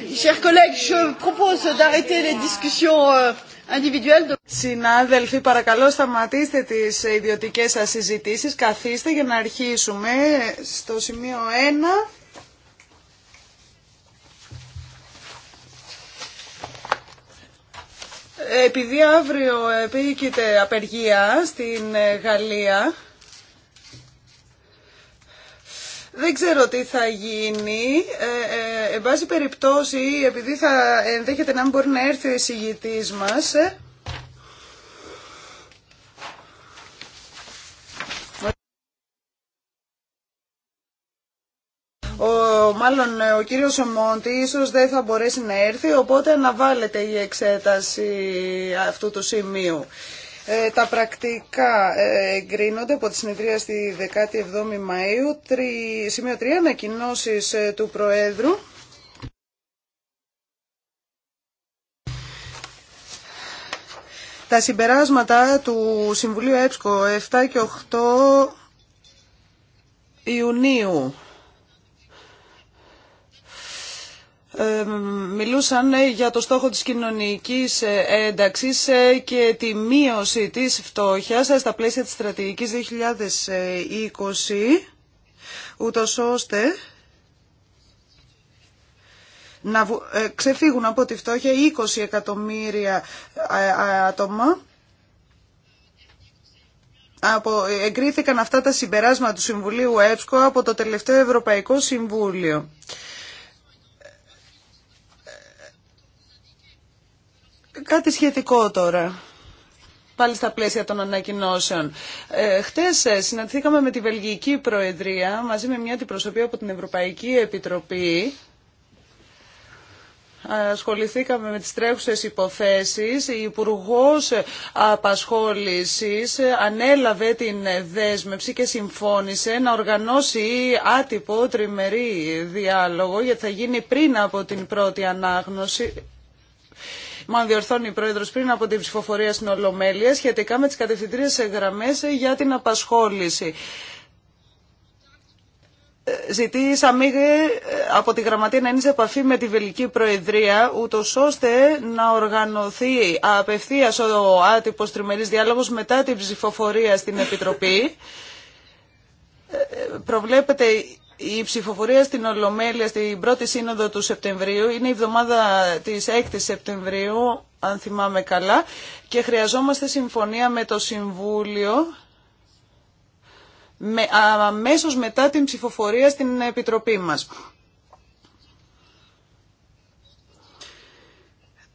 Euh, Συνάδελφοι, παρακαλώ σταματήστε τις ιδιωτικές σας συζητήσεις. Καθίστε για να αρχίσουμε στο σημείο 1. Επειδή αύριο επίκειται απεργία στην ε, Γαλλία, δεν ξέρω τι θα γίνει. Ε, ε, εν πάση περιπτώσει, επειδή θα ενδέχεται να μην μπορεί να έρθει ο εισηγητής μας, ε, ο, μάλλον ε, ο κύριος Μόντι ίσως δεν θα μπορέσει να έρθει, οπότε αναβάλλεται η εξέταση αυτού του σημείου. Ε, τα πρακτικά ε, εγκρίνονται από τη συνεδρία στη 17η Μαΐου. Σημείο 3. Ανακοινώσει ε, του Προέδρου. Τα συμπεράσματα του Συμβουλίου ΕΠΣΚΟ 7 και 8 Ιουνίου Ε, μιλούσαν για το στόχο της κοινωνικής ένταξης και τη μείωση της φτώχειας στα πλαίσια της στρατηγικής 2020, ούτως ώστε να ε, ξεφύγουν από τη φτώχεια 20 εκατομμύρια ε, άτομα. Από, εγκρίθηκαν αυτά τα συμπεράσματα του Συμβουλίου ΕΠΣΚΟ από το τελευταίο Ευρωπαϊκό Συμβούλιο. Κάτι σχετικό τώρα πάλι στα πλαίσια των ανακοινώσεων. Ε, ε συναντηθήκαμε με τη Βελγική Προεδρία μαζί με μια αντιπροσωπή από την Ευρωπαϊκή Επιτροπή. Ασχοληθήκαμε με τις τρέχουσες υποθέσεις. Η υπουργό Απασχόλησης ανέλαβε την δέσμευση και συμφώνησε να οργανώσει άτυπο τριμερή διάλογο γιατί θα γίνει πριν από την πρώτη ανάγνωση Μα διορθώνει η Πρόεδρος πριν από την ψηφοφορία στην Ολομέλεια σχετικά με τις κατευθυντήριες γραμμές για την απασχόληση. Ζητήσαμε από τη Γραμματεία να είναι σε επαφή με τη Βελική Προεδρία, ούτω ώστε να οργανωθεί απευθεία ο άτυπο τριμερή διάλογο μετά την ψηφοφορία στην Επιτροπή. Ε, ε, προβλέπεται η ψηφοφορία στην Ολομέλεια, στην πρώτη σύνοδο του Σεπτεμβρίου, είναι η εβδομάδα της 6ης Σεπτεμβρίου, αν θυμάμαι καλά, και χρειαζόμαστε συμφωνία με το Συμβούλιο με, αμέσως μετά την ψηφοφορία στην Επιτροπή μας.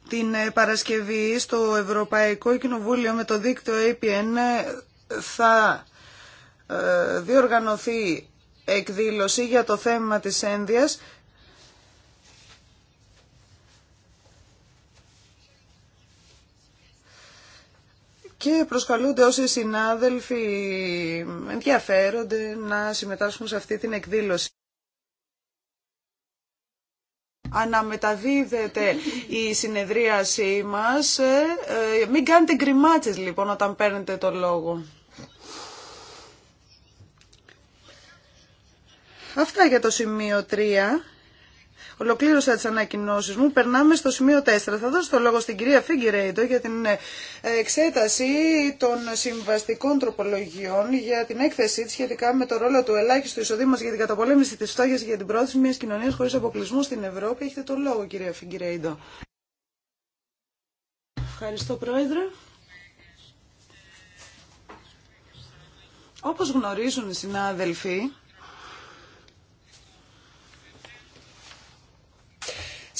Την ε, Παρασκευή στο Ευρωπαϊκό Κοινοβούλιο με το δίκτυο APN θα ε, διοργανωθεί εκδήλωση για το θέμα της ένδυας. Και προσκαλούνται όσοι συνάδελφοι ενδιαφέρονται να συμμετάσχουν σε αυτή την εκδήλωση. Αναμεταδίδεται η συνεδρίασή μας. Ε, ε, μην κάνετε γκριμάτσες λοιπόν όταν παίρνετε το λόγο. Αυτά για το σημείο 3. Ολοκλήρωσα τι ανακοινώσει μου. Περνάμε στο σημείο 4. Θα δώσω το λόγο στην κυρία Φίγκυρέιντο για την ε, εξέταση των συμβαστικών τροπολογιών για την έκθεσή τη σχετικά με το ρόλο του ελάχιστου εισοδήματο για την καταπολέμηση τη φτώχεια και για την πρόθεση μια κοινωνία χωρί αποκλεισμό στην Ευρώπη. Έχετε το λόγο, κυρία Φίγκυρέιντο. Ευχαριστώ, Πρόεδρε. Όπως γνωρίζουν οι συνάδελφοι,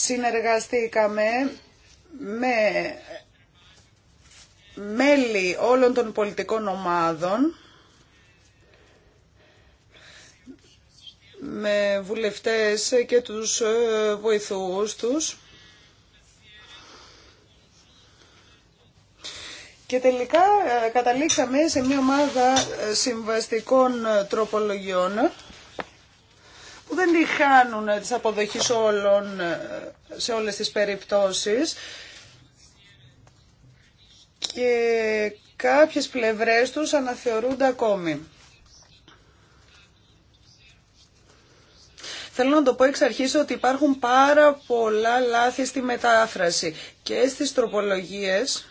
Συνεργαστήκαμε με μέλη όλων των πολιτικών ομάδων, με βουλευτές και τους ε, βοηθούς τους. Και τελικά ε, καταλήξαμε σε μια ομάδα ε, συμβαστικών τροπολογιών που δεν τη χάνουν αποδοχής όλων ε, σε όλες τις περιπτώσεις και κάποιες πλευρές τους αναθεωρούνται ακόμη. Θέλω να το πω εξ αρχής ότι υπάρχουν πάρα πολλά λάθη στη μετάφραση και στις τροπολογίες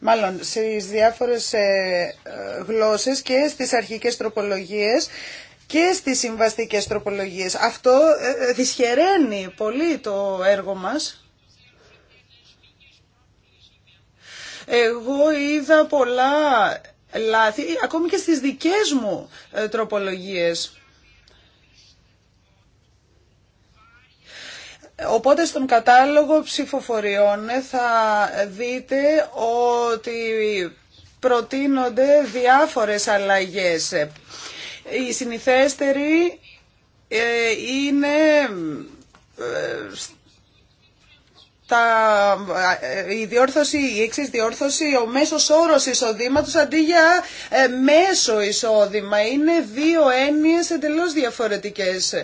μάλλον στις διάφορες ε, γλώσσες και στις αρχικές τροπολογίες και στις συμβαστικές τροπολογίες. Αυτό ε, ε, δυσχεραίνει πολύ το έργο μας. Εγώ είδα πολλά λάθη, ακόμη και στις δικές μου τροπολογίες. Οπότε στον κατάλογο ψηφοφοριών θα δείτε ότι προτείνονται διάφορες αλλαγές. Η συνηθέστερη ε, είναι ε, τα, ε, η διόρθωση, η εξή διόρθωση, ο μέσος όρος εισοδήματος αντί για μέσο εισόδημα. Είναι δύο έννοιες εντελώς διαφορετικές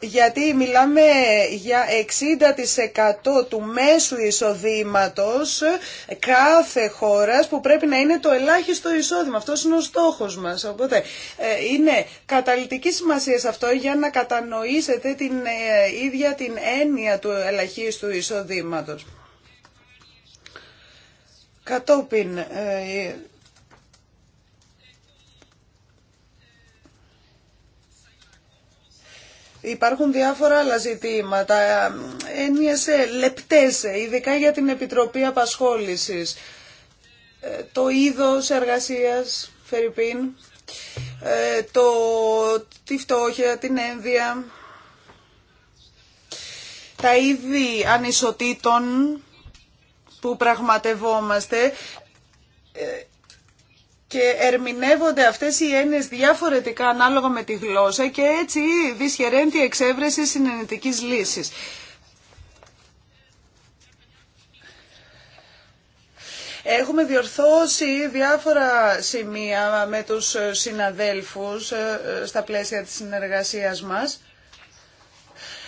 γιατί μιλάμε για 60% του μέσου εισοδήματος κάθε χώρας που πρέπει να είναι το ελάχιστο εισόδημα. Αυτός είναι ο στόχος μας. Οπότε ε, είναι καταλητική σημασία σε αυτό για να κατανοήσετε την ε, ίδια την έννοια του ελαχίστου εισοδήματος. Κατόπιν, ε, Υπάρχουν διάφορα άλλα ζητήματα, έννοιες ε, λεπτές, ε, ειδικά για την Επιτροπή Απασχόλησης. Ε, το είδος εργασίας, φεριπίν, το, τη φτώχεια, την ένδια, τα είδη ανισοτήτων που πραγματευόμαστε και ερμηνεύονται αυτές οι έννοιες διαφορετικά ανάλογα με τη γλώσσα και έτσι δυσχεραίνει τη εξέβρεση συνενετικής λύσης. Έχουμε διορθώσει διάφορα σημεία με τους συναδέλφους ε, ε, στα πλαίσια της συνεργασίας μας.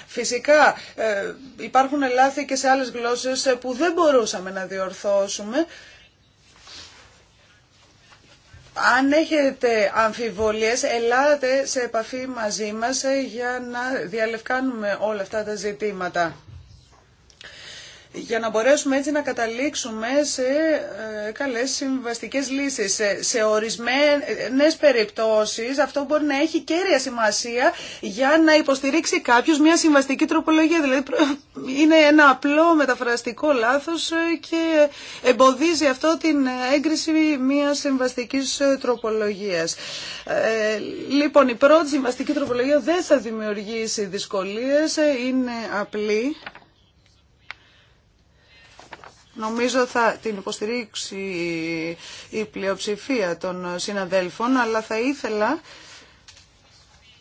Φυσικά ε, υπάρχουν λάθη και σε άλλες γλώσσες που δεν μπορούσαμε να διορθώσουμε. Αν έχετε αμφιβολίες, ελάτε σε επαφή μαζί μας ε, για να διαλευκάνουμε όλα αυτά τα ζητήματα για να μπορέσουμε έτσι να καταλήξουμε σε ε, καλές συμβαστικές λύσεις. Σε ορισμένες περιπτώσεις αυτό μπορεί να έχει κέρια σημασία για να υποστηρίξει κάποιος μια συμβαστική τροπολογία. Δηλαδή είναι ένα απλό μεταφραστικό λάθος ε, και εμποδίζει αυτό την έγκριση μιας συμβαστικής ε, τροπολογίας. Λοιπόν, η πρώτη συμβαστική τροπολογία δεν θα δημιουργήσει δυσκολίες, είναι απλή. Νομίζω θα την υποστηρίξει η πλειοψηφία των συναδέλφων, αλλά θα ήθελα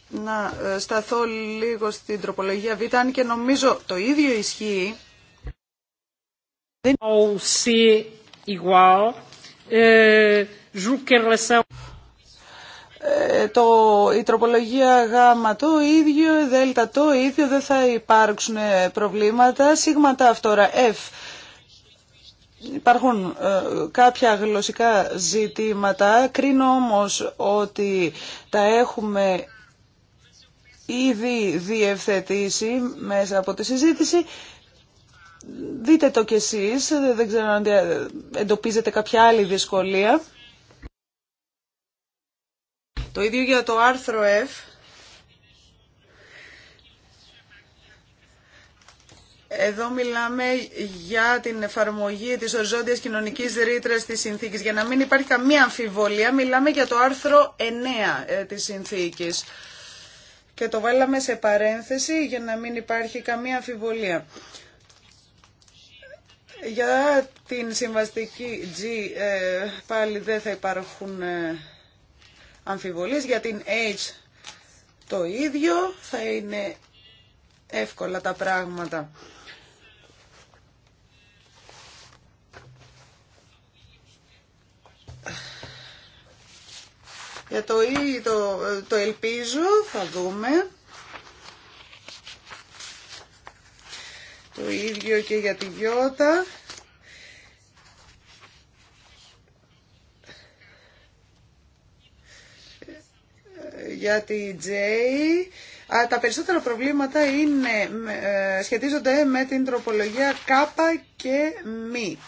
να σταθώ λίγο στην τροπολογία Β, αν και νομίζω το ίδιο ισχύει. Ε, ε, το, η τροπολογία Γ το ίδιο, δέλτα το ίδιο, δεν θα υπάρξουν προβλήματα. Σίγματα αυτόρα F Υπάρχουν ε, κάποια γλωσσικά ζητήματα, κρίνω όμως ότι τα έχουμε ήδη διευθετήσει μέσα από τη συζήτηση. Δείτε το κι εσείς, δεν ξέρω αν εντοπίζετε κάποια άλλη δυσκολία. Το ίδιο για το άρθρο F. Εδώ μιλάμε για την εφαρμογή της οριζόντιας κοινωνικής ρήτρας της συνθήκης. Για να μην υπάρχει καμία αμφιβολία, μιλάμε για το άρθρο 9 ε, της συνθήκης. Και το βάλαμε σε παρένθεση για να μην υπάρχει καμία αμφιβολία. Για την συμβαστική G ε, πάλι δεν θα υπάρχουν ε, αμφιβολίες. Για την H το ίδιο θα είναι εύκολα τα πράγματα. Για ε, το ή το, το ελπίζω θα δούμε. Το ίδιο και για τη γιώτα. Για τη Τζέι. Τα περισσότερα προβλήματα είναι, ε, σχετίζονται με την τροπολογία Κάπα και μη.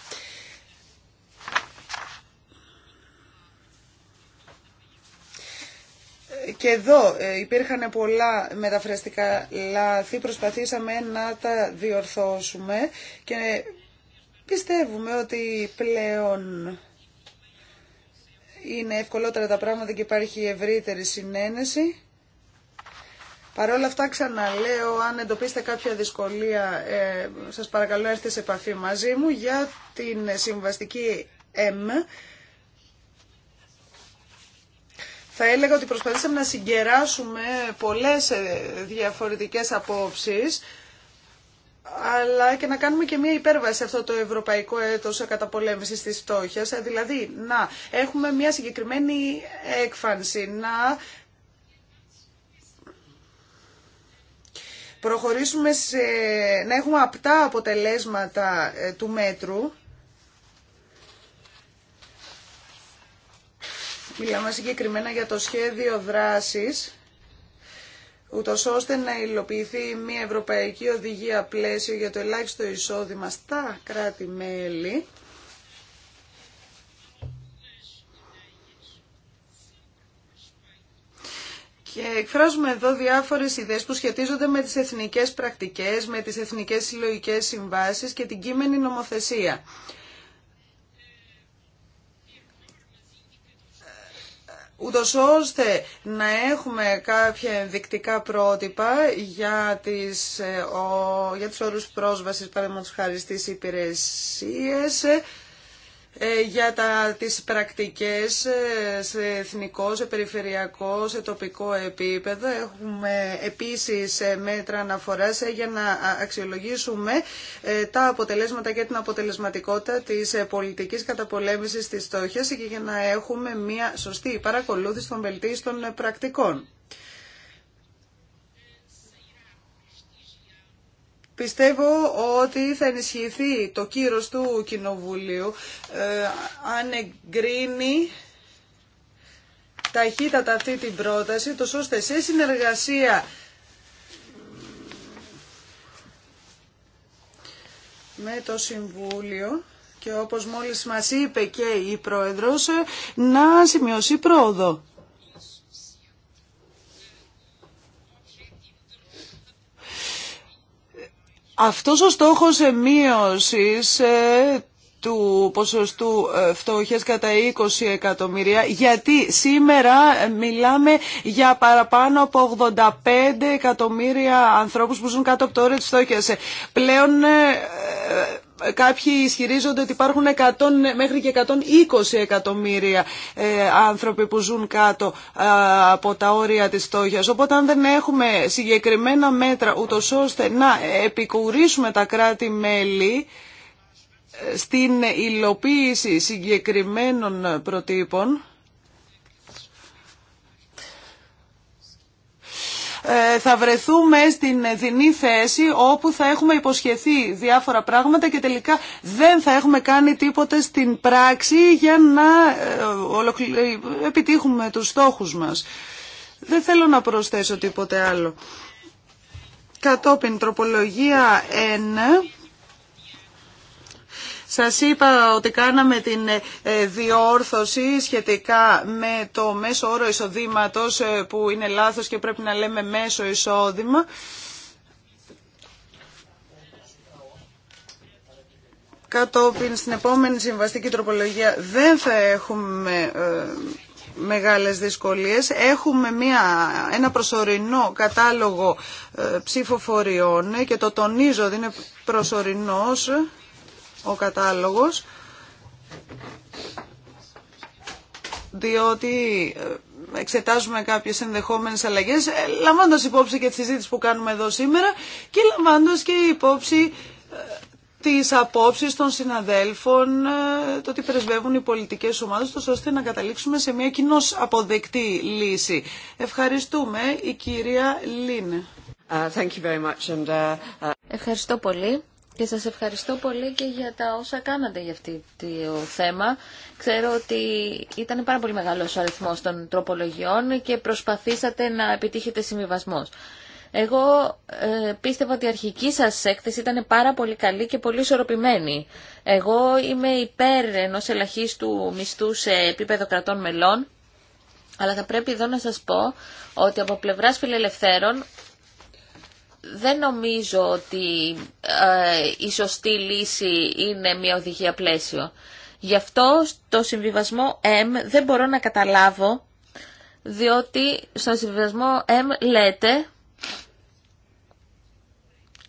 και εδώ ε, υπήρχαν πολλά μεταφραστικά λάθη, προσπαθήσαμε να τα διορθώσουμε και πιστεύουμε ότι πλέον είναι ευκολότερα τα πράγματα και υπάρχει ευρύτερη συνένεση. Παρ' όλα αυτά ξαναλέω, αν εντοπίσετε κάποια δυσκολία, ε, σας παρακαλώ έρθετε σε επαφή μαζί μου για την συμβαστική M θα έλεγα ότι προσπαθήσαμε να συγκεράσουμε πολλές ε, διαφορετικές απόψεις αλλά και να κάνουμε και μια υπέρβαση αυτό το ευρωπαϊκό έτος καταπολέμησης της φτώχειας. Ε, δηλαδή, να έχουμε μια συγκεκριμένη έκφανση, να προχωρήσουμε σε, να έχουμε απτά αποτελέσματα ε, του μέτρου Μιλάμε συγκεκριμένα για το σχέδιο δράσης ούτως ώστε να υλοποιηθεί μια ευρωπαϊκή οδηγία πλαίσιο για το ελάχιστο εισόδημα στα κράτη-μέλη. Και εκφράζουμε εδώ διάφορες ιδέες που σχετίζονται με τις εθνικές πρακτικές, με τις εθνικές συλλογικές συμβάσεις και την κείμενη νομοθεσία. ούτω ώστε να έχουμε κάποια ενδεικτικά πρότυπα για, τις, ε, ο, για τους όρους πρόσβασης, παραδείγματος υπηρεσίες, ε, για τα, τις πρακτικές ε, σε εθνικό, σε περιφερειακό, σε τοπικό επίπεδο. Έχουμε επίσης ε, μέτρα αναφοράς για να αξιολογήσουμε τα αποτελέσματα και την αποτελεσματικότητα της πολιτικής καταπολέμησης της στόχιας και για να έχουμε μια σωστή παρακολούθηση των βελτίστων πρακτικών. Πιστεύω ότι θα ενισχυθεί το κύρος του Κοινοβουλίου ε, αν εγκρίνει ταχύτατα αυτή την πρόταση, το ώστε σε συνεργασία με το Συμβούλιο και όπως μόλις μας είπε και η Πρόεδρος, να σημειώσει πρόοδο. Αυτός ο στόχος μείωσης ε, του ποσοστού ε, φτώχειας κατά 20 εκατομμυρία, γιατί σήμερα μιλάμε για παραπάνω από 85 εκατομμύρια ανθρώπους που ζουν κάτω από το όριο της φτώχειας. Ε, πλέον Κάποιοι ισχυρίζονται ότι υπάρχουν 100, μέχρι και 120 εκατομμύρια ε, άνθρωποι που ζουν κάτω ε, από τα όρια της στόχιας. Οπότε αν δεν έχουμε συγκεκριμένα μέτρα ούτως ώστε να επικουρήσουμε τα κράτη-μέλη ε, στην υλοποίηση συγκεκριμένων προτύπων, Ε, θα βρεθούμε στην δινή θέση όπου θα έχουμε υποσχεθεί διάφορα πράγματα και τελικά δεν θα έχουμε κάνει τίποτα στην πράξη για να ε, ε, επιτύχουμε τους στόχους μας. Δεν θέλω να προσθέσω τίποτε άλλο. Κατόπιν τροπολογία 1 σας είπα ότι κάναμε την ε, ε, διόρθωση σχετικά με το μέσο όρο εισοδήματος ε, που είναι λάθος και πρέπει να λέμε μέσο εισόδημα. Κατόπιν στην επόμενη συμβαστική τροπολογία δεν θα έχουμε μεγάλες δυσκολίες. Έχουμε μια, ένα προσωρινό κατάλογο ψηφοφοριών και το τονίζω ότι είναι προσωρινός ο κατάλογος διότι ε, εξετάζουμε κάποιες ενδεχόμενες αλλαγές ε, λαμβάνοντας υπόψη και τη συζήτηση που κάνουμε εδώ σήμερα και λαμβάνοντας και υπόψη ε, τις απόψεις των συναδέλφων, το ότι πρεσβεύουν οι πολιτικές ομάδες, τόσο ώστε να καταλήξουμε σε μια κοινώ αποδεκτή λύση. Ευχαριστούμε η κυρία uh, Thank you very much Λίνε. Uh, uh, Ευχαριστώ πολύ και σας ευχαριστώ πολύ και για τα όσα κάνατε για αυτό το θέμα. Ξέρω ότι ήταν πάρα πολύ μεγάλος ο αριθμός των τροπολογιών και προσπαθήσατε να επιτύχετε συμβιβασμός. Εγώ ε, πίστευα ότι η αρχική σας έκθεση ήταν πάρα πολύ καλή και πολύ ισορροπημένη. Εγώ είμαι υπέρ ενός του μισθού σε επίπεδο κρατών μελών, αλλά θα πρέπει εδώ να σας πω ότι από πλευράς φιλελευθέρων δεν νομίζω ότι ε, η σωστή λύση είναι μια οδηγία πλαίσιο. Γι' αυτό το συμβιβασμό M δεν μπορώ να καταλάβω, διότι στο συμβιβασμό M λέτε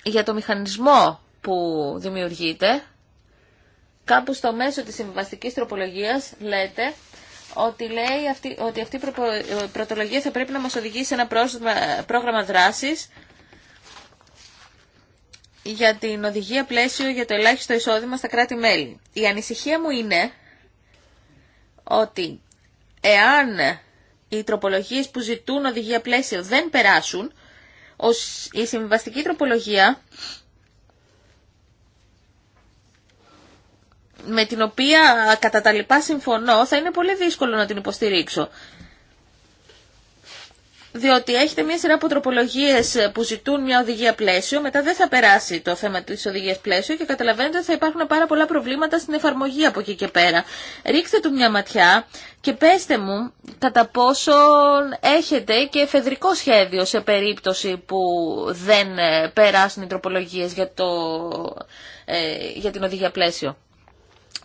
για το μηχανισμό που δημιουργείται, κάπου στο μέσο της συμβιβαστικής τροπολογίας λέτε ότι λέει αυτή, ότι αυτή η πρωτολογία θα πρέπει να μας οδηγήσει σε ένα πρόγραμμα δράσης για την οδηγία πλαίσιο για το ελάχιστο εισόδημα στα κράτη-μέλη. Η ανησυχία μου είναι ότι εάν οι τροπολογίες που ζητούν οδηγία πλαίσιο δεν περάσουν, η συμβαστική τροπολογία με την οποία κατά τα λοιπά συμφωνώ θα είναι πολύ δύσκολο να την υποστηρίξω διότι έχετε μια σειρά από τροπολογίε που ζητούν μια οδηγία πλαίσιο, μετά δεν θα περάσει το θέμα τη οδηγία πλαίσιο και καταλαβαίνετε ότι θα υπάρχουν πάρα πολλά προβλήματα στην εφαρμογή από εκεί και πέρα. Ρίξτε του μια ματιά και πέστε μου κατά πόσο έχετε και εφεδρικό σχέδιο σε περίπτωση που δεν ε, περάσουν οι τροπολογίε για, το, ε, για την οδηγία πλαίσιο.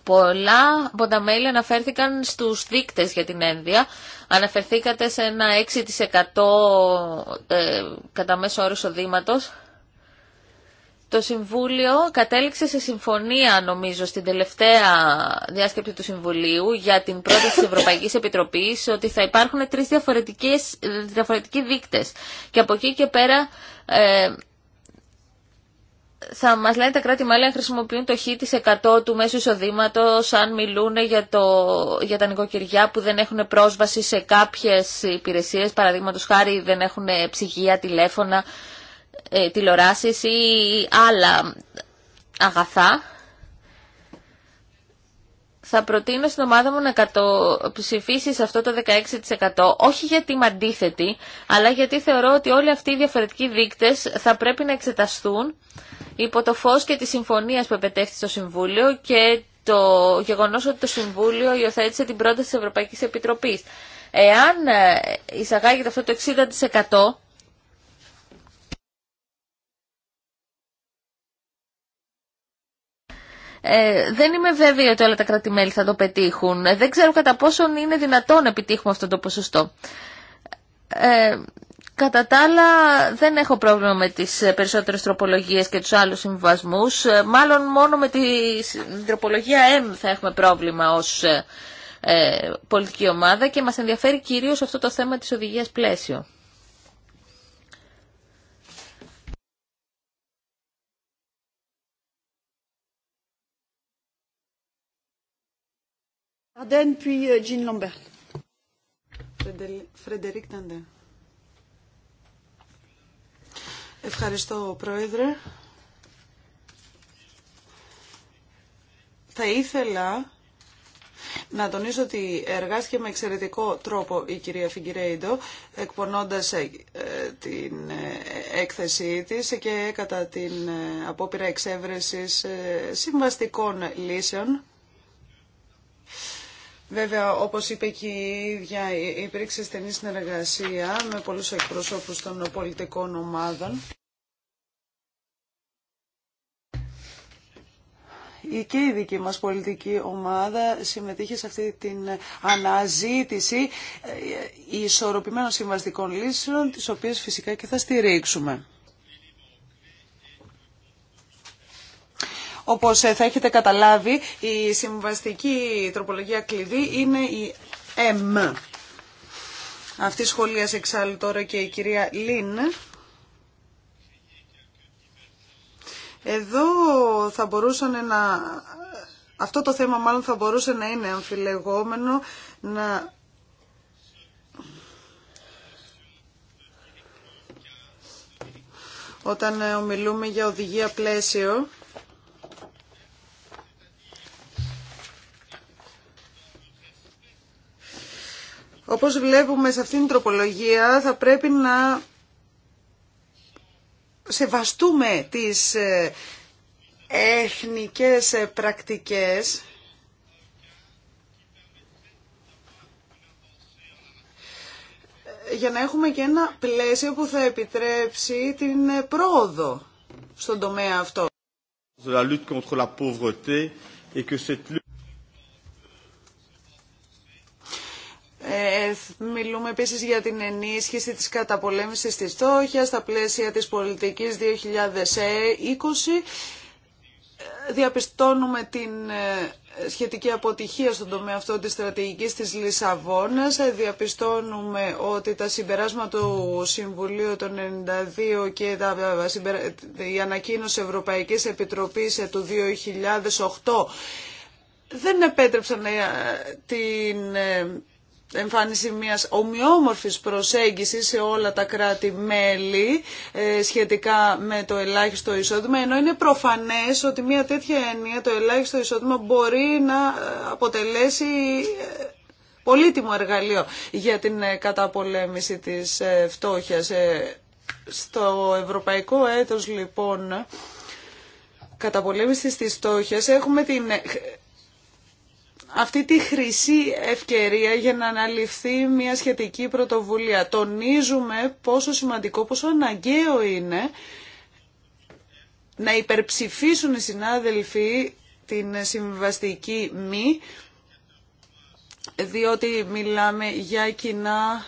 Πολλά από τα αναφέρθηκαν στους δείκτες για την ένδυα. Αναφερθήκατε σε ένα 6% ε, κατά μέσο όρο εισοδήματος. Το Συμβούλιο κατέληξε σε συμφωνία, νομίζω, στην τελευταία διάσκεψη του Συμβουλίου για την πρόταση της Ευρωπαϊκής Επιτροπής ότι θα υπάρχουν τρεις διαφορετικές, διαφορετικοί δείκτες. Και από εκεί και πέρα ε, θα μας λένε τα κράτη-μέλη αν χρησιμοποιούν το χ της 100 του μέσου εισοδήματο, αν μιλούν για, το, για τα νοικοκυριά που δεν έχουν πρόσβαση σε κάποιες υπηρεσίες, παραδείγματος χάρη δεν έχουν ψυγεία, τηλέφωνα, ε, τηλεοράσεις ή άλλα αγαθά θα προτείνω στην ομάδα μου να κατοψηφίσει σε αυτό το 16% όχι γιατί είμαι αντίθετη, αλλά γιατί θεωρώ ότι όλοι αυτοί οι διαφορετικοί δείκτες θα πρέπει να εξεταστούν υπό το φως και τη συμφωνία που επετέχθη στο Συμβούλιο και το γεγονός ότι το Συμβούλιο υιοθέτησε την πρόταση της Ευρωπαϊκής Επιτροπής. Εάν ε, εισαγάγεται αυτό το 60%, Ε, δεν είμαι βέβαιη ότι όλα τα κράτη-μέλη θα το πετύχουν. Ε, δεν ξέρω κατά πόσον είναι δυνατόν να επιτύχουμε αυτό το ποσοστό. Ε, κατά τα άλλα δεν έχω πρόβλημα με τις περισσότερες τροπολογίες και τους άλλους συμβασμούς. Ε, μάλλον μόνο με τη τροπολογία M θα έχουμε πρόβλημα ως ε, πολιτική ομάδα και μας ενδιαφέρει κυρίως αυτό το θέμα της οδηγίας πλαίσιο. Euh, Ευχαριστώ, Πρόεδρε. Θα ήθελα να τονίσω ότι εργάστηκε με εξαιρετικό τρόπο η κυρία Φιγκυρέιντο, εκπονώντας ε, την ε, έκθεσή της και κατά την ε, απόπειρα εξέβρεσης συμβαστικών λύσεων Βέβαια, όπως είπε και η ίδια, υπήρξε στενή συνεργασία με πολλούς εκπροσώπους των πολιτικών ομάδων. και η δική μας πολιτική ομάδα συμμετείχε σε αυτή την αναζήτηση ε, ισορροπημένων συμβαστικών λύσεων, τις οποίες φυσικά και θα στηρίξουμε. Όπως ε, θα έχετε καταλάβει, η συμβαστική τροπολογία κλειδί είναι η M. Αυτή σχολίασε εξάλλου τώρα και η κυρία Λίν. Εδώ θα μπορούσαν να... Αυτό το θέμα μάλλον θα μπορούσε να είναι αμφιλεγόμενο, να όταν ε, ομιλούμε για οδηγία πλαίσιο Όπως βλέπουμε σε αυτήν την τροπολογία θα πρέπει να σεβαστούμε τις εθνικές ε, πρακτικές για να έχουμε και ένα πλαίσιο που θα επιτρέψει την ε, πρόοδο στον τομέα αυτό. Ε, μιλούμε επίση για την ενίσχυση της καταπολέμησης τη φτώχεια στα πλαίσια της πολιτικής 2020. Διαπιστώνουμε την ε, σχετική αποτυχία στον τομέα αυτό της στρατηγικής της Λισαβόνας. Ε, διαπιστώνουμε ότι τα συμπεράσματα του Συμβουλίου των 92 και η ανακοίνωση Ευρωπαϊκής Επιτροπής του 2008 δεν επέτρεψαν την εμφάνιση μιας ομοιόμορφης προσέγγισης σε όλα τα κράτη-μέλη ε, σχετικά με το ελάχιστο εισόδημα, ενώ είναι προφανές ότι μια τέτοια έννοια, το ελάχιστο εισόδημα, μπορεί να ε, αποτελέσει ε, πολύτιμο εργαλείο για την καταπολέμηση της φτώχειας. Στο ευρωπαϊκό έτος, λοιπόν, καταπολέμησης της φτώχειας έχουμε την αυτή τη χρυσή ευκαιρία για να αναλυφθεί μια σχετική πρωτοβουλία. Τονίζουμε πόσο σημαντικό, πόσο αναγκαίο είναι να υπερψηφίσουν οι συνάδελφοι την συμβαστική μη, διότι μιλάμε για κοινά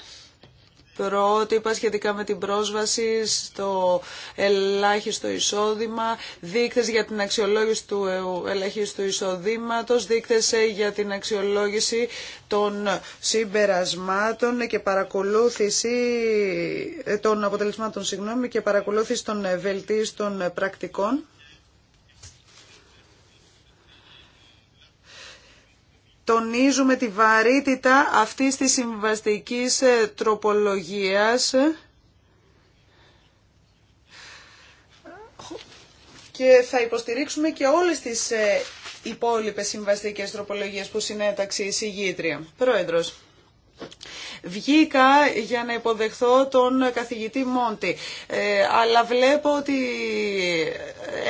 πρότυπα σχετικά με την πρόσβαση στο ελάχιστο εισόδημα, δείκτες για την αξιολόγηση του ε, ελάχιστου εισοδήματος, δείκτες ε, για την αξιολόγηση των συμπερασμάτων και παρακολούθηση ε, των αποτελεσμάτων συγγνώμη, και παρακολούθηση των βελτίστων πρακτικών. τονίζουμε τη βαρύτητα αυτής της συμβαστικής ε, τροπολογίας και θα υποστηρίξουμε και όλες τις ε, υπόλοιπες συμβαστικές τροπολογίες που συνέταξε η συγγήτρια. Πρόεδρος. Βγήκα για να υποδεχθώ τον καθηγητή Μόντι, ε, αλλά βλέπω ότι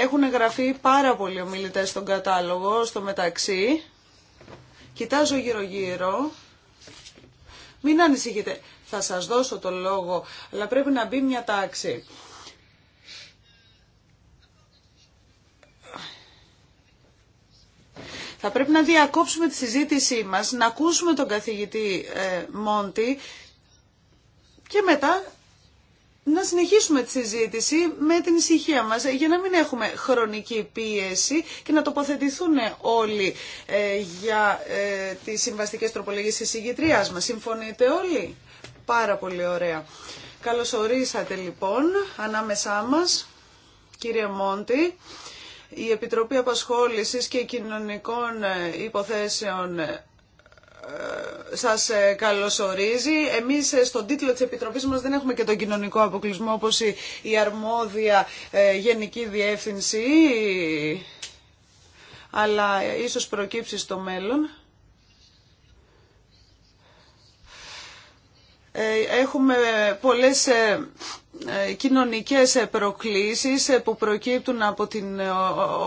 έχουν γραφεί πάρα πολλοί ομιλητές στον κατάλογο στο μεταξύ. Κοιτάζω γύρω-γύρω. Μην ανησυχείτε. Θα σας δώσω το λόγο, αλλά πρέπει να μπει μια τάξη. Θα πρέπει να διακόψουμε τη συζήτησή μας, να ακούσουμε τον καθηγητή ε, Μόντι και μετά να συνεχίσουμε τη συζήτηση με την ησυχία μας για να μην έχουμε χρονική πίεση και να τοποθετηθούν όλοι ε, για ε, τις συμβαστικές τροπολογίες της συγκεκριάς μας. Συμφωνείτε όλοι? Πάρα πολύ ωραία. Καλωσορίσατε λοιπόν ανάμεσά μας, κύριε Μόντι. Η Επιτροπή Απασχόλησης και Κοινωνικών ε, Υποθέσεων ε, ε, σας ε, καλωσορίζει. Εμείς ε, στον τίτλο της Επιτροπής μας δεν έχουμε και τον κοινωνικό αποκλεισμό όπως η αρμόδια γενική διεύθυνση, αλλά ίσως προκύψει στο μέλλον. Έχουμε πολλές κοινωνικές προκλήσεις που προκύπτουν από την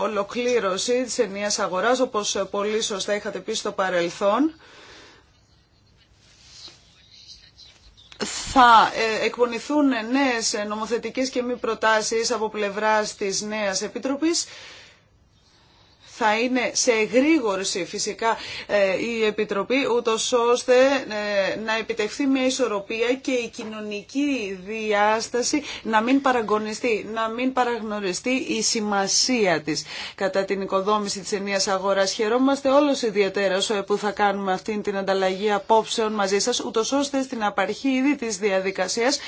ολοκλήρωση της ενίας αγοράς, όπως πολύ σωστά είχατε πει στο παρελθόν. θα ε, εκπονηθούν νέες νομοθετικές και μη προτάσεις από πλευράς της νέας Επιτροπής θα είναι σε εγρήγορση φυσικά ε, η Επιτροπή, ούτως ώστε ε, να επιτευχθεί μια ισορροπία και η κοινωνική διάσταση να μην παραγωνιστεί, να μην παραγνωριστεί η σημασία της κατά την οικοδόμηση της ενίας αγοράς. Χαιρόμαστε όλος ιδιαίτερα ε, που θα κάνουμε αυτή την ανταλλαγή απόψεων μαζί σας, ούτως ώστε στην απαρχή ήδη της διαδικασίας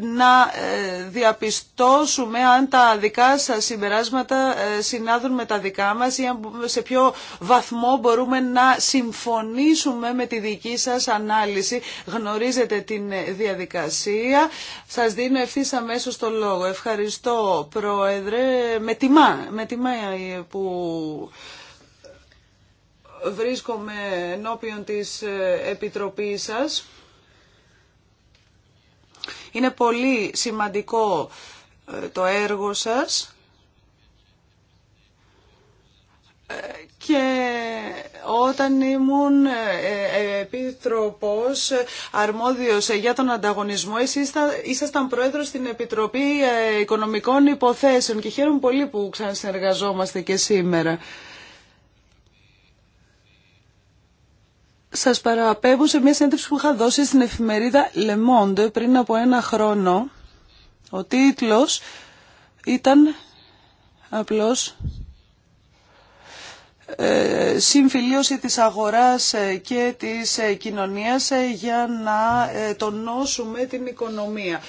να ε, διαπιστώσουμε αν τα δικά σας συμπεράσματα ε, συνάδουν με τα δικά μας ή σε ποιο βαθμό μπορούμε να συμφωνήσουμε με τη δική σας ανάλυση. Γνωρίζετε την ε, διαδικασία. Σας δίνω ευθύς αμέσω το λόγο. Ευχαριστώ Πρόεδρε. Με τιμά, που βρίσκομαι ενώπιον της Επιτροπής σας. Είναι πολύ σημαντικό ε, το έργο σας ε, και όταν ήμουν ε, επίτροπος αρμόδιος για τον ανταγωνισμό εσείς ήσασταν πρόεδρος στην Επιτροπή Οικονομικών Υποθέσεων και χαίρομαι πολύ που ξανασυνεργαζόμαστε και σήμερα. Σα παραπέμπω σε μια συνέντευξη που είχα δώσει στην εφημερίδα Le Monde πριν από ένα χρόνο. Ο τίτλος ήταν απλώς ε, συμφιλίωση της αγοράς ε, και της ε, κοινωνίας για να τονώσουμε την οικονομία.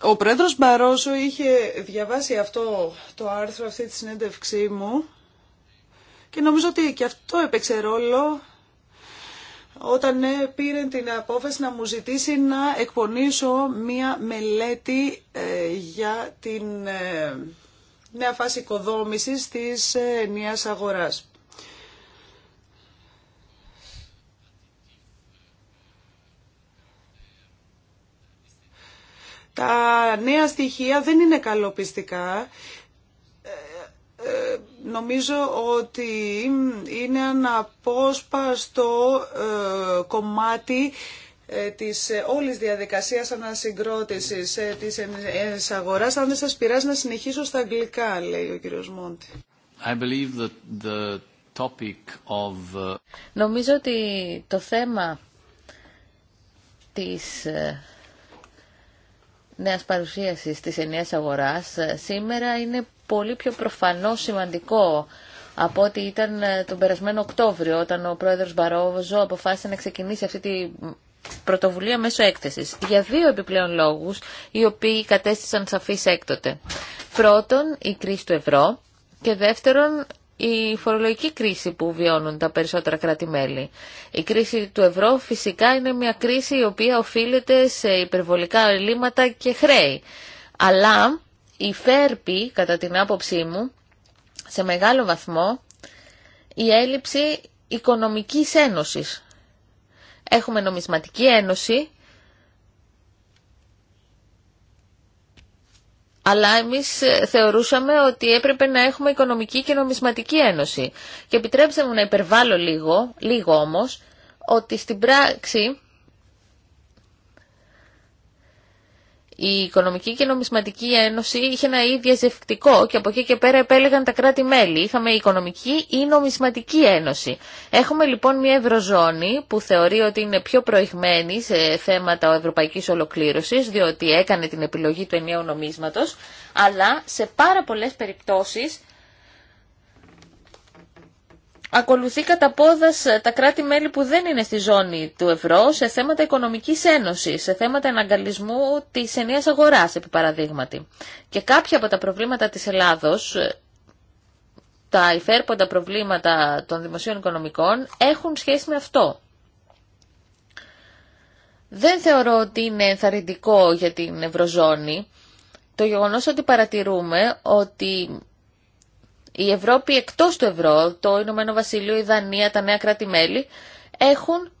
Ο πρόεδρος Μπαρόσο είχε διαβάσει αυτό το άρθρο, αυτή τη συνέντευξή μου και νομίζω ότι και αυτό έπαιξε ρόλο όταν ε, πήρε την απόφαση να μου ζητήσει να εκπονήσω μία μελέτη ε, για την ε, νέα φάση οικοδόμησης της νέας αγοράς. Τα νέα στοιχεία δεν είναι καλοπιστικά. Νομίζω ότι είναι ένα αναπόσπαστο ε, κομμάτι ε, της ε, όλης διαδικασίας ανασυγκρότησης της αγοράς. Αν δεν σας πειράζει να συνεχίσω στα αγγλικά, λέει ο κύριος Μόντι. Νομίζω ότι το θέμα της νέας παρουσίασης της ενιαίας αγοράς σήμερα είναι πολύ πιο προφανό σημαντικό από ό,τι ήταν ε, τον περασμένο Οκτώβριο όταν ο πρόεδρος Μπαρόβοζο αποφάσισε να ξεκινήσει αυτή τη πρωτοβουλία μέσω έκθεσης για δύο επιπλέον λόγους οι οποίοι κατέστησαν σαφείς έκτοτε. Πρώτον, η κρίση του ευρώ και δεύτερον, η φορολογική κρίση που βιώνουν τα περισσότερα κράτη-μέλη. Η κρίση του ευρώ φυσικά είναι μια κρίση η οποία οφείλεται σε υπερβολικά ελλείμματα και χρέη. Αλλά η κατά την άποψή μου, σε μεγάλο βαθμό η έλλειψη οικονομικής ένωσης. Έχουμε νομισματική ένωση, αλλά εμείς θεωρούσαμε ότι έπρεπε να έχουμε οικονομική και νομισματική ένωση. Και επιτρέψτε μου να υπερβάλλω λίγο, λίγο όμως, ότι στην πράξη η Οικονομική και Νομισματική Ένωση είχε ένα ίδιο ζευκτικό και από εκεί και πέρα επέλεγαν τα κράτη-μέλη. Είχαμε Οικονομική ή Νομισματική Ένωση. Έχουμε λοιπόν μια Ευρωζώνη που θεωρεί ότι είναι πιο προηγμένη σε θέματα ευρωπαϊκής ολοκλήρωσης, διότι έκανε την επιλογή του ενιαίου νομίσματος, αλλά σε πάρα πολλές περιπτώσεις ακολουθεί κατά πόδας ε, τα κράτη-μέλη που δεν είναι στη ζώνη του ευρώ σε θέματα οικονομικής ένωσης, σε θέματα εναγκαλισμού της ενίας αγοράς, επί παραδείγματι. Και κάποια από τα προβλήματα της Ελλάδος, ε, τα υφέρποντα προβλήματα των δημοσίων οικονομικών, έχουν σχέση με αυτό. Δεν θεωρώ ότι είναι ενθαρρυντικό για την Ευρωζώνη το γεγονός ότι παρατηρούμε ότι η Ευρώπη εκτός του ευρώ, το Ηνωμένο Βασίλειο, η Δανία, τα νέα κράτη-μέλη, έχουν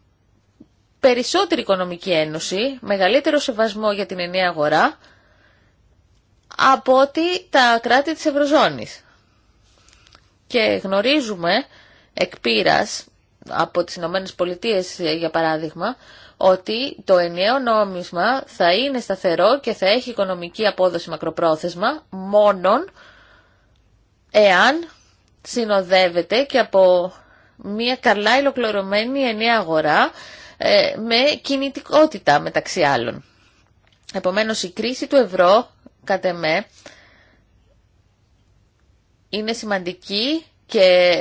περισσότερη οικονομική ένωση, μεγαλύτερο σεβασμό για την ενιαία αγορά, από ότι τα κράτη της Ευρωζώνης. Και γνωρίζουμε εκ πείρας, από τις Ηνωμένες Πολιτείες για παράδειγμα, ότι το ενιαίο νόμισμα θα είναι σταθερό και θα έχει οικονομική απόδοση μακροπρόθεσμα μόνον εάν συνοδεύεται και από μια καλά υλοκληρωμένη ενιαία αγορά ε, με κινητικότητα μεταξύ άλλων. Επομένως η κρίση του ευρώ κατά με, είναι σημαντική και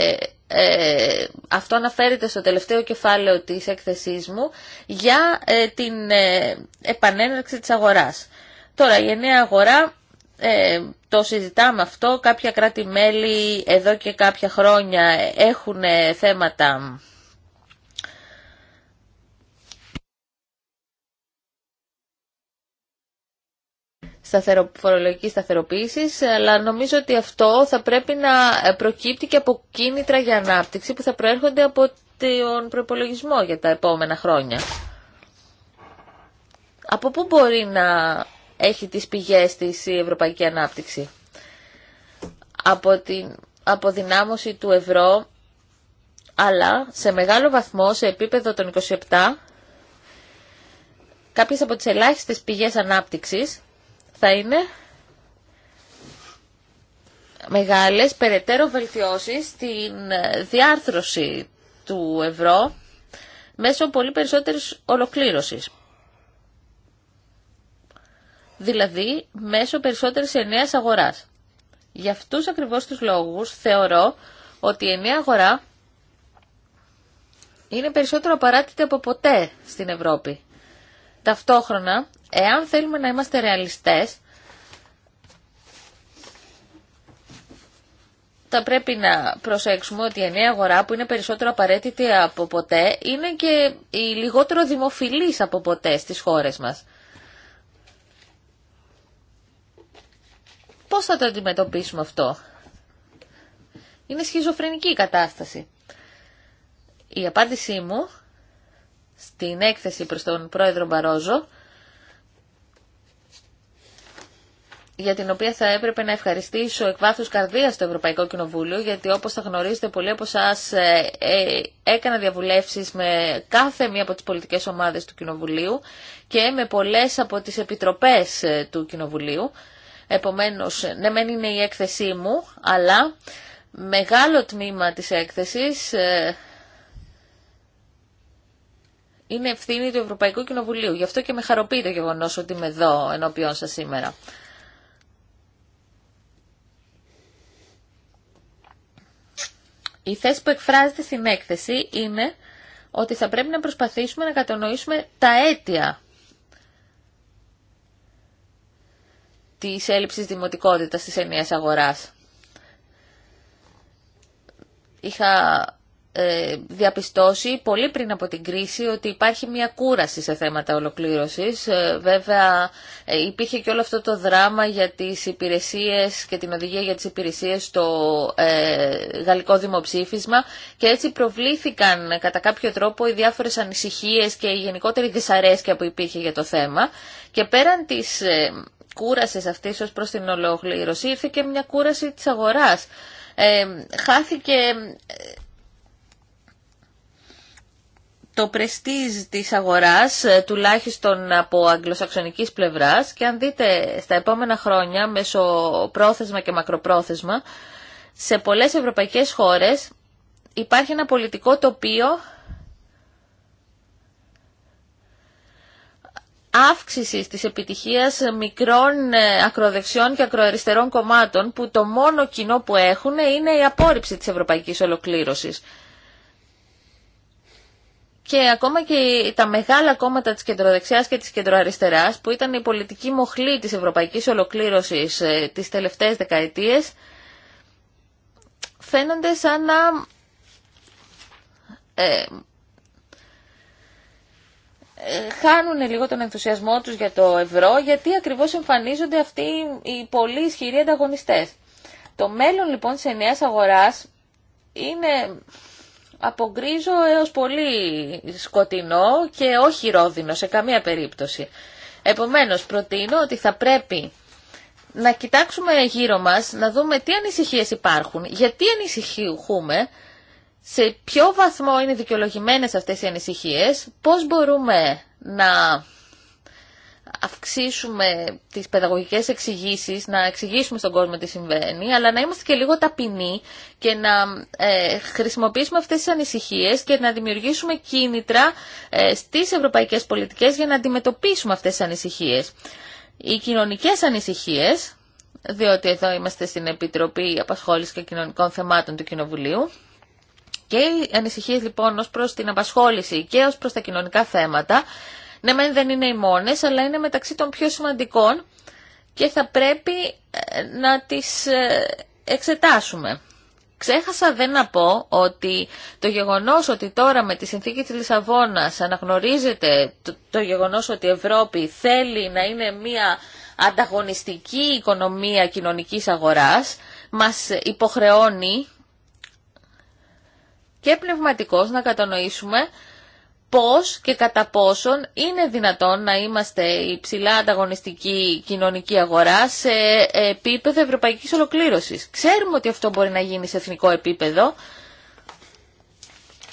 ε, αυτό αναφέρεται στο τελευταίο κεφάλαιο της έκθεσής μου για ε, την ε, επανέναρξη της αγοράς. Τώρα η εννέα αγορά ε, το συζητάμε αυτό, κάποια κράτη-μέλη εδώ και κάποια χρόνια έχουν θέματα σταθερο, φορολογικής σταθεροποίησης, αλλά νομίζω ότι αυτό θα πρέπει να προκύπτει και από κίνητρα για ανάπτυξη που θα προέρχονται από τον προπολογισμό για τα επόμενα χρόνια. Από πού μπορεί να έχει τις πηγές της η ευρωπαϊκή ανάπτυξη. Από την αποδυνάμωση του ευρώ, αλλά σε μεγάλο βαθμό, σε επίπεδο των 27, κάποιες από τις ελάχιστες πηγές ανάπτυξης θα είναι μεγάλες περαιτέρω βελτιώσεις στην διάρθρωση του ευρώ μέσω πολύ περισσότερης ολοκλήρωσης δηλαδή μέσω περισσότερης ενέας αγοράς. Για αυτούς ακριβώς τους λόγους θεωρώ ότι η ενέα αγορά είναι περισσότερο απαράτητη από ποτέ στην Ευρώπη. Ταυτόχρονα, εάν θέλουμε να είμαστε ρεαλιστές, θα πρέπει να προσέξουμε ότι η εννέα αγορά που είναι περισσότερο απαραίτητη από ποτέ είναι και η λιγότερο δημοφιλής από ποτέ στις χώρες μας. Πώς θα το αντιμετωπίσουμε αυτό. Είναι σχιζοφρενική η κατάσταση. Η απάντησή μου στην έκθεση προς τον πρόεδρο Μπαρόζο για την οποία θα έπρεπε να ευχαριστήσω εκ βάθους καρδίας το Ευρωπαϊκό Κοινοβούλιο, γιατί όπως θα γνωρίζετε πολλοί από εσά ε, ε, έκανα διαβουλεύσεις με κάθε μία από τις πολιτικές ομάδες του Κοινοβουλίου και με πολλές από τις επιτροπές ε, του Κοινοβουλίου. Επομένως, ναι μεν είναι η έκθεσή μου, αλλά μεγάλο τμήμα της έκθεσης ε, είναι ευθύνη του Ευρωπαϊκού Κοινοβουλίου. Γι' αυτό και με χαροποιεί το γεγονός ότι είμαι εδώ ενώπιόν σας σήμερα. Η θέση που εκφράζεται στην έκθεση είναι ότι θα πρέπει να προσπαθήσουμε να κατανοήσουμε τα αίτια της έλλειψης δημοτικότητας της ενιαίας αγοράς. Είχα ε, διαπιστώσει πολύ πριν από την κρίση ότι υπάρχει μια κούραση σε θέματα ολοκλήρωσης. Ε, βέβαια ε, υπήρχε και όλο αυτό το δράμα για τις υπηρεσίες και την οδηγία για τις υπηρεσίες στο ε, γαλλικό δημοψήφισμα και έτσι προβλήθηκαν κατά κάποιο τρόπο οι διάφορες ανησυχίες και η γενικότερη δυσαρέσκεια που υπήρχε για το θέμα και πέραν της κούρασης αυτής ως προς την ολοκλήρωση ήρθε και μια κούραση της αγοράς. Ε, χάθηκε ε, το πρεστίζ της αγοράς, ε, τουλάχιστον από αγγλοσαξονικής πλευράς και αν δείτε στα επόμενα χρόνια, μέσω πρόθεσμα και μακροπρόθεσμα, σε πολλές ευρωπαϊκές χώρες υπάρχει ένα πολιτικό τοπίο Αύξηση της επιτυχίας μικρών ε, ακροδεξιών και ακροαριστερών κομμάτων που το μόνο κοινό που έχουν είναι η απόρριψη της ευρωπαϊκής ολοκλήρωσης. Και ακόμα και τα μεγάλα κόμματα της κεντροδεξιάς και της κεντροαριστεράς που ήταν η πολιτική μοχλή της ευρωπαϊκής ολοκλήρωσης ε, τις τελευταίες δεκαετίες φαίνονται σαν να ε, χάνουν λίγο τον ενθουσιασμό τους για το ευρώ γιατί ακριβώς εμφανίζονται αυτοί οι πολύ ισχυροί ανταγωνιστές. Το μέλλον λοιπόν της ενιαίας αγοράς είναι από γκρίζο έως πολύ σκοτεινό και όχι ρόδινο σε καμία περίπτωση. Επομένως προτείνω ότι θα πρέπει να κοιτάξουμε γύρω μας, να δούμε τι ανησυχίες υπάρχουν, γιατί ανησυχούμε, σε ποιο βαθμό είναι δικαιολογημένες αυτές οι ανησυχίες, πώς μπορούμε να αυξήσουμε τις παιδαγωγικές εξηγήσεις, να εξηγήσουμε στον κόσμο τι συμβαίνει, αλλά να είμαστε και λίγο ταπεινοί και να ε, χρησιμοποιήσουμε αυτές τις ανησυχίες και να δημιουργήσουμε κίνητρα ε, στις ευρωπαϊκές πολιτικές για να αντιμετωπίσουμε αυτές τις ανησυχίες. Οι κοινωνικές ανησυχίες, διότι εδώ είμαστε στην Επιτροπή Απασχόλησης και Κοινωνικών Θεμάτων του Κοινοβουλίου, και οι ανησυχίες λοιπόν ως προς την απασχόληση και ως προς τα κοινωνικά θέματα, ναι μεν δεν είναι οι μόνες, αλλά είναι μεταξύ των πιο σημαντικών και θα πρέπει ε, να τις ε, εξετάσουμε. Ξέχασα δεν να πω ότι το γεγονός ότι τώρα με τη συνθήκη της Λισαβόνας αναγνωρίζεται το, το γεγονός ότι η Ευρώπη θέλει να είναι μια ανταγωνιστική οικονομία κοινωνικής αγοράς μας υποχρεώνει και πνευματικός να κατανοήσουμε πώς και κατά πόσον είναι δυνατόν να είμαστε η ψηλά ανταγωνιστική κοινωνική αγορά σε επίπεδο ευρωπαϊκής ολοκλήρωσης. Ξέρουμε ότι αυτό μπορεί να γίνει σε εθνικό επίπεδο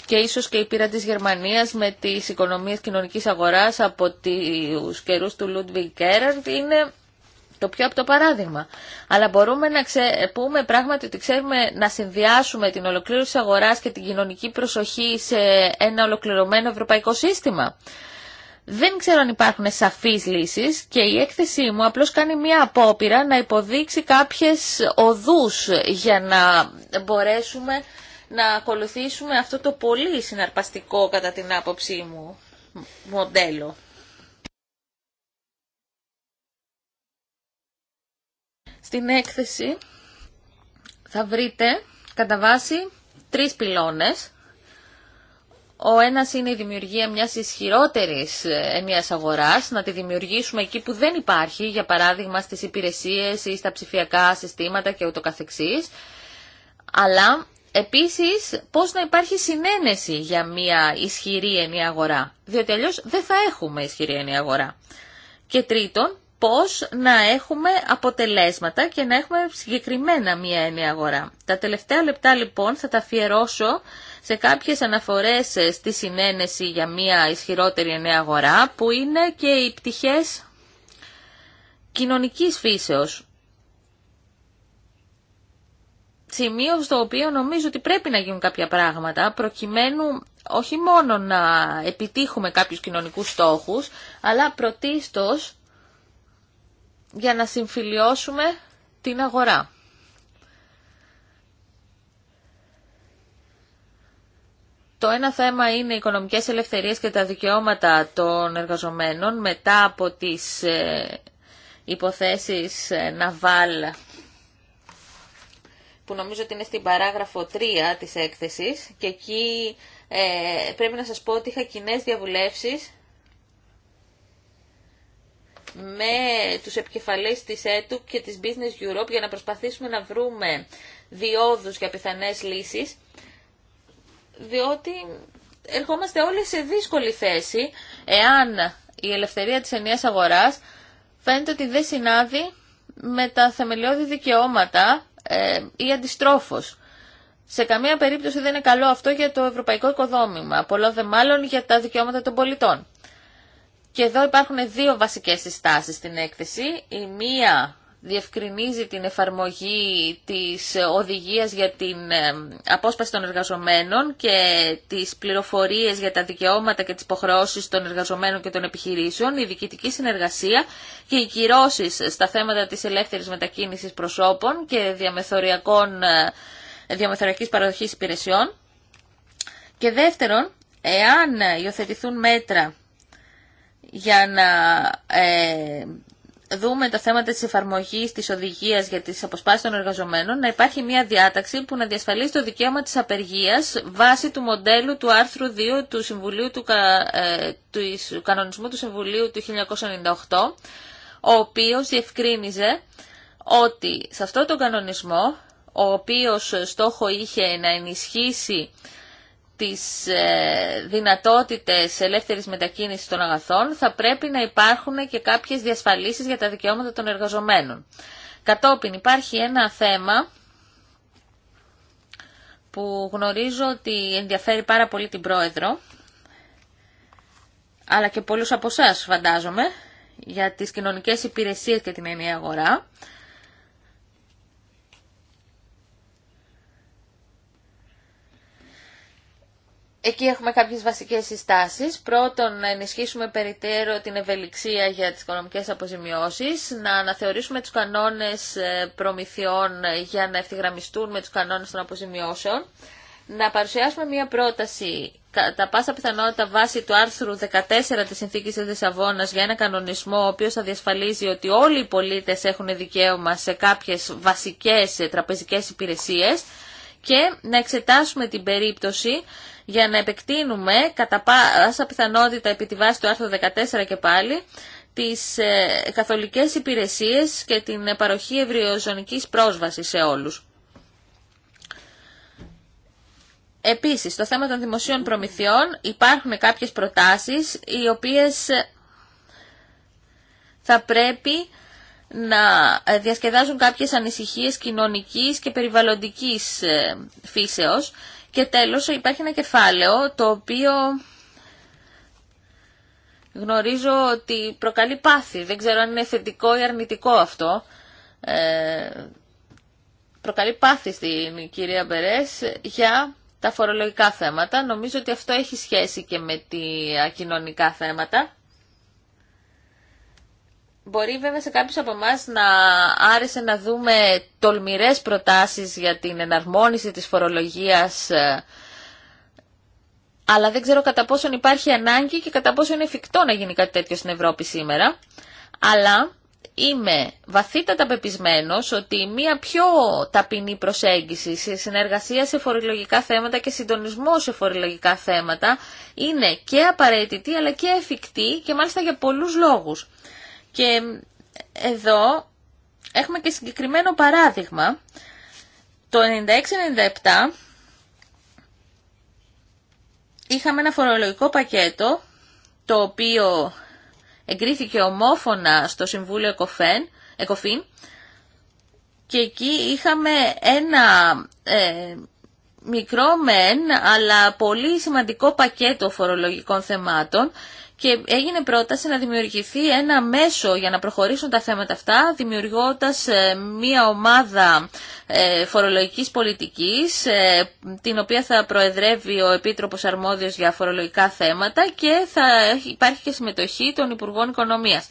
και ίσως και η πείρα της Γερμανίας με τις οικονομίες κοινωνικής αγοράς από τους καιρούς του Λούντβιγκ Κέραντ είναι το πιο από το παράδειγμα. Αλλά μπορούμε να ξε... πούμε πράγματι ότι ξέρουμε να συνδυάσουμε την ολοκλήρωση αγοράς και την κοινωνική προσοχή σε ένα ολοκληρωμένο ευρωπαϊκό σύστημα. Δεν ξέρω αν υπάρχουν σαφείς λύσεις και η έκθεσή μου απλώς κάνει μία απόπειρα να υποδείξει κάποιες οδούς για να μπορέσουμε να ακολουθήσουμε αυτό το πολύ συναρπαστικό κατά την άποψή μου μοντέλο. Στην έκθεση θα βρείτε κατά βάση τρεις πυλώνες. Ο ένας είναι η δημιουργία μιας ισχυρότερης ε, ενίας αγοράς, να τη δημιουργήσουμε εκεί που δεν υπάρχει, για παράδειγμα στις υπηρεσίες ή στα ψηφιακά συστήματα και ούτω καθεξής. Αλλά επίσης πώς να υπάρχει συνένεση για μια ισχυρή ενία αγορά, διότι αλλιώς δεν θα έχουμε ισχυρή ενία αγορά. Και τρίτον, πώς να έχουμε αποτελέσματα και να έχουμε συγκεκριμένα μία έννοια αγορά. Τα τελευταία λεπτά λοιπόν θα τα αφιερώσω σε κάποιες αναφορές ε, στη συνένεση για μία ισχυρότερη νέα αγορά που είναι και οι πτυχές κοινωνικής φύσεως. Σημείο στο οποίο νομίζω ότι πρέπει να γίνουν κάποια πράγματα προκειμένου όχι μόνο να επιτύχουμε κάποιους κοινωνικούς στόχους, αλλά πρωτίστως για να συμφιλιώσουμε την αγορά. Το ένα θέμα είναι οι οικονομικές ελευθερίες και τα δικαιώματα των εργαζομένων μετά από τις ε, υποθέσεις ε, Ναβάλ που νομίζω ότι είναι στην παράγραφο 3 της έκθεσης και εκεί ε, πρέπει να σας πω ότι είχα κοινέ διαβουλεύσεις με τους επικεφαλείς της Έτου και της Business Europe για να προσπαθήσουμε να βρούμε διόδους για πιθανές λύσεις, διότι ερχόμαστε όλοι σε δύσκολη θέση εάν η ελευθερία της ενιαίας αγοράς φαίνεται ότι δεν συνάδει με τα θεμελιώδη δικαιώματα ε, ή αντιστρόφως. Σε καμία περίπτωση δεν είναι καλό αυτό για το ευρωπαϊκό οικοδόμημα, πολλό δε μάλλον για τα δικαιώματα των πολιτών. Και εδώ υπάρχουν δύο βασικές συστάσεις στην έκθεση. Η μία διευκρινίζει την εφαρμογή της οδηγίας για την ε, απόσπαση των εργαζομένων και τις πληροφορίες για τα δικαιώματα και τις υποχρεώσεις των εργαζομένων και των επιχειρήσεων, η διοικητική συνεργασία και οι κυρώσεις στα θέματα της ελεύθερης μετακίνησης προσώπων και διαμεθοριακών, ε, διαμεθοριακής υπηρεσιών. Και δεύτερον, εάν υιοθετηθούν μέτρα για να ε, δούμε τα θέματα της εφαρμογής της οδηγίας για τις αποσπάσεις των εργαζομένων, να υπάρχει μια διάταξη που να διασφαλίσει το δικαίωμα της απεργίας βάσει του μοντέλου του άρθρου 2 του, Συμβουλίου ε, του, Κανονισμού του Συμβουλίου του 1998, ο οποίος διευκρίνιζε ότι σε αυτό τον κανονισμό, ο οποίος στόχο είχε να ενισχύσει τις ε, δυνατότητες ελεύθερης μετακίνησης των αγαθών θα πρέπει να υπάρχουν και κάποιες διασφαλίσεις για τα δικαιώματα των εργαζομένων. Κατόπιν υπάρχει ένα θέμα που γνωρίζω ότι ενδιαφέρει πάρα πολύ την Πρόεδρο αλλά και πολλούς από εσά φαντάζομαι για τις κοινωνικές υπηρεσίες και την ενιαία αγορά. Εκεί έχουμε κάποιες βασικές συστάσεις. Πρώτον, να ενισχύσουμε περιττέρω την ευελιξία για τις οικονομικές αποζημιώσεις, να αναθεωρήσουμε τους κανόνες ε, προμηθειών ε, για να ευθυγραμμιστούν με τους κανόνες των αποζημιώσεων, να παρουσιάσουμε μία πρόταση κατά πάσα πιθανότητα βάσει του άρθρου 14 της Συνθήκης της Λισαβόνας για ένα κανονισμό ο οποίος θα διασφαλίζει ότι όλοι οι πολίτες έχουν δικαίωμα σε κάποιες βασικές ε, τραπεζικές υπηρεσίες και να εξετάσουμε την περίπτωση για να επεκτείνουμε κατά πάσα πιθανότητα επί τη βάση του άρθρου 14 και πάλι τις ε, καθολικές υπηρεσίες και την παροχή ευρυοζωνικής πρόσβασης σε όλους. Επίσης, στο θέμα των δημοσίων προμηθειών υπάρχουν κάποιες προτάσεις οι οποίες θα πρέπει να διασκεδάζουν κάποιες ανησυχίες κοινωνικής και περιβαλλοντικής ε, φύσεως και τέλος υπάρχει ένα κεφάλαιο το οποίο γνωρίζω ότι προκαλεί πάθη. Δεν ξέρω αν είναι θετικό ή αρνητικό αυτό. Ε, προκαλεί πάθη στην κυρία Μπερές για τα φορολογικά θέματα. Νομίζω ότι αυτό έχει σχέση και με τα κοινωνικά θέματα. Μπορεί βέβαια σε κάποιους από εμά να άρεσε να δούμε τολμηρές προτάσεις για την εναρμόνιση της φορολογίας ε, αλλά δεν ξέρω κατά πόσον υπάρχει ανάγκη και κατά πόσον είναι εφικτό να γίνει κάτι τέτοιο στην Ευρώπη σήμερα. Αλλά είμαι βαθύτατα πεπισμένος ότι μια πιο ταπεινή προσέγγιση σε συνεργασία σε φορολογικά θέματα και συντονισμό σε φορολογικά θέματα είναι και απαραίτητη αλλά και εφικτή και μάλιστα για πολλούς λόγους. Και εδώ έχουμε και συγκεκριμένο παράδειγμα. Το 96-97 είχαμε ένα φορολογικό πακέτο το οποίο εγκρίθηκε ομόφωνα στο Συμβούλιο Εκοφέν, Εκοφήν και εκεί είχαμε ένα ε, μικρό μεν αλλά πολύ σημαντικό πακέτο φορολογικών θεμάτων και έγινε πρόταση να δημιουργηθεί ένα μέσο για να προχωρήσουν τα θέματα αυτά, δημιουργώντας ε, μία ομάδα ε, φορολογικής πολιτικής, ε, την οποία θα προεδρεύει ο Επίτροπος Αρμόδιος για φορολογικά θέματα και θα υπάρχει και συμμετοχή των Υπουργών Οικονομίας.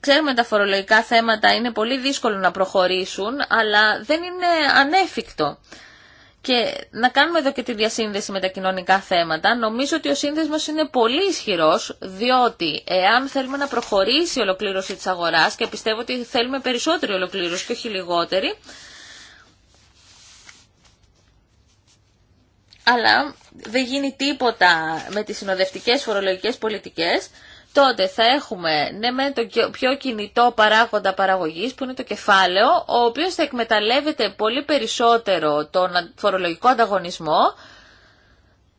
Ξέρουμε τα φορολογικά θέματα είναι πολύ δύσκολο να προχωρήσουν, αλλά δεν είναι ανέφικτο. Και να κάνουμε εδώ και τη διασύνδεση με τα κοινωνικά θέματα. Νομίζω ότι ο σύνδεσμος είναι πολύ ισχυρός, διότι εάν θέλουμε να προχωρήσει η ολοκλήρωση της αγοράς, και πιστεύω ότι θέλουμε περισσότερη ολοκλήρωση και όχι λιγότερη, αλλά δεν γίνει τίποτα με τις συνοδευτικές φορολογικές πολιτικές, τότε θα έχουμε ναι με το πιο κινητό παράγοντα παραγωγής που είναι το κεφάλαιο, ο οποίος θα εκμεταλλεύεται πολύ περισσότερο τον φορολογικό ανταγωνισμό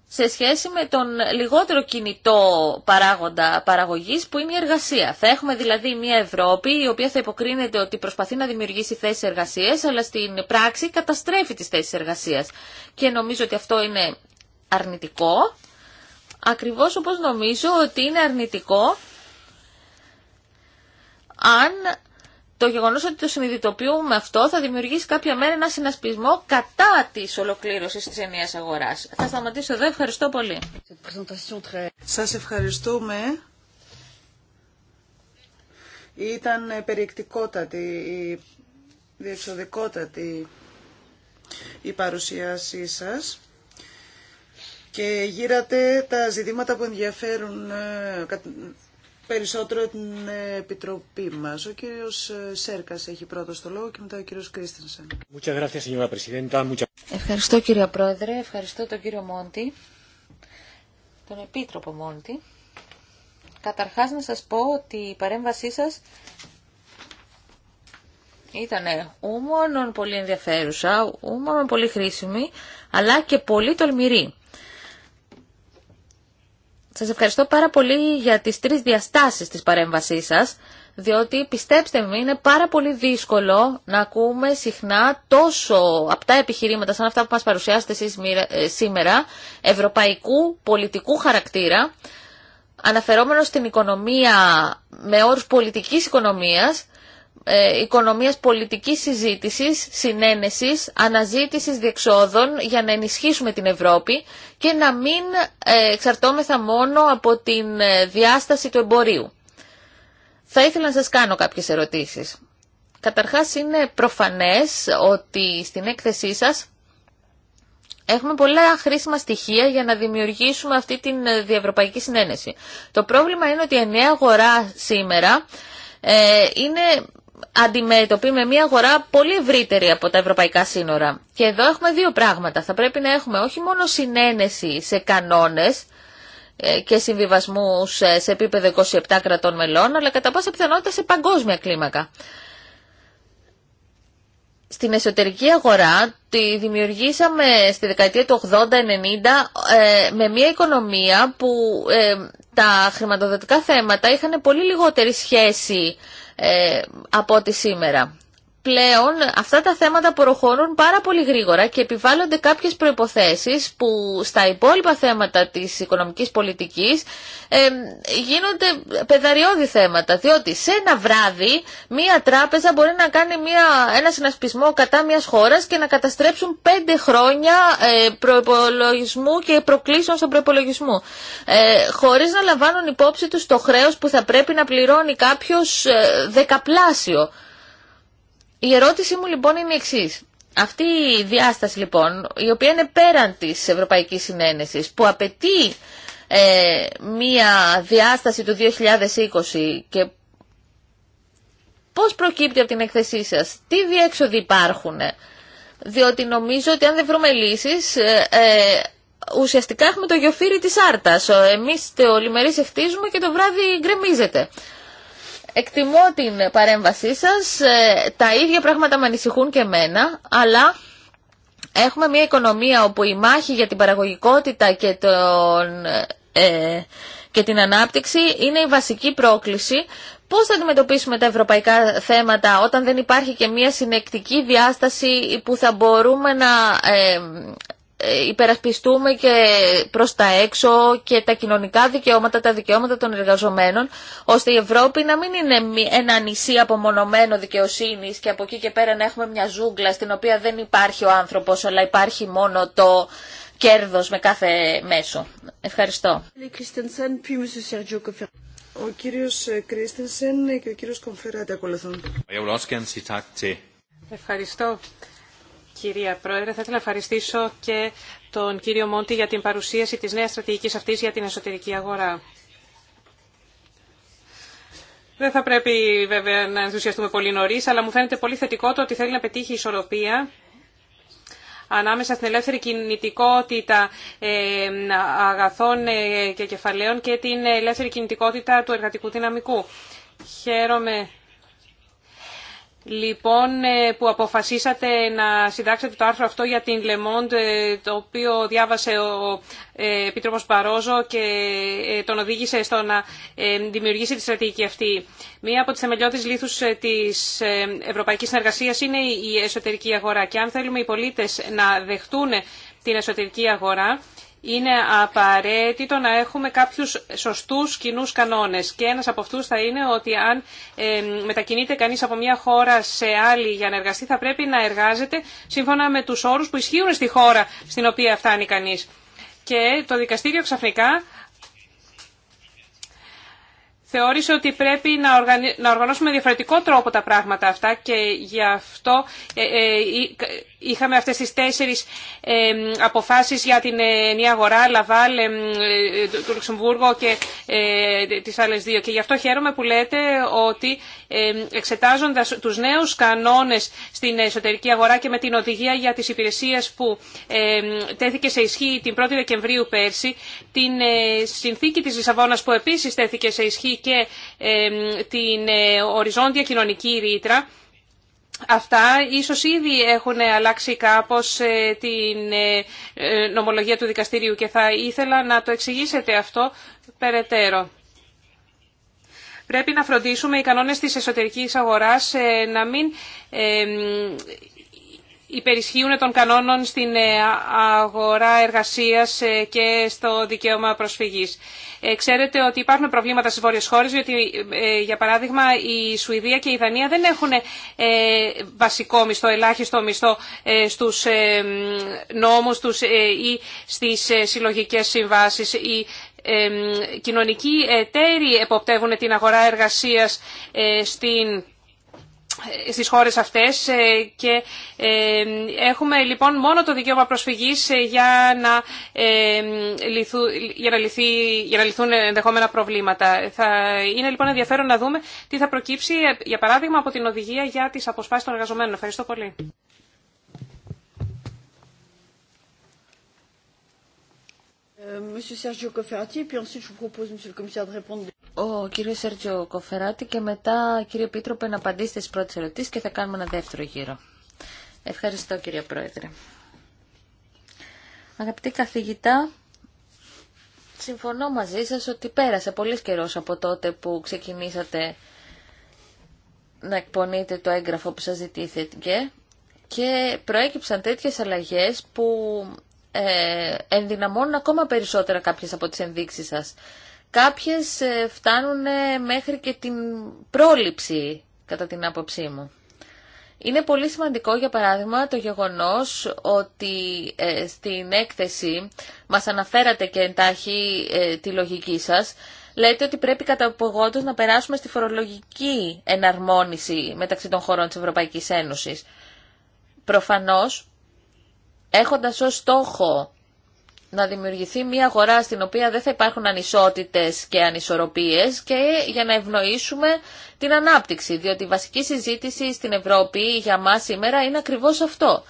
σε σχέση με τον λιγότερο κινητό παράγοντα παραγωγής που είναι η εργασία. Θα έχουμε δηλαδή μια Ευρώπη η οποία θα υποκρίνεται ότι προσπαθεί να δημιουργήσει θέσεις εργασίας αλλά στην πράξη καταστρέφει τις θέσεις εργασίας. Και νομίζω ότι αυτό είναι αρνητικό ακριβώς όπως νομίζω ότι είναι αρνητικό αν το γεγονός ότι το συνειδητοποιούμε αυτό θα δημιουργήσει κάποια μέρα ένα συνασπισμό κατά της ολοκλήρωσης της ενιαίας αγοράς. Θα σταματήσω εδώ. Ευχαριστώ πολύ. Σας ευχαριστούμε. Ήταν περιεκτικότατη, διεξοδικότατη η παρουσίασή σας και γύρατε τα ζητήματα που ενδιαφέρουν ε, περισσότερο την ε, Επιτροπή μας. Ο κύριος ε, Σέρκας έχει πρώτο το λόγο και μετά ο κύριος Κρίστινσεν. Ευχαριστώ κύριε Πρόεδρε, ευχαριστώ τον κύριο Μόντι, τον Επίτροπο Μόντι. Καταρχάς να σας πω ότι η παρέμβασή σας ήταν ούμονον πολύ ενδιαφέρουσα, ούμονον πολύ χρήσιμη, αλλά και πολύ τολμηρή. Σας ευχαριστώ πάρα πολύ για τις τρεις διαστάσεις της παρέμβασής σας, διότι πιστέψτε με είναι πάρα πολύ δύσκολο να ακούμε συχνά τόσο απτά επιχειρήματα σαν αυτά που μας παρουσιάσετε εσείς ε, σήμερα, ευρωπαϊκού πολιτικού χαρακτήρα, αναφερόμενο στην οικονομία με όρους πολιτικής οικονομίας, ε, οικονομίας πολιτικής συζήτησης, συνένεσης, αναζήτησης διεξόδων για να ενισχύσουμε την Ευρώπη και να μην ε, εξαρτώμεθα μόνο από την ε, διάσταση του εμπορίου. Θα ήθελα να σας κάνω κάποιες ερωτήσεις. Καταρχάς είναι προφανές ότι στην έκθεσή σας Έχουμε πολλά χρήσιμα στοιχεία για να δημιουργήσουμε αυτή την ε, διευρωπαϊκή συνένεση. Το πρόβλημα είναι ότι η νέα αγορά σήμερα είναι αντιμέτωποι με μια αγορά πολύ ευρύτερη από τα ευρωπαϊκά σύνορα. Και εδώ έχουμε δύο πράγματα. Θα πρέπει να έχουμε όχι μόνο συνένεση σε κανόνες ε, και συμβιβασμούς ε, σε επίπεδο 27 κρατών μελών, αλλά κατά πάσα πιθανότητα σε παγκόσμια κλίμακα. Στην εσωτερική αγορά τη δημιουργήσαμε στη δεκαετία του 80-90 ε, με μια οικονομία που τα χρηματοδοτικά θέματα είχαν πολύ λιγότερη σχέση ε, από ό,τι σήμερα πλέον αυτά τα θέματα προχωρούν πάρα πολύ γρήγορα και επιβάλλονται κάποιες προϋποθέσεις που στα υπόλοιπα θέματα της οικονομικής πολιτικής γίνονται πεδαριώδη θέματα, διότι σε ένα βράδυ μία τράπεζα μπορεί να κάνει μία, ένα συνασπισμό κατά μιας χώρας και να καταστρέψουν πέντε χρόνια ε, προπολογισμού και προκλήσεων στον προπολογισμό. Ε, χωρίς να λαμβάνουν υπόψη τους το χρέος που θα πρέπει να πληρώνει κάποιος ε, δεκαπλάσιο. Η ερώτησή μου λοιπόν είναι η εξή. Αυτή η διάσταση λοιπόν, η οποία είναι πέραν της Ευρωπαϊκής Συνένεσης, που απαιτεί ε, μία διάσταση του 2020 και πώς προκύπτει από την εκθεσή σας, τι διέξοδοι υπάρχουν, διότι νομίζω ότι αν δεν βρούμε λύσεις, ε, ε, ουσιαστικά έχουμε το γιοφύρι της άρτας. Εμείς το λιμερί και το βράδυ γκρεμίζεται. Εκτιμώ την παρέμβασή σας. Ε, τα ίδια πράγματα με ανησυχούν και εμένα, αλλά έχουμε μια οικονομία όπου η μάχη για την παραγωγικότητα και, τον, ε, και την ανάπτυξη είναι η βασική πρόκληση. Πώς θα αντιμετωπίσουμε τα ευρωπαϊκά θέματα όταν δεν υπάρχει και μια συνεκτική διάσταση που θα μπορούμε να... Ε, υπερασπιστούμε και προς τα έξω και τα κοινωνικά δικαιώματα, τα δικαιώματα των εργαζομένων, ώστε η Ευρώπη να μην είναι ένα νησί απομονωμένο δικαιοσύνης και από εκεί και πέρα να έχουμε μια ζούγκλα στην οποία δεν υπάρχει ο άνθρωπος, αλλά υπάρχει μόνο το κέρδος με κάθε μέσο. Ευχαριστώ. Ο κύριος Κρίστενσεν και ο κύριος Ευχαριστώ. Κυρία Πρόεδρε, θα ήθελα να ευχαριστήσω και τον κύριο Μόντι για την παρουσίαση της νέας στρατηγικής αυτής για την εσωτερική αγορά. Δεν θα πρέπει βέβαια να ενθουσιαστούμε πολύ νωρί, αλλά μου φαίνεται πολύ θετικό το ότι θέλει να πετύχει ισορροπία ανάμεσα στην ελεύθερη κινητικότητα ε, αγαθών ε, και κεφαλαίων και την ελεύθερη κινητικότητα του εργατικού δυναμικού. Χαίρομαι λοιπόν ε, που αποφασίσατε να συντάξετε το άρθρο αυτό για την Λεμόντ, το οποίο διάβασε ο ε, Επίτροπος Παρόζο και ε, τον οδήγησε στο να δημιουργήσει τη στρατηγική αυτή. Μία από τις θεμελιώδεις λήθους της Ευρωπαϊκής Συνεργασίας είναι η εσωτερική αγορά και αν θέλουμε οι πολίτες να δεχτούν την εσωτερική αγορά, είναι απαραίτητο να έχουμε κάποιους σωστούς κοινού κανόνες και ένας από αυτούς θα είναι ότι αν ε, μετακινείται κανείς από μια χώρα σε άλλη για να εργαστεί θα πρέπει να εργάζεται σύμφωνα με τους όρους που ισχύουν στη χώρα στην οποία φτάνει κανείς. Και το δικαστήριο ξαφνικά θεώρησε ότι πρέπει να, να οργανώσουμε διαφορετικό τρόπο τα πράγματα αυτά και γι' αυτό ε, ε, είχαμε αυτές τις τέσσερις ε, αποφάσεις για την ενιαία αγορά, Λαβάλ, του Λουξεμβούργο και τις άλλες δύο. Και γι' αυτό χαίρομαι που λέτε ότι εξετάζοντας τους νέους κανόνες στην εσωτερική αγορά και με την οδηγία για τις υπηρεσίες που τέθηκε σε ισχύ την 1η Δεκεμβρίου πέρσι, την συνθήκη της Λισαβόνας που επίσης τέθηκε σε ισχύ και την ε, οριζόντια κοινωνική ρήτρα. Αυτά ίσως ήδη έχουν αλλάξει κάπως ε, την ε, νομολογία του δικαστηρίου και θα ήθελα να το εξηγήσετε αυτό περαιτέρω. Πρέπει να φροντίσουμε οι κανόνες της εσωτερικής αγοράς να μην υπερισχύουν των κανόνων στην ε, αγορά εργασίας ε, και στο δικαίωμα προσφυγής. Ε, ξέρετε ότι υπάρχουν προβλήματα στις βόρειες χώρες, γιατί για παράδειγμα η Σουηδία και η Δανία δεν έχουν βασικό μισθό, ελάχιστο μισθό στους νόμους τους ή στις συλλογικές συμβάσεις ή κοινωνικοί εταίροι εποπτεύουν την αγορά εργασίας στην στις χώρες αυτές ε, και ε, έχουμε λοιπόν μόνο το δικαίωμα προσφυγής ε, για να, λυθού, για να, για να λυθούν ενδεχόμενα προβλήματα. Θα είναι λοιπόν ενδιαφέρον να δούμε τι θα προκύψει για παράδειγμα από την οδηγία για τις αποσπάσεις των εργαζομένων. Ευχαριστώ πολύ. Ο κύριο Σέρτζιο Κοφεράτη και μετά, κύριε Επίτροπε, να απαντήσετε στις πρώτες ερωτήσεις και θα κάνουμε ένα δεύτερο γύρο. Ευχαριστώ, κύριε Πρόεδρε. Αγαπητοί καθηγητά, συμφωνώ μαζί σας ότι πέρασε πολύ καιρό από τότε που ξεκινήσατε να εκπονείτε το έγγραφο που σας ζητήθηκε και προέκυψαν τέτοιες αλλαγές που ε, ενδυναμώνουν ακόμα περισσότερα κάποιες από τις ενδείξεις σας. Κάποιες ε, φτάνουν ε, μέχρι και την πρόληψη, κατά την άποψή μου. Είναι πολύ σημαντικό, για παράδειγμα, το γεγονός ότι στην έκθεση μας αναφέρατε και εντάχει τη λογική σας. Λέτε ότι πρέπει κατά απογόντως να περάσουμε στη φορολογική εναρμόνιση μεταξύ των χωρών της Ευρωπαϊκής Ένωσης. Προφανώς, έχοντας ως στόχο να δημιουργηθεί μια αγορά στην οποία δεν θα υπάρχουν ανισότητες και ανισορροπίες και για να ευνοήσουμε την ανάπτυξη, διότι η βασική συζήτηση στην Ευρώπη για μας σήμερα είναι ακριβώς αυτό.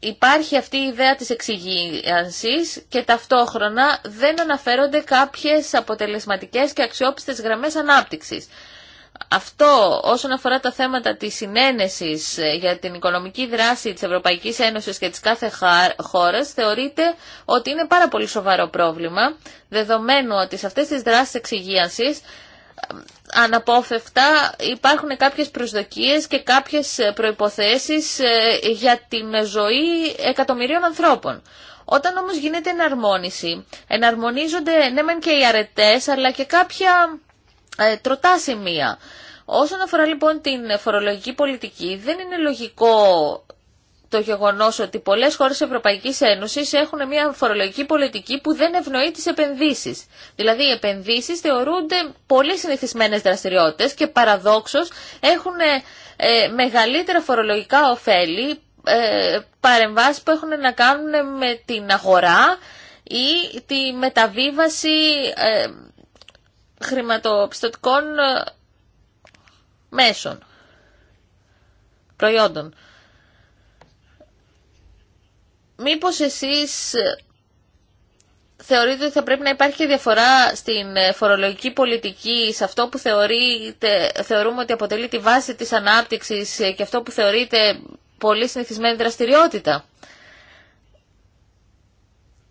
Υπάρχει αυτή η ιδέα της εξυγίανσης και ταυτόχρονα δεν αναφέρονται κάποιες αποτελεσματικές και αξιόπιστες γραμμές ανάπτυξης αυτό όσον αφορά τα θέματα της συνένεσης ε, για την οικονομική δράση της Ευρωπαϊκής Ένωσης και της κάθε χώρας θεωρείται ότι είναι πάρα πολύ σοβαρό πρόβλημα δεδομένου ότι σε αυτές τις δράσεις εξυγίανσης ε, αναπόφευκτα υπάρχουν κάποιες προσδοκίες και κάποιες προϋποθέσεις ε, για την ζωή εκατομμυρίων ανθρώπων. Όταν όμως γίνεται εναρμόνιση, εναρμονίζονται ναι μεν και οι αρετές αλλά και κάποια ε, τροτά σημεία. Όσον αφορά λοιπόν την φορολογική πολιτική, δεν είναι λογικό το γεγονός ότι πολλές χώρες Ευρωπαϊκής Ένωσης έχουν μια φορολογική πολιτική που δεν ευνοεί τις επενδύσεις. Δηλαδή οι επενδύσεις θεωρούνται πολύ συνηθισμένες δραστηριότητες και παραδόξως έχουν ε, ε, μεγαλύτερα φορολογικά ωφέλη, ε, που έχουν να κάνουν με την αγορά ή τη μεταβίβαση ε, χρηματοπιστωτικών ε, μέσων, προϊόντων. Μήπως εσείς ε, θεωρείτε ότι θα πρέπει να υπάρχει διαφορά στην ε, φορολογική πολιτική, σε αυτό που θεωρείτε, θεωρούμε ότι αποτελεί τη βάση της ανάπτυξης και αυτό που θεωρείτε πολύ συνηθισμένη δραστηριότητα.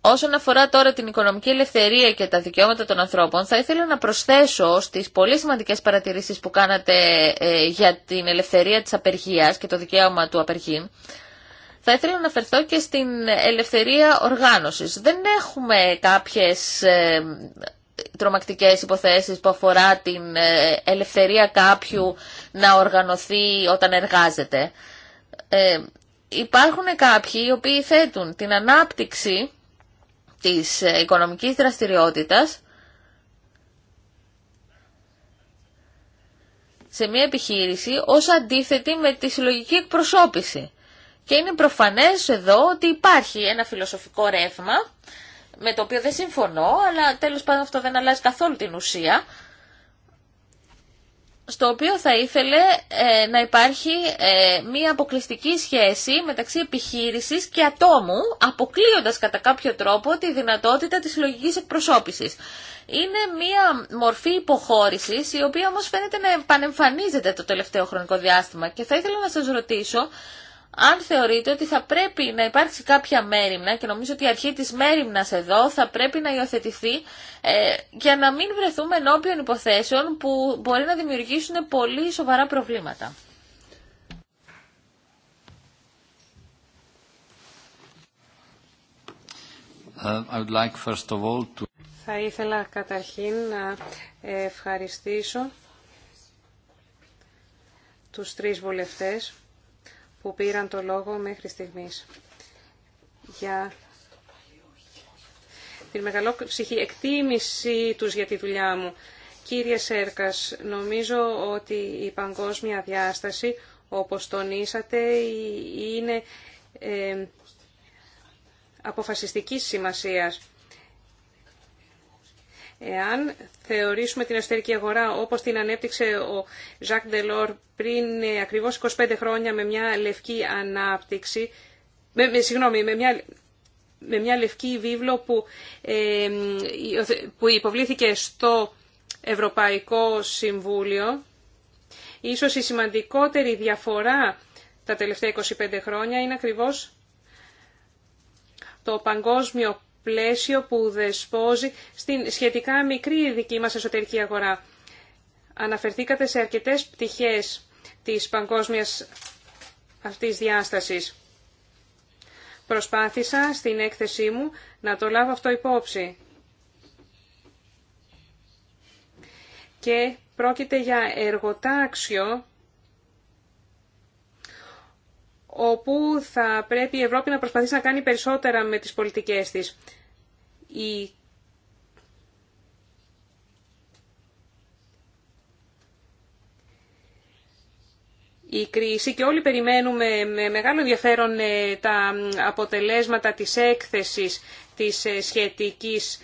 Όσον αφορά τώρα την οικονομική ελευθερία και τα δικαιώματα των ανθρώπων, θα ήθελα να προσθέσω στις πολύ σημαντικέ παρατηρήσεις που κάνατε ε, για την ελευθερία της απεργία και το δικαίωμα του απεργή, θα ήθελα να αναφερθώ και στην ελευθερία οργάνωσης. Δεν έχουμε κάποιες ε, τρομακτικέ υποθέσεις που αφορά την ε, ελευθερία κάποιου να οργανωθεί όταν εργάζεται. Υπάρχουν κάποιοι οι οποίοι θέτουν την ανάπτυξη της οικονομικής δραστηριότητας σε μια επιχείρηση ως αντίθετη με τη συλλογική εκπροσώπηση. Και είναι προφανές εδώ ότι υπάρχει ένα φιλοσοφικό ρεύμα με το οποίο δεν συμφωνώ, αλλά τέλος πάντων αυτό δεν αλλάζει καθόλου την ουσία στο οποίο θα ήθελε ε, να υπάρχει ε, μία αποκλειστική σχέση μεταξύ επιχείρησης και ατόμου, αποκλείοντας κατά κάποιο τρόπο τη δυνατότητα της λογικής εκπροσώπησης. Είναι μία μορφή υποχώρησης, η οποία όμως φαίνεται να επανεμφανίζεται το τελευταίο χρονικό διάστημα. Και θα ήθελα να σας ρωτήσω αν θεωρείτε ότι θα πρέπει να υπάρξει κάποια μέρημνα και νομίζω ότι η αρχή της μέρημνας εδώ θα πρέπει να υιοθετηθεί ε, για να μην βρεθούμε ενώπιον υποθέσεων που μπορεί να δημιουργήσουν πολύ σοβαρά προβλήματα. Uh, I would like first of all to... Θα ήθελα καταρχήν να ευχαριστήσω τους τρεις βουλευτές που πήραν το λόγο μέχρι στιγμής για την μεγαλόψυχη εκτίμησή τους για τη δουλειά μου. Κύριε Σέρκας, νομίζω ότι η παγκόσμια διάσταση, όπως τονίσατε, είναι ε, αποφασιστικής σημασίας. Εάν θεωρήσουμε την εσωτερική αγορά όπως την ανέπτυξε ο Ζακ Ντελόρ πριν ε, ακριβώς 25 χρόνια με μια λευκή ανάπτυξη, με, με, συγγνώμη, με μια με μια λευκή βίβλο που, ε, που υποβλήθηκε στο Ευρωπαϊκό Συμβούλιο. Ίσως η σημαντικότερη διαφορά τα τελευταία 25 χρόνια είναι ακριβώς το παγκόσμιο πλαίσιο που δεσπόζει στην σχετικά μικρή δική μας εσωτερική αγορά. Αναφερθήκατε σε αρκετές πτυχές της παγκόσμιας αυτής διάστασης. Προσπάθησα στην έκθεσή μου να το λάβω αυτό υπόψη. Και πρόκειται για εργοτάξιο όπου θα πρέπει η Ευρώπη να προσπαθήσει να κάνει περισσότερα με τις πολιτικές της. Η... κρίση και όλοι περιμένουμε με μεγάλο ενδιαφέρον ε, τα αποτελέσματα της έκθεσης της ε, σχετικής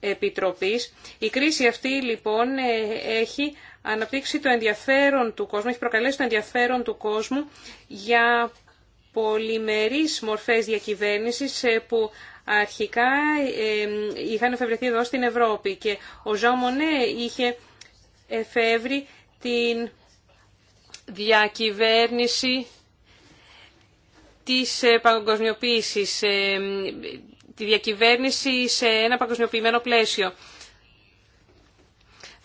επιτροπής. Η κρίση αυτή λοιπόν ε, έχει αναπτύξει το ενδιαφέρον του κόσμου, έχει προκαλέσει το ενδιαφέρον του κόσμου για πολυμερείς μορφές διακυβέρνησης ε, που αρχικά ε, είχαν εφευρεθεί εδώ στην Ευρώπη και ο Ζαν είχε εφεύρει την διακυβέρνηση της ε, παγκοσμιοποίησης, τη διακυβέρνηση σε ένα παγκοσμιοποιημένο πλαίσιο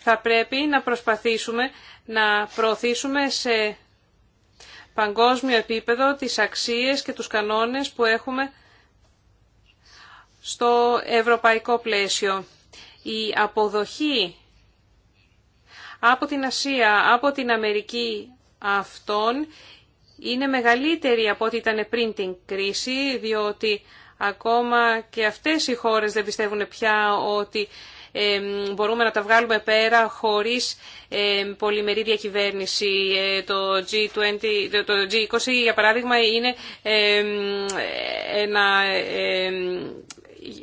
θα πρέπει να προσπαθήσουμε να προωθήσουμε σε παγκόσμιο επίπεδο τις αξίες και τους κανόνες που έχουμε στο ευρωπαϊκό πλαίσιο. Η αποδοχή από την Ασία, από την Αμερική αυτών είναι μεγαλύτερη από ό,τι ήταν πριν την κρίση, διότι ακόμα και αυτές οι χώρες δεν πιστεύουν πια ότι μπορούμε να τα βγάλουμε πέρα χωρίς πολυμερή διακυβέρνηση. Ε, το G20, το G20 για παράδειγμα είναι ένα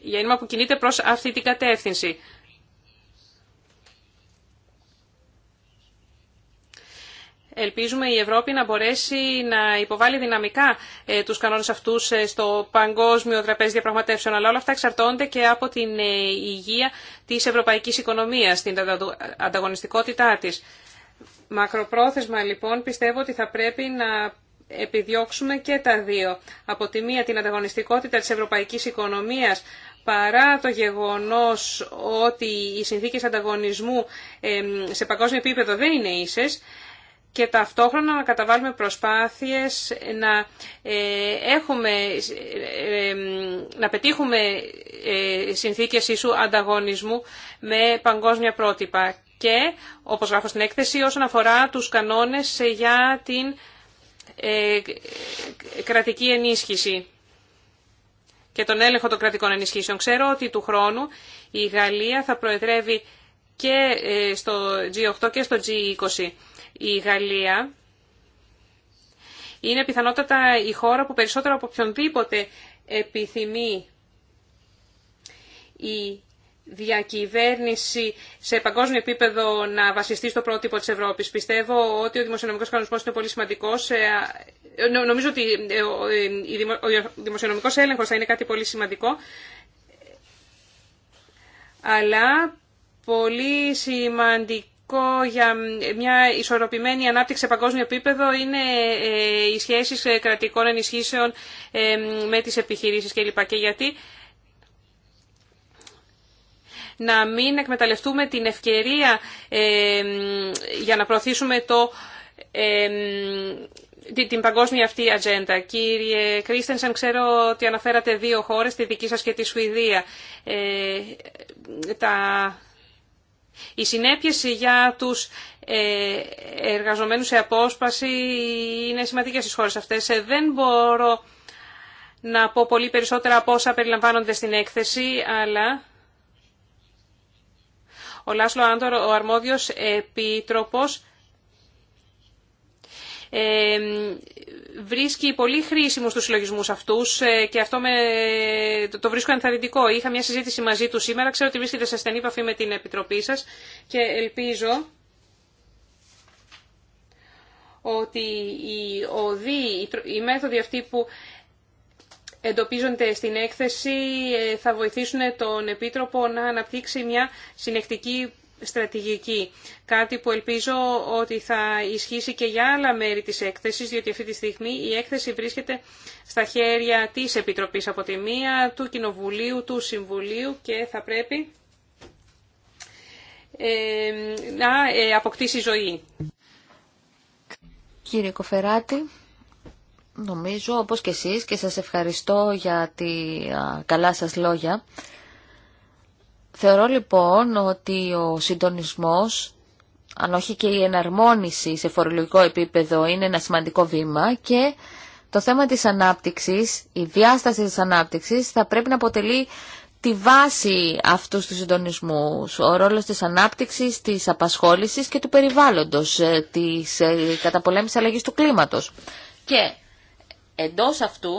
γέννημα που κινείται προς αυτή την κατεύθυνση. Ελπίζουμε η Ευρώπη να μπορέσει να υποβάλει δυναμικά ε, τους κανόνες αυτούς ε, στο παγκόσμιο τραπέζι διαπραγματεύσεων, αλλά όλα αυτά εξαρτώνται και από την ε, υγεία της Ευρωπαϊκή Οικονομία, την ανταγωνιστικότητά τη. Μακροπρόθεσμα λοιπόν πιστεύω ότι θα πρέπει να επιδιώξουμε και τα δύο. Από τη μία την ανταγωνιστικότητα της ευρωπαϊκής οικονομίας παρά το γεγονός ότι οι συνθήκες ανταγωνισμού σε παγκόσμιο επίπεδο δεν είναι ίσες και ταυτόχρονα να καταβάλουμε προσπάθειες να, ε, έχουμε, ε, ε, να πετύχουμε συνθήκες ίσου ανταγωνισμού με παγκόσμια πρότυπα. Και, όπως γράφω στην έκθεση, όσον αφορά τους κανόνες για την κρατική ενίσχυση και τον έλεγχο των κρατικών ενισχύσεων. Ξέρω ότι του χρόνου η Γαλλία θα προεδρεύει και στο G8 και στο G20. Η Γαλλία είναι πιθανότατα η χώρα που περισσότερο από οποιονδήποτε επιθυμεί η διακυβέρνηση σε παγκόσμιο επίπεδο να βασιστεί στο πρότυπο της Ευρώπης. Πιστεύω ότι ο δημοσιονομικός κανονισμός είναι πολύ σημαντικός. Ε, νομίζω ότι ε, ε, ο δημοσιονομικός έλεγχος θα είναι κάτι πολύ σημαντικό. Αλλά πολύ σημαντικό για μια ισορροπημένη ανάπτυξη σε παγκόσμιο επίπεδο είναι ε, οι σχέσεις ε, κρατικών ενισχύσεων ε, με τις επιχειρήσεις κλπ. Και γιατί να μην εκμεταλλευτούμε την ευκαιρία για να προωθήσουμε το την παγκόσμια αυτή ατζέντα. Κύριε Κρίστενσεν, ξέρω ότι αναφέρατε δύο χώρες, τη δική σας και τη Σουηδία. τα η συνέπειες για τους ε, εργαζομένους σε απόσπαση είναι σημαντικές στις χώρες αυτές. Ε, δεν μπορώ να πω πολύ περισσότερα από όσα περιλαμβάνονται στην έκθεση, αλλά ο Λάσλο Άντορ, ο αρμόδιος επίτροπος, βρίσκει πολύ χρήσιμο στους συλλογισμού αυτούς ε, και αυτό με, το, βρίσκω ενθαρρυντικό. Είχα μια συζήτηση μαζί του σήμερα, ξέρω ότι βρίσκεται σε στενή επαφή με την Επιτροπή σας και ελπίζω ότι οι μέθοδοι αυτοί που εντοπίζονται στην έκθεση ε, θα βοηθήσουν τον Επίτροπο να αναπτύξει μια συνεκτική στρατηγική. Κάτι που ελπίζω ότι θα ισχύσει και για άλλα μέρη της έκθεσης, διότι αυτή τη στιγμή η έκθεση βρίσκεται στα χέρια της Επιτροπής από τη μία, του Κοινοβουλίου, του Συμβουλίου και θα πρέπει ε, να ε, αποκτήσει ζωή. Κύριε Κοφεράτη, νομίζω όπως και εσείς και σας ευχαριστώ για τη καλά σας λόγια. Θεωρώ λοιπόν ότι ο συντονισμός, αν όχι και η εναρμόνιση σε φορολογικό επίπεδο είναι ένα σημαντικό βήμα και το θέμα της ανάπτυξης, η διάσταση της ανάπτυξης θα πρέπει να αποτελεί τη βάση αυτού του συντονισμού, ο ρόλος της ανάπτυξης, της απασχόλησης και του περιβάλλοντος, ε, της ε, καταπολέμησης αλλαγής του κλίματος. Και εντός αυτού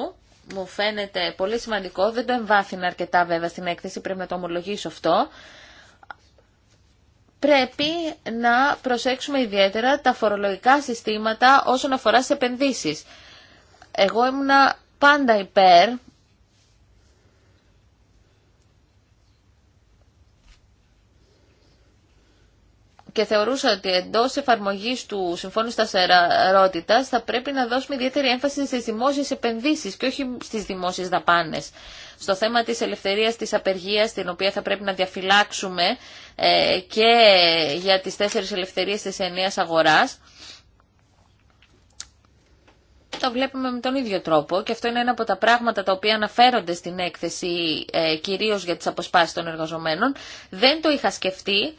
μου φαίνεται πολύ σημαντικό. Δεν το εμβάθυνα αρκετά βέβαια στην έκθεση, πρέπει να το ομολογήσω αυτό. Πρέπει να προσέξουμε ιδιαίτερα τα φορολογικά συστήματα όσον αφορά σε επενδύσεις. Εγώ ήμουνα πάντα υπέρ και θεωρούσα ότι εντό εφαρμογή του Συμφώνου Σταθερότητα θα πρέπει να δώσουμε ιδιαίτερη έμφαση στι δημόσιε επενδύσει και όχι στι δημόσιε δαπάνε. Στο θέμα τη ελευθερία τη απεργία την οποία θα πρέπει να διαφυλάξουμε ε, και για τι τέσσερι ελευθερίε τη ενίας αγορά. το βλέπουμε με τον ίδιο τρόπο και αυτό είναι ένα από τα πράγματα τα οποία αναφέρονται στην έκθεση ε, κυρίως για τις αποσπάσεις των εργαζομένων. Δεν το είχα σκεφτεί,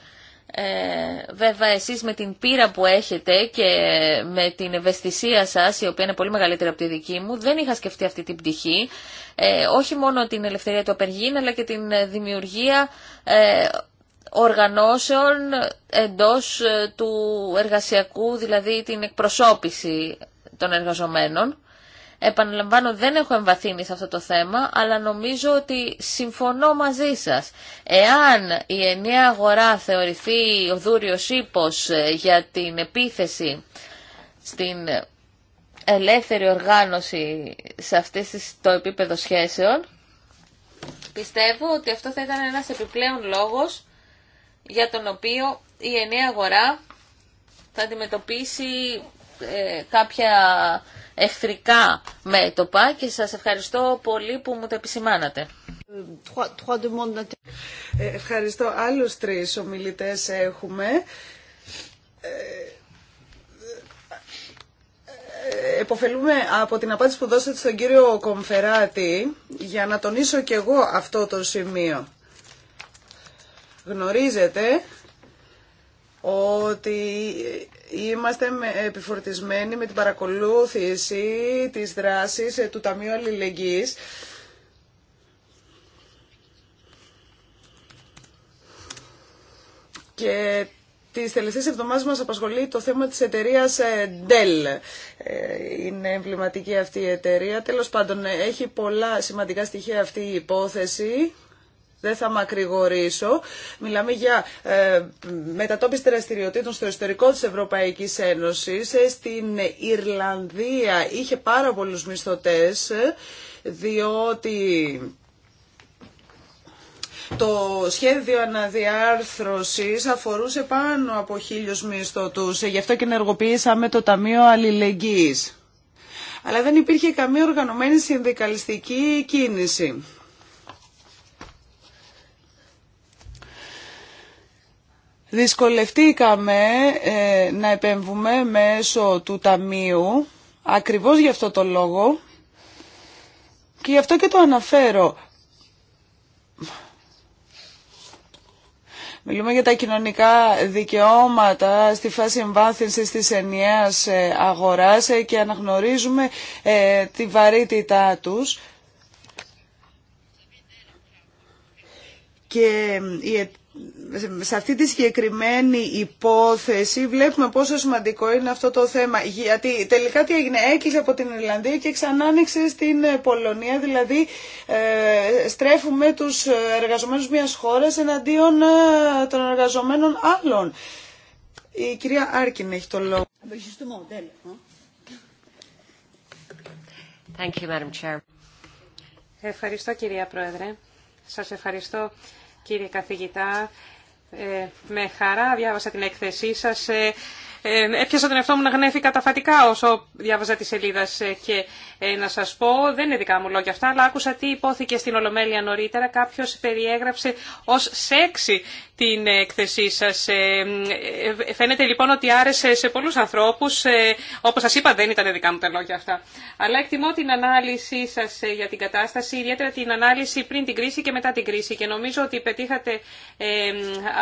ε, βέβαια εσείς με την πείρα που έχετε και με την ευαισθησία σας η οποία είναι πολύ μεγαλύτερη από τη δική μου δεν είχα σκεφτεί αυτή την πτυχή ε, όχι μόνο την ελευθερία του απεργήν αλλά και την δημιουργία ε, οργανώσεων εντός ε, του εργασιακού δηλαδή την εκπροσώπηση των εργαζομένων Επαναλαμβάνω, δεν έχω εμβαθύνει σε αυτό το θέμα, αλλά νομίζω ότι συμφωνώ μαζί σας. Εάν η ενιαία αγορά θεωρηθεί ο δούριος ύπος ε, για την επίθεση στην ελεύθερη οργάνωση σε αυτές το επίπεδο σχέσεων, πιστεύω ότι αυτό θα ήταν ένας επιπλέον λόγος για τον οποίο η ενιαία αγορά θα αντιμετωπίσει ε, κάποια εχθρικά μέτωπα και σας ευχαριστώ πολύ που μου το επισημάνατε. Ε, ευχαριστώ. Άλλους τρεις ομιλητές έχουμε. Ε, εποφελούμε από την απάντηση που δώσατε στον κύριο Κομφεράτη για να τονίσω και εγώ αυτό το σημείο. Γνωρίζετε ότι Είμαστε επιφορτισμένοι με την παρακολούθηση της δράσης ε, του Ταμείου Αλληλεγγύης. Και τις τελευταίες εβδομάδες μας απασχολεί το θέμα της εταιρείας ε, Dell. Ε, είναι εμβληματική αυτή η εταιρεία. Τέλος πάντων, έχει πολλά σημαντικά στοιχεία αυτή η υπόθεση. Δεν θα μακρηγορήσω. Μιλάμε για ε, μετατόπιση δραστηριοτήτων στο ιστορικό της Ευρωπαϊκής Ένωσης. Ε, στην Ιρλανδία είχε πάρα πολλούς μισθωτές, ε, διότι το σχέδιο αναδιάρθρωσης αφορούσε πάνω από χίλιους μισθωτούς. Ε, γι' αυτό και ενεργοποιήσαμε το Ταμείο Αλληλεγγύης. Αλλά δεν υπήρχε καμία οργανωμένη συνδικαλιστική κίνηση. Δυσκολευτήκαμε ε, να επέμβουμε μέσω του Ταμείου ακριβώς γι' αυτό το λόγο και γι' αυτό και το αναφέρω. Μιλούμε για τα κοινωνικά δικαιώματα στη φάση εμβάθυνσης της ενιαίας ε, αγοράς ε, και αναγνωρίζουμε τη βαρύτητά τους. Και σε αυτή τη συγκεκριμένη υπόθεση βλέπουμε πόσο σημαντικό είναι αυτό το θέμα. Γιατί τελικά τι έγινε, έκλεισε από την Ιρλανδία και ξανά άνοιξε στην ε, Πολωνία. Δηλαδή ε, στρέφουμε τους ε, εργαζομένους μιας χώρας εναντίον των εργαζομένων άλλων. Η κυρία Άρκιν έχει το λόγο. Thank you, Madam Chair. Ευχαριστώ κυρία Πρόεδρε. Σας ευχαριστώ Κύριε καθηγητά, ε, με χαρά διάβασα την έκθεσή σας. Ε, ε, έπιασα τον εαυτό μου να γνέφει καταφατικά όσο διάβαζα τη σελίδα και να σας πω, δεν είναι δικά μου λόγια αυτά, αλλά άκουσα τι υπόθηκε στην Ολομέλεια νωρίτερα. Κάποιος περιέγραψε ως σεξι την εκθεσή σας. Ε, ε, φαίνεται λοιπόν ότι άρεσε σε πολλούς ανθρώπους. Ε, όπως σας είπα δεν ήταν δικά μου τα λόγια αυτά. Αλλά εκτιμώ την ανάλυση σας για την κατάσταση, ιδιαίτερα την ανάλυση πριν την κρίση και μετά την κρίση. Και νομίζω ότι πετύχατε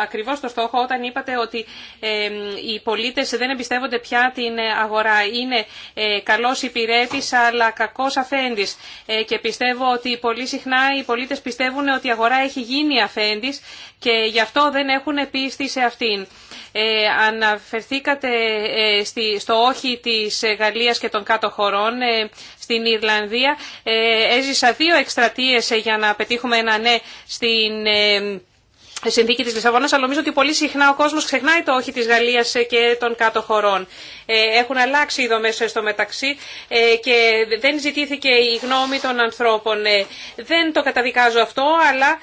ακριβώς το στόχο όταν είπατε ότι οι πολίτες δεν εμπιστεύονται πια την αγορά. Είναι καλός υπηρέτης αλλά κακός αφέντης. Και πιστεύω ότι πολύ συχνά οι πολίτες πιστεύουν ότι η αγορά έχει γίνει Αφέντη και γι' αυτό δεν έχουν πίστη σε αυτήν. Ε, αναφερθήκατε ε, στο όχι της Γαλλίας και των κάτω χωρών ε, στην Ιρλανδία. Ε, έζησα δύο εκστρατείες για να πετύχουμε ένα ναι στην συνθήκη της Λισαβόνας, αλλά νομίζω ότι πολύ συχνά ο κόσμος ξεχνάει το όχι της Γαλλίας και των κάτω χωρών. Ε, έχουν αλλάξει οι δομές στο μεταξύ ε, και δεν ζητήθηκε η γνώμη των ανθρώπων. Ε, δεν το καταδικάζω αυτό, αλλά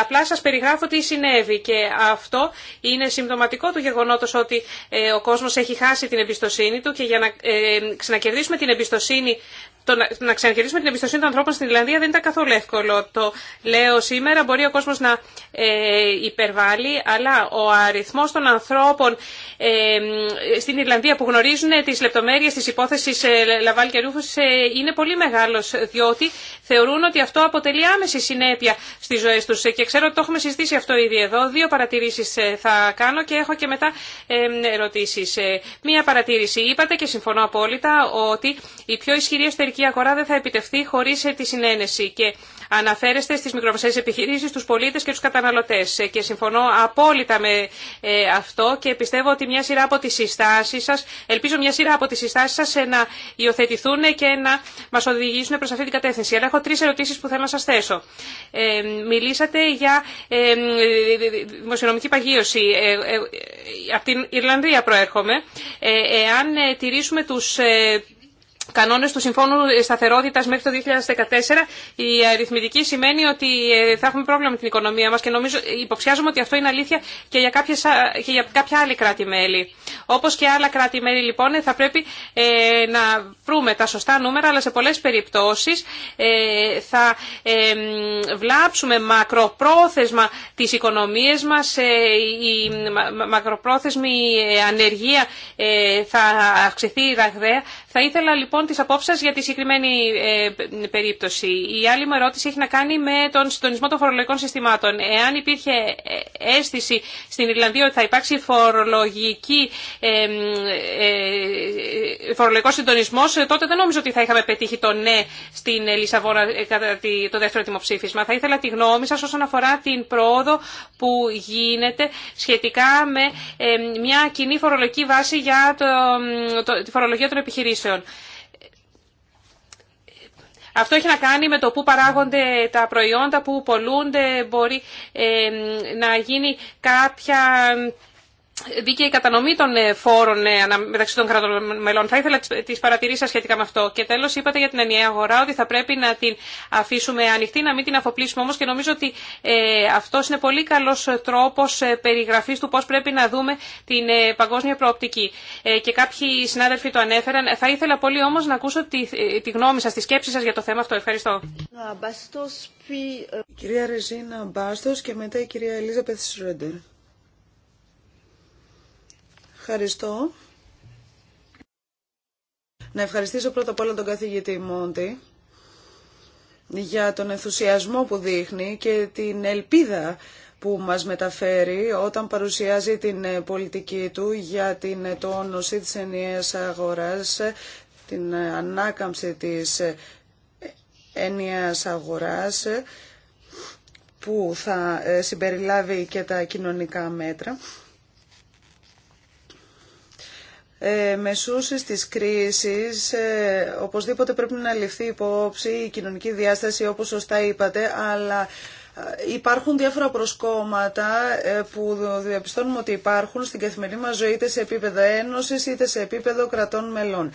απλά σας περιγράφω τι συνέβη και αυτό είναι συμπτωματικό του γεγονότος ότι ο κόσμος έχει χάσει την εμπιστοσύνη του και για να ξανακερδίσουμε την εμπιστοσύνη το να, να ξαναγυρίσουμε την εμπιστοσύνη των ανθρώπων στην Ιρλανδία δεν ήταν καθόλου εύκολο. Το λέω σήμερα, μπορεί ο κόσμος να ε, υπερβάλλει, αλλά ο αριθμός των ανθρώπων ε, στην Ιρλανδία που γνωρίζουν τις λεπτομέρειες της υπόθεσης ε, Λαβάλ και Ρούφος ε, είναι πολύ μεγάλος, διότι θεωρούν ότι αυτό αποτελεί άμεση συνέπεια στις ζωές τους. Ε, και ξέρω ότι το έχουμε συζητήσει αυτό ήδη εδώ. Δύο παρατηρήσεις ε, θα κάνω και έχω και μετά ε, ερωτήσεις. Μία παρατήρηση. Είπατε και συμφωνώ απόλυτα ότι η πιο ισχυρή εσωτερική αγορά δεν θα επιτευχθεί χωρί ε, τη συνένεση και αναφέρεστε στι μικρομεσαίες επιχειρήσεις, τους πολίτε και τους καταναλωτέ. Ε, και συμφωνώ απόλυτα με ε, αυτό και πιστεύω ότι μια σειρά από τι, συστάσεις σας, ελπίζω μια σειρά από τις συστάσεις σας να υιοθετηθούν και να μα οδηγήσουν προς αυτή την κατεύθυνση. Αλλά έχω τρει ερωτήσει που θέλω να σα θέσω. μιλήσατε για δημοσιονομική παγίωση. από την Ιρλανδία προέρχομαι. εάν τηρήσουμε τους κανόνες του Συμφώνου Σταθερότητας μέχρι το 2014, η αριθμητική σημαίνει ότι ε, θα έχουμε πρόβλημα με την οικονομία μας και νομίζω, υποψιάζομαι ότι αυτό είναι αλήθεια και για, κάποιες, και για κάποια άλλη κράτη-μέλη. Όπως και άλλα κράτη-μέλη λοιπόν θα πρέπει ε, να βρούμε τα σωστά νούμερα, αλλά σε πολλές περιπτώσεις ε, θα βλάψουμε μακροπρόθεσμα τις οικονομίες μας, η μακροπρόθεσμη ανεργία θα αυξηθεί ραγδαία θα ήθελα λοιπόν τις απόψεις σας για τη συγκεκριμένη ε, περίπτωση. Η άλλη μου ερώτηση έχει να κάνει με τον συντονισμό των φορολογικών συστημάτων. Εάν υπήρχε ε, αίσθηση στην Ιρλανδία ότι θα υπάρξει φορολογική, ε, φορολογικό συντονισμό, τότε δεν νομίζω ότι θα είχαμε πετύχει το ναι στην Λισαβόνα κατά το δεύτερο δημοψήφισμα. Θα ήθελα τη γνώμη σας όσον αφορά την πρόοδο που γίνεται σχετικά με μια κοινή φορολογική βάση για το, τη φορολογία των επιχειρήσεων. Αυτό έχει να κάνει με το πού παράγονται τα προϊόντα, πού πολλούνται, μπορεί ε, να γίνει κάποια δίκαιη κατανομή των ε, φόρων ε, μεταξύ των κρατών μελών. Θα ήθελα ε, τις παρατηρήσεις σας σχετικά με αυτό. Και τέλος είπατε για την ενιαία αγορά ότι θα πρέπει να την αφήσουμε ανοιχτή, να μην την αφοπλίσουμε όμως και νομίζω ότι ε, είναι πολύ καλός τρόπος περιγραφής του πώς πρέπει να δούμε την παγκόσμια προοπτική. και κάποιοι συνάδελφοι το ανέφεραν. Θα ήθελα πολύ όμως να ακούσω τη, γνώμη σας, τη σκέψη σας για το θέμα αυτό. Ευχαριστώ. Η κυρία Ρεζίνα Μπάστος και μετά η κυρία Ελίζα Πεθσρέντερ. Ευχαριστώ. Να ευχαριστήσω πρώτα απ' όλα τον καθηγητή Μόντι για τον ενθουσιασμό που δείχνει και την ελπίδα που μας μεταφέρει όταν παρουσιάζει την πολιτική του για την τόνωση της ενιαίας αγοράς, την ανάκαμψη της ενιαίας αγοράς που θα συμπεριλάβει και τα κοινωνικά μέτρα. Ε, μεσούσης της κρίσης ε, οπωσδήποτε πρέπει να ληφθεί υπόψη η κοινωνική διάσταση όπως σωστά είπατε, αλλά ε, υπάρχουν διάφορα προσκόμματα που διαπιστώνουμε ότι υπάρχουν στην καθημερινή μας ζωή είτε σε επίπεδο ένωσης είτε σε επίπεδο κρατών μελών.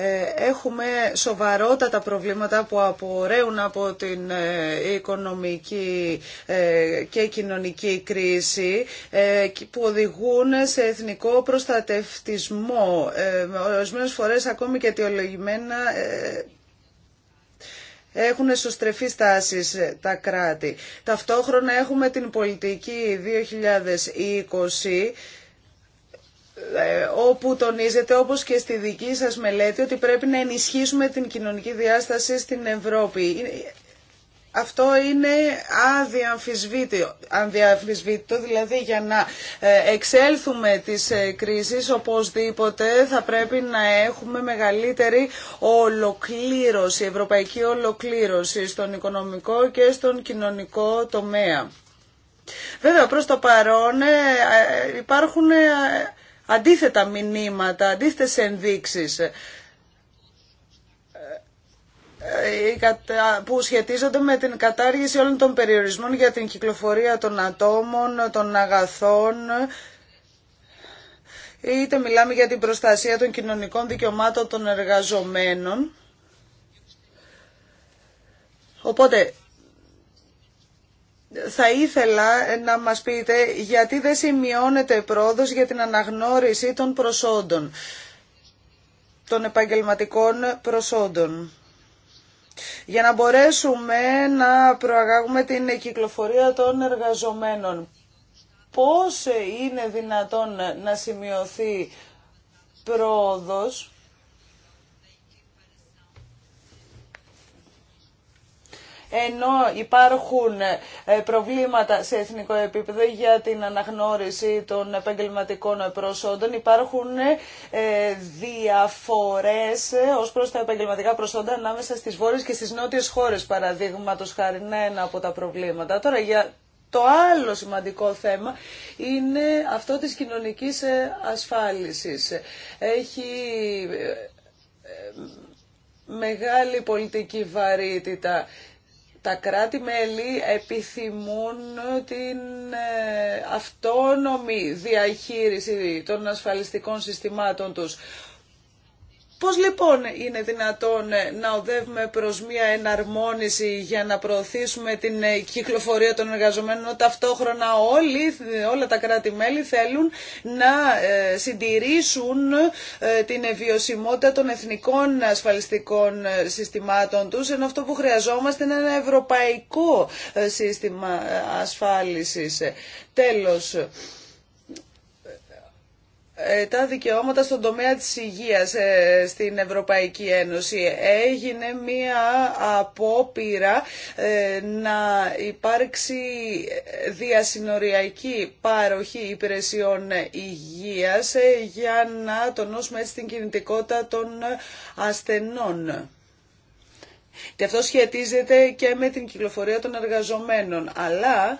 Ε, έχουμε σοβαρότατα προβλήματα που απορρέουν από την ε, οικονομική ε, και κοινωνική κρίση που οδηγούν σε εθνικό προστατευτισμό. Ορισμένες φορές ακόμη και αιτιολογημένα έχουν εσωστρεφεί στάσεις τα κράτη. Ταυτόχρονα έχουμε την πολιτική 2020 ε, όπου τονίζεται όπως και στη δική σας μελέτη ότι πρέπει να ενισχύσουμε την κοινωνική διάσταση στην Ευρώπη. Αυτό είναι αδιαμφισβήτητο, δηλαδή για να ε, εξέλθουμε της ε, κρίσης οπωσδήποτε θα πρέπει να έχουμε μεγαλύτερη ολοκλήρωση, ευρωπαϊκή ολοκλήρωση στον οικονομικό και στον κοινωνικό τομέα. Βέβαια προς το παρόν υπάρχουν αντίθετα μηνύματα, αντίθετες ενδείξεις ε, ε, που σχετίζονται με την κατάργηση όλων των περιορισμών για την κυκλοφορία των ατόμων, των αγαθών, είτε μιλάμε για την προστασία των κοινωνικών δικαιωμάτων των εργαζομένων. Οπότε, θα ήθελα να μας πείτε γιατί δεν σημειώνεται πρόοδος για την αναγνώριση των προσόντων, των επαγγελματικών προσόντων. Για να μπορέσουμε να προαγάγουμε την κυκλοφορία των εργαζομένων. Πώς είναι δυνατόν να σημειωθεί πρόοδος ενώ υπάρχουν ε, προβλήματα σε εθνικό επίπεδο για την αναγνώριση των επαγγελματικών προσόντων, υπάρχουν ε, διαφορές ε, ως προς τα επαγγελματικά προσόντα ανάμεσα στις βόρειες και στις νότιες χώρες, παραδείγματος χάρη, ένα από τα προβλήματα. Τώρα για το άλλο σημαντικό θέμα είναι αυτό της κοινωνικής ασφάλισης. Έχει μεγάλη πολιτική βαρύτητα τα κράτη-μέλη επιθυμούν την ε, αυτόνομη διαχείριση των ασφαλιστικών συστημάτων τους. Πώς λοιπόν είναι δυνατόν ε, να οδεύουμε προς μια εναρμόνιση για να προωθήσουμε την ε, κυκλοφορία των εργαζομένων ταυτόχρονα όλοι, ε, όλα τα κράτη-μέλη θέλουν να συντηρήσουν την ευβιωσιμότητα των εθνικών ασφαλιστικών συστημάτων τους ενώ αυτό που χρειαζόμαστε είναι ένα ευρωπαϊκό σύστημα ασφάλισης. Τέλος, ε, τα δικαιώματα στον τομέα της υγείας ε, στην Ευρωπαϊκή Ένωση. Έγινε μία απόπειρα ε, να υπάρξει διασυνοριακή παροχή υπηρεσιών υγείας για να τονώσουμε έτσι την κινητικότητα των ασθενών. Και αυτό σχετίζεται και με την κυκλοφορία των εργαζομένων. Αλλά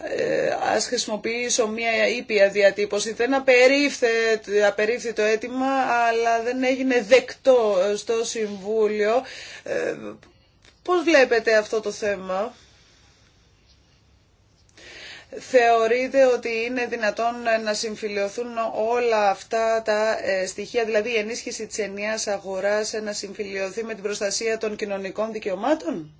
Ε, Α χρησιμοποιήσω μία ήπια διατύπωση. Δεν απερίφθη το αίτημα, αλλά δεν έγινε δεκτό στο Συμβούλιο. Ε, πώς βλέπετε αυτό το θέμα? Θεωρείτε ότι είναι δυνατόν να συμφιλειωθούν όλα αυτά τα ε, στοιχεία, δηλαδή η ενίσχυση της ενιαίας αγοράς να συμφιλειωθεί με την προστασία των κοινωνικών δικαιωμάτων.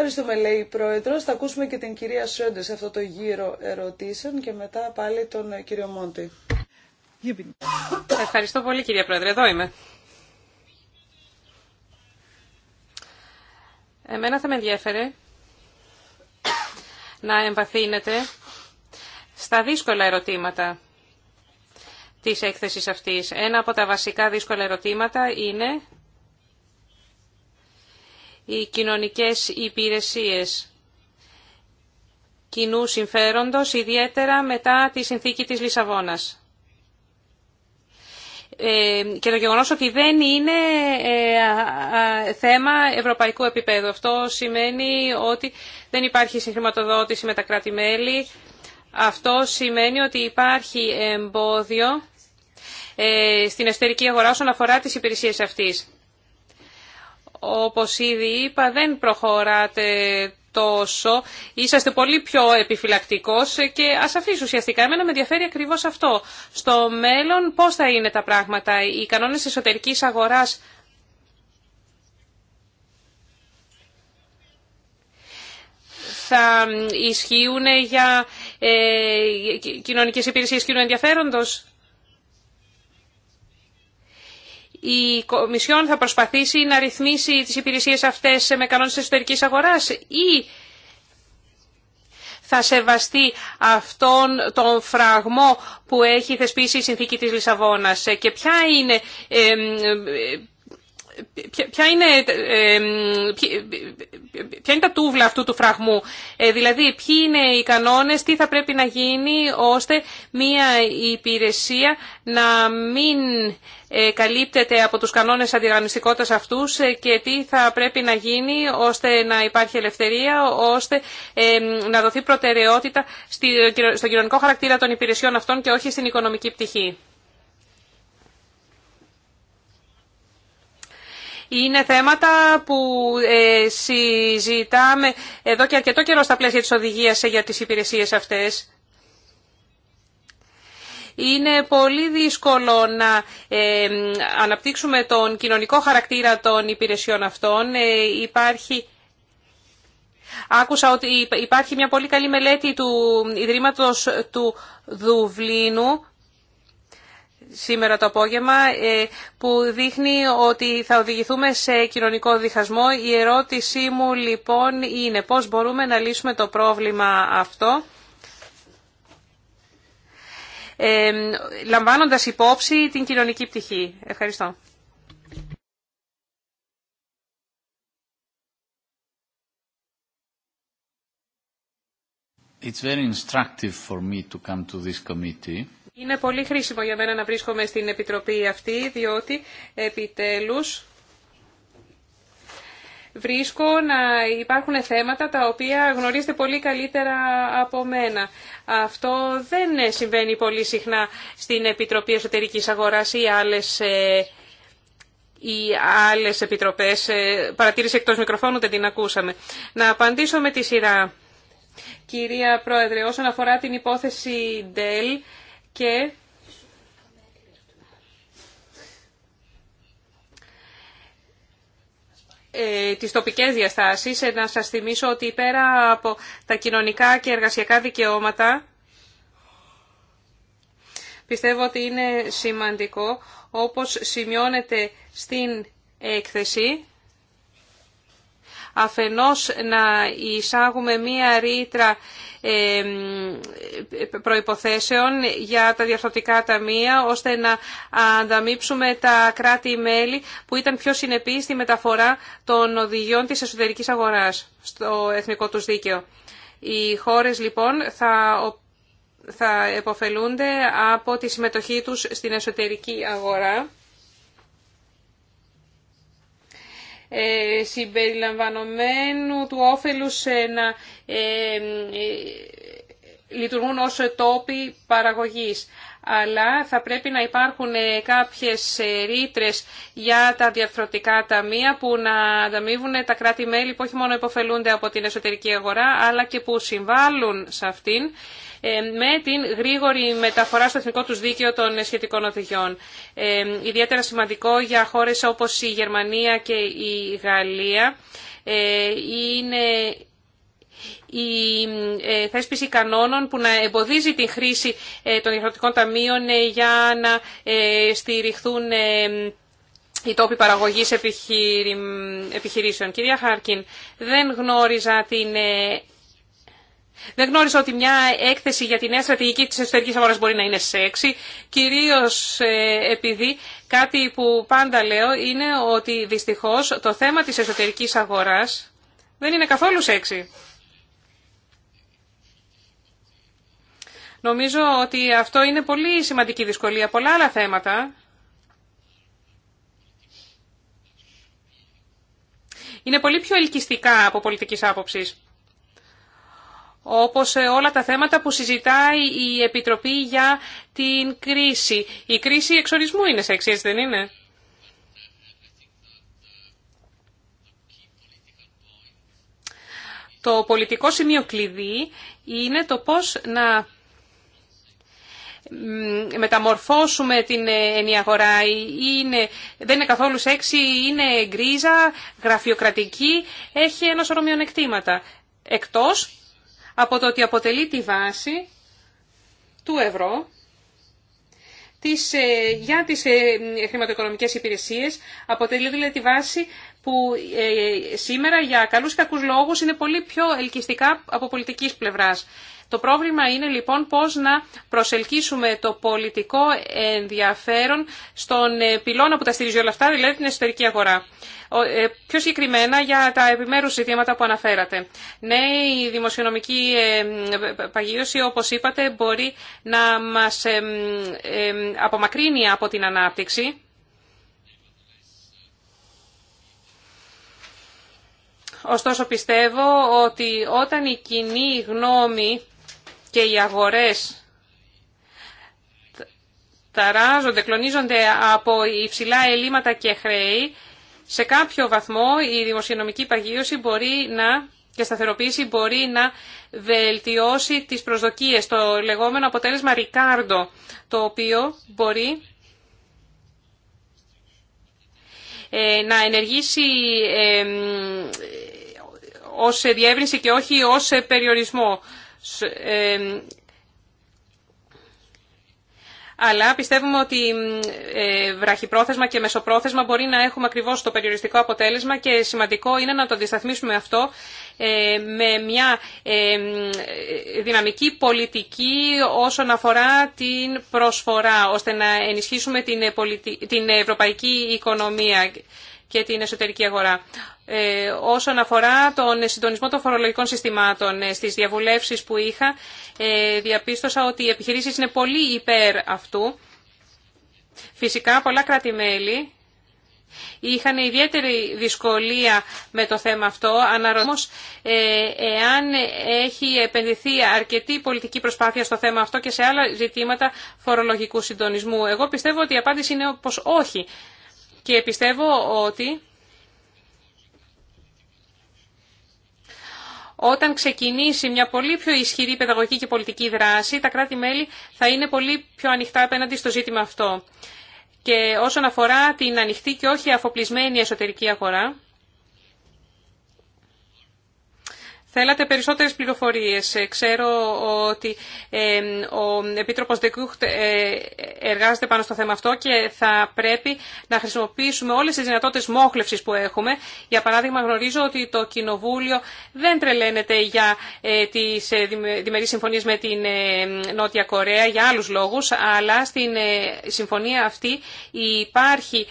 Ευχαριστούμε, λέει η Πρόεδρο. Θα ακούσουμε και την κυρία Σόντε σε αυτό το γύρο ερωτήσεων και μετά πάλι τον ε, κύριο Μόντι. Ευχαριστώ πολύ, κυρία Πρόεδρε. Εδώ είμαι. Εμένα θα με ενδιαφέρε να εμβαθύνετε στα δύσκολα ερωτήματα της έκθεσης αυτής. Ένα από τα βασικά δύσκολα ερωτήματα είναι οι κοινωνικές υπηρεσίες κοινού συμφέροντος, ιδιαίτερα μετά τη συνθήκη της Λισαβόνας. Ε, και το γεγονός ότι δεν είναι ε, θέμα ευρωπαϊκού επίπεδου. Αυτό σημαίνει ότι δεν υπάρχει συγχρηματοδότηση με τα κράτη-μέλη. Αυτό σημαίνει ότι υπάρχει εμπόδιο ε, στην εσωτερική αγορά όσον αφορά τις υπηρεσίες αυτής όπως ήδη είπα δεν προχωράτε τόσο, είσαστε πολύ πιο επιφυλακτικός και αφήσω ουσιαστικά. Εμένα με ενδιαφέρει ακριβώς αυτό. Στο μέλλον πώς θα είναι τα πράγματα, οι κανόνες εσωτερικής αγοράς θα ισχύουν για ε, κοινωνικές υπηρεσίες κοινού ενδιαφέροντος η Κομισιόν θα προσπαθήσει να ρυθμίσει τις υπηρεσίες αυτές με κανόνες της εσωτερικής αγοράς ή θα σεβαστεί αυτόν τον φραγμό που έχει θεσπίσει η συνθήκη της Λισαβόνας και ποια είναι ε, ε, ποια είναι, ποια είναι τα τούβλα αυτού του φραγμού. Ε, δηλαδή, ποιοι είναι οι κανόνες, τι θα πρέπει να γίνει ώστε μία υπηρεσία να μην ε, καλύπτεται από τους κανόνες αντιγραμμιστικότητας αυτούς ε, και τι θα πρέπει να γίνει ώστε να υπάρχει ελευθερία, ώστε να δοθεί προτεραιότητα στο κοινωνικό χαρακτήρα των υπηρεσιών αυτών και όχι στην οικονομική πτυχή. Είναι θέματα που ε, συζητάμε εδώ και αρκετό καιρό στα πλαίσια της οδηγίας για τις υπηρεσίες αυτές. Είναι πολύ δύσκολο να ε, αναπτύξουμε τον κοινωνικό χαρακτήρα των υπηρεσιών αυτών. Ε, υπάρχει... Άκουσα ότι υπάρχει μια πολύ καλή μελέτη του Ιδρύματος του Δουβλίνου σήμερα το απόγευμα ε, που δείχνει ότι θα οδηγηθούμε σε κοινωνικό διχασμό. Η ερώτησή μου λοιπόν είναι πώς μπορούμε να λύσουμε το πρόβλημα αυτό ε, λαμβάνοντας υπόψη την κοινωνική πτυχή. Ευχαριστώ. It's very instructive for me to come to this committee. Είναι πολύ χρήσιμο για μένα να βρίσκομαι στην Επιτροπή αυτή, διότι επιτέλους βρίσκω να υπάρχουν θέματα τα οποία γνωρίζετε πολύ καλύτερα από μένα. Αυτό δεν συμβαίνει πολύ συχνά στην Επιτροπή Εσωτερικής Αγοράς ή άλλες ε, ή άλλες επιτροπές. Ε, Παρατήρηση εκτός μικροφώνου, δεν την ακούσαμε. Να απαντήσω με τη σειρά. Κυρία Πρόεδρε, όσον αφορά την υπόθεση Dell, και ε, τις τοπικές διαστάσεις. Ε, να σας θυμίσω ότι πέρα από τα κοινωνικά και εργασιακά δικαιώματα πιστεύω ότι είναι σημαντικό όπως σημειώνεται στην έκθεση αφενός να εισάγουμε μία ρήτρα προϋποθέσεων για τα διαφθορτικά ταμεία, ώστε να ανταμείψουμε τα κράτη-μέλη που ήταν πιο συνεπείς στη μεταφορά των οδηγιών της εσωτερικής αγοράς στο εθνικό τους δίκαιο. Οι χώρες λοιπόν θα θα επωφελούνται από τη συμμετοχή τους στην εσωτερική αγορά Ε, συμπεριλαμβανομένου του όφελους ε, να ε, λειτουργούν ως τόποι παραγωγής. Αλλά θα πρέπει να υπάρχουν κάποιες ρήτρε για τα διαφθορτικά ταμεία που να ανταμείβουν τα κράτη-μέλη που όχι μόνο υποφελούνται από την εσωτερική αγορά αλλά και που συμβάλλουν σε αυτήν ε, με την γρήγορη μεταφορά στο εθνικό τους δίκαιο των σχετικών οδηγιών. Ε, ιδιαίτερα σημαντικό για χώρες όπως η Γερμανία και η Γαλλία ε, είναι η θέσπιση κανόνων που να εμποδίζει την χρήση των διαφορετικών ταμείων για να στηριχθούν οι τόποι παραγωγής επιχειρήσεων. Κυρία Χάρκιν, δεν γνώριζα την δεν γνώρισα ότι μια έκθεση για τη νέα στρατηγική της εσωτερικής αγοράς μπορεί να είναι σεξι, κυρίως ε, επειδή κάτι που πάντα λέω είναι ότι δυστυχώς το θέμα της εσωτερικής αγοράς δεν είναι καθόλου σεξι. Νομίζω ότι αυτό είναι πολύ σημαντική δυσκολία. Πολλά άλλα θέματα είναι πολύ πιο ελκυστικά από πολιτικής άποψης όπως όλα τα θέματα που συζητάει η Επιτροπή για την κρίση. Η κρίση εξορισμού είναι σεξι, δεν είναι. Το πολιτικό σημείο κλειδί είναι το πώς να μεταμορφώσουμε την ενιαγορά. Είναι, δεν είναι καθόλου σεξι, είναι γκρίζα, γραφειοκρατική, έχει ένα σωρό μειονεκτήματα. Εκτός από το ότι αποτελεί τη βάση του ευρώ ε, για τις ε, χρηματοοικονομικές υπηρεσίες, αποτελεί δηλαδή τη βάση που ε, σήμερα για καλούς κακούς λόγους είναι πολύ πιο ελκυστικά από πολιτικής πλευράς. Το πρόβλημα είναι λοιπόν πώς να προσελκύσουμε το πολιτικό ενδιαφέρον στον ε, πυλώνα που τα στηρίζει όλα αυτά, δηλαδή την εσωτερική αγορά. Ε, πιο συγκεκριμένα για τα επιμέρους ζητήματα που αναφέρατε. Ναι, η δημοσιονομική ε, παγίωση, όπως είπατε, μπορεί να μας απομακρύνει από την ανάπτυξη. Ωστόσο πιστεύω ότι όταν η κοινή γνώμη και οι αγορές ταράζονται, κλονίζονται από υψηλά ελλείμματα και χρέη, σε κάποιο βαθμό η δημοσιονομική παγίωση μπορεί να και σταθεροποίηση μπορεί να βελτιώσει τις προσδοκίες, το λεγόμενο αποτέλεσμα Ρικάρντο, το οποίο μπορεί ε, να ενεργήσει ε, ως διεύρυνση και όχι ως περιορισμό. Ε, αλλά πιστεύουμε ότι ε, βραχυπρόθεσμα και μεσοπρόθεσμα μπορεί να έχουμε ακριβώς το περιοριστικό αποτέλεσμα και σημαντικό είναι να το αντισταθμίσουμε αυτό ε, με μια δυναμική πολιτική όσον αφορά την προσφορά, ώστε να ενισχύσουμε την ευρωπαϊκή οικονομία και την εσωτερική αγορά. Ε, όσον αφορά τον συντονισμό των φορολογικών συστημάτων, ε, στις διαβουλεύσεις που είχα, ε, διαπίστωσα ότι οι επιχειρήσεις είναι πολύ υπέρ αυτού. Φυσικά, πολλά κράτη-μέλη είχαν ιδιαίτερη δυσκολία με το θέμα αυτό. Αναρωτώ ε, εάν έχει επενδυθεί αρκετή πολιτική προσπάθεια στο θέμα αυτό και σε άλλα ζητήματα φορολογικού συντονισμού. Εγώ πιστεύω ότι η απάντηση είναι πως όχι. Και πιστεύω ότι όταν ξεκινήσει μια πολύ πιο ισχυρή παιδαγωγική και πολιτική δράση, τα κράτη-μέλη θα είναι πολύ πιο ανοιχτά απέναντι στο ζήτημα αυτό. Και όσον αφορά την ανοιχτή και όχι αφοπλισμένη εσωτερική αγορά, Θέλατε περισσότερες πληροφορίες. Ε, ξέρω ότι ε, ο Επίτροπος Δεκούχτ ε, εργάζεται πάνω στο θέμα αυτό και θα πρέπει να χρησιμοποιήσουμε όλες τις δυνατότητες μόχλευσης που έχουμε. Για παράδειγμα γνωρίζω ότι το Κοινοβούλιο δεν τρελαίνεται για τις διμερείς συμφωνίες με την Νότια Κορέα για άλλους λόγους, αλλά στην συμφωνία αυτή υπάρχει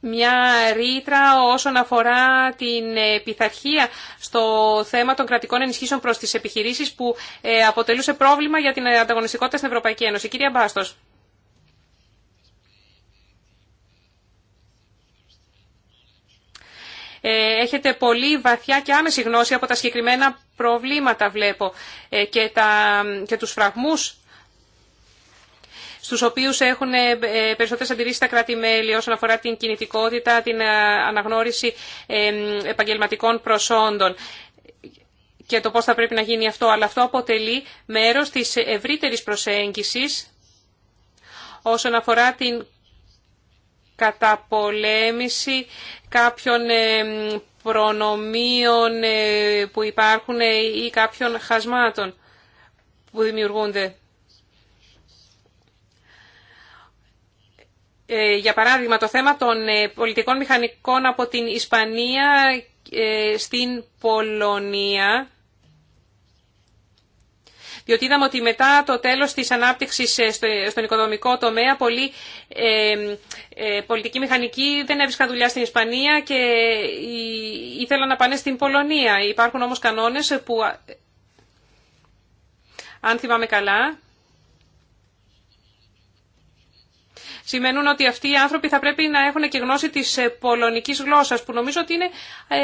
μια ρήτρα όσον αφορά την ε, πειθαρχία στο θέμα των κρατικών ενισχύσεων προς τις επιχειρήσεις που ε, αποτελούσε πρόβλημα για την ανταγωνιστικότητα στην Ευρωπαϊκή Ένωση. Κυρία Μπάστος. Ε, έχετε πολύ βαθιά και άμεση γνώση από τα συγκεκριμένα προβλήματα βλέπω και, τα, και τους φραγμούς στους οποίους έχουν ε, ε, περισσότερες αντιρρήσεις τα κράτη-μέλη όσον αφορά την κινητικότητα, την ε, αναγνώριση επαγγελματικών προσόντων και το πώς θα πρέπει να γίνει αυτό. Αλλά αυτό αποτελεί μέρος της ευρύτερης προσέγγισης όσον αφορά την καταπολέμηση κάποιων προνομίων που υπάρχουν ή κάποιων χασμάτων που δημιουργούνται. Ε, για παράδειγμα το θέμα των ε, πολιτικών μηχανικών από την Ισπανία ε, στην Πολωνία, διότι είδαμε ότι μετά το τέλος της ανάπτυξης στον οικοδομικό τομέα πολλοί πολιτικοί μηχανικοί δεν έβρισκαν δουλειά στην Ισπανία και ήθελαν να πάνε στην Πολωνία. Υπάρχουν όμως κανόνες που, αν θυμάμαι καλά, σημαίνουν ότι αυτοί οι άνθρωποι θα πρέπει να έχουν και γνώση της ε, πολωνικής γλώσσας, που νομίζω ότι είναι ε,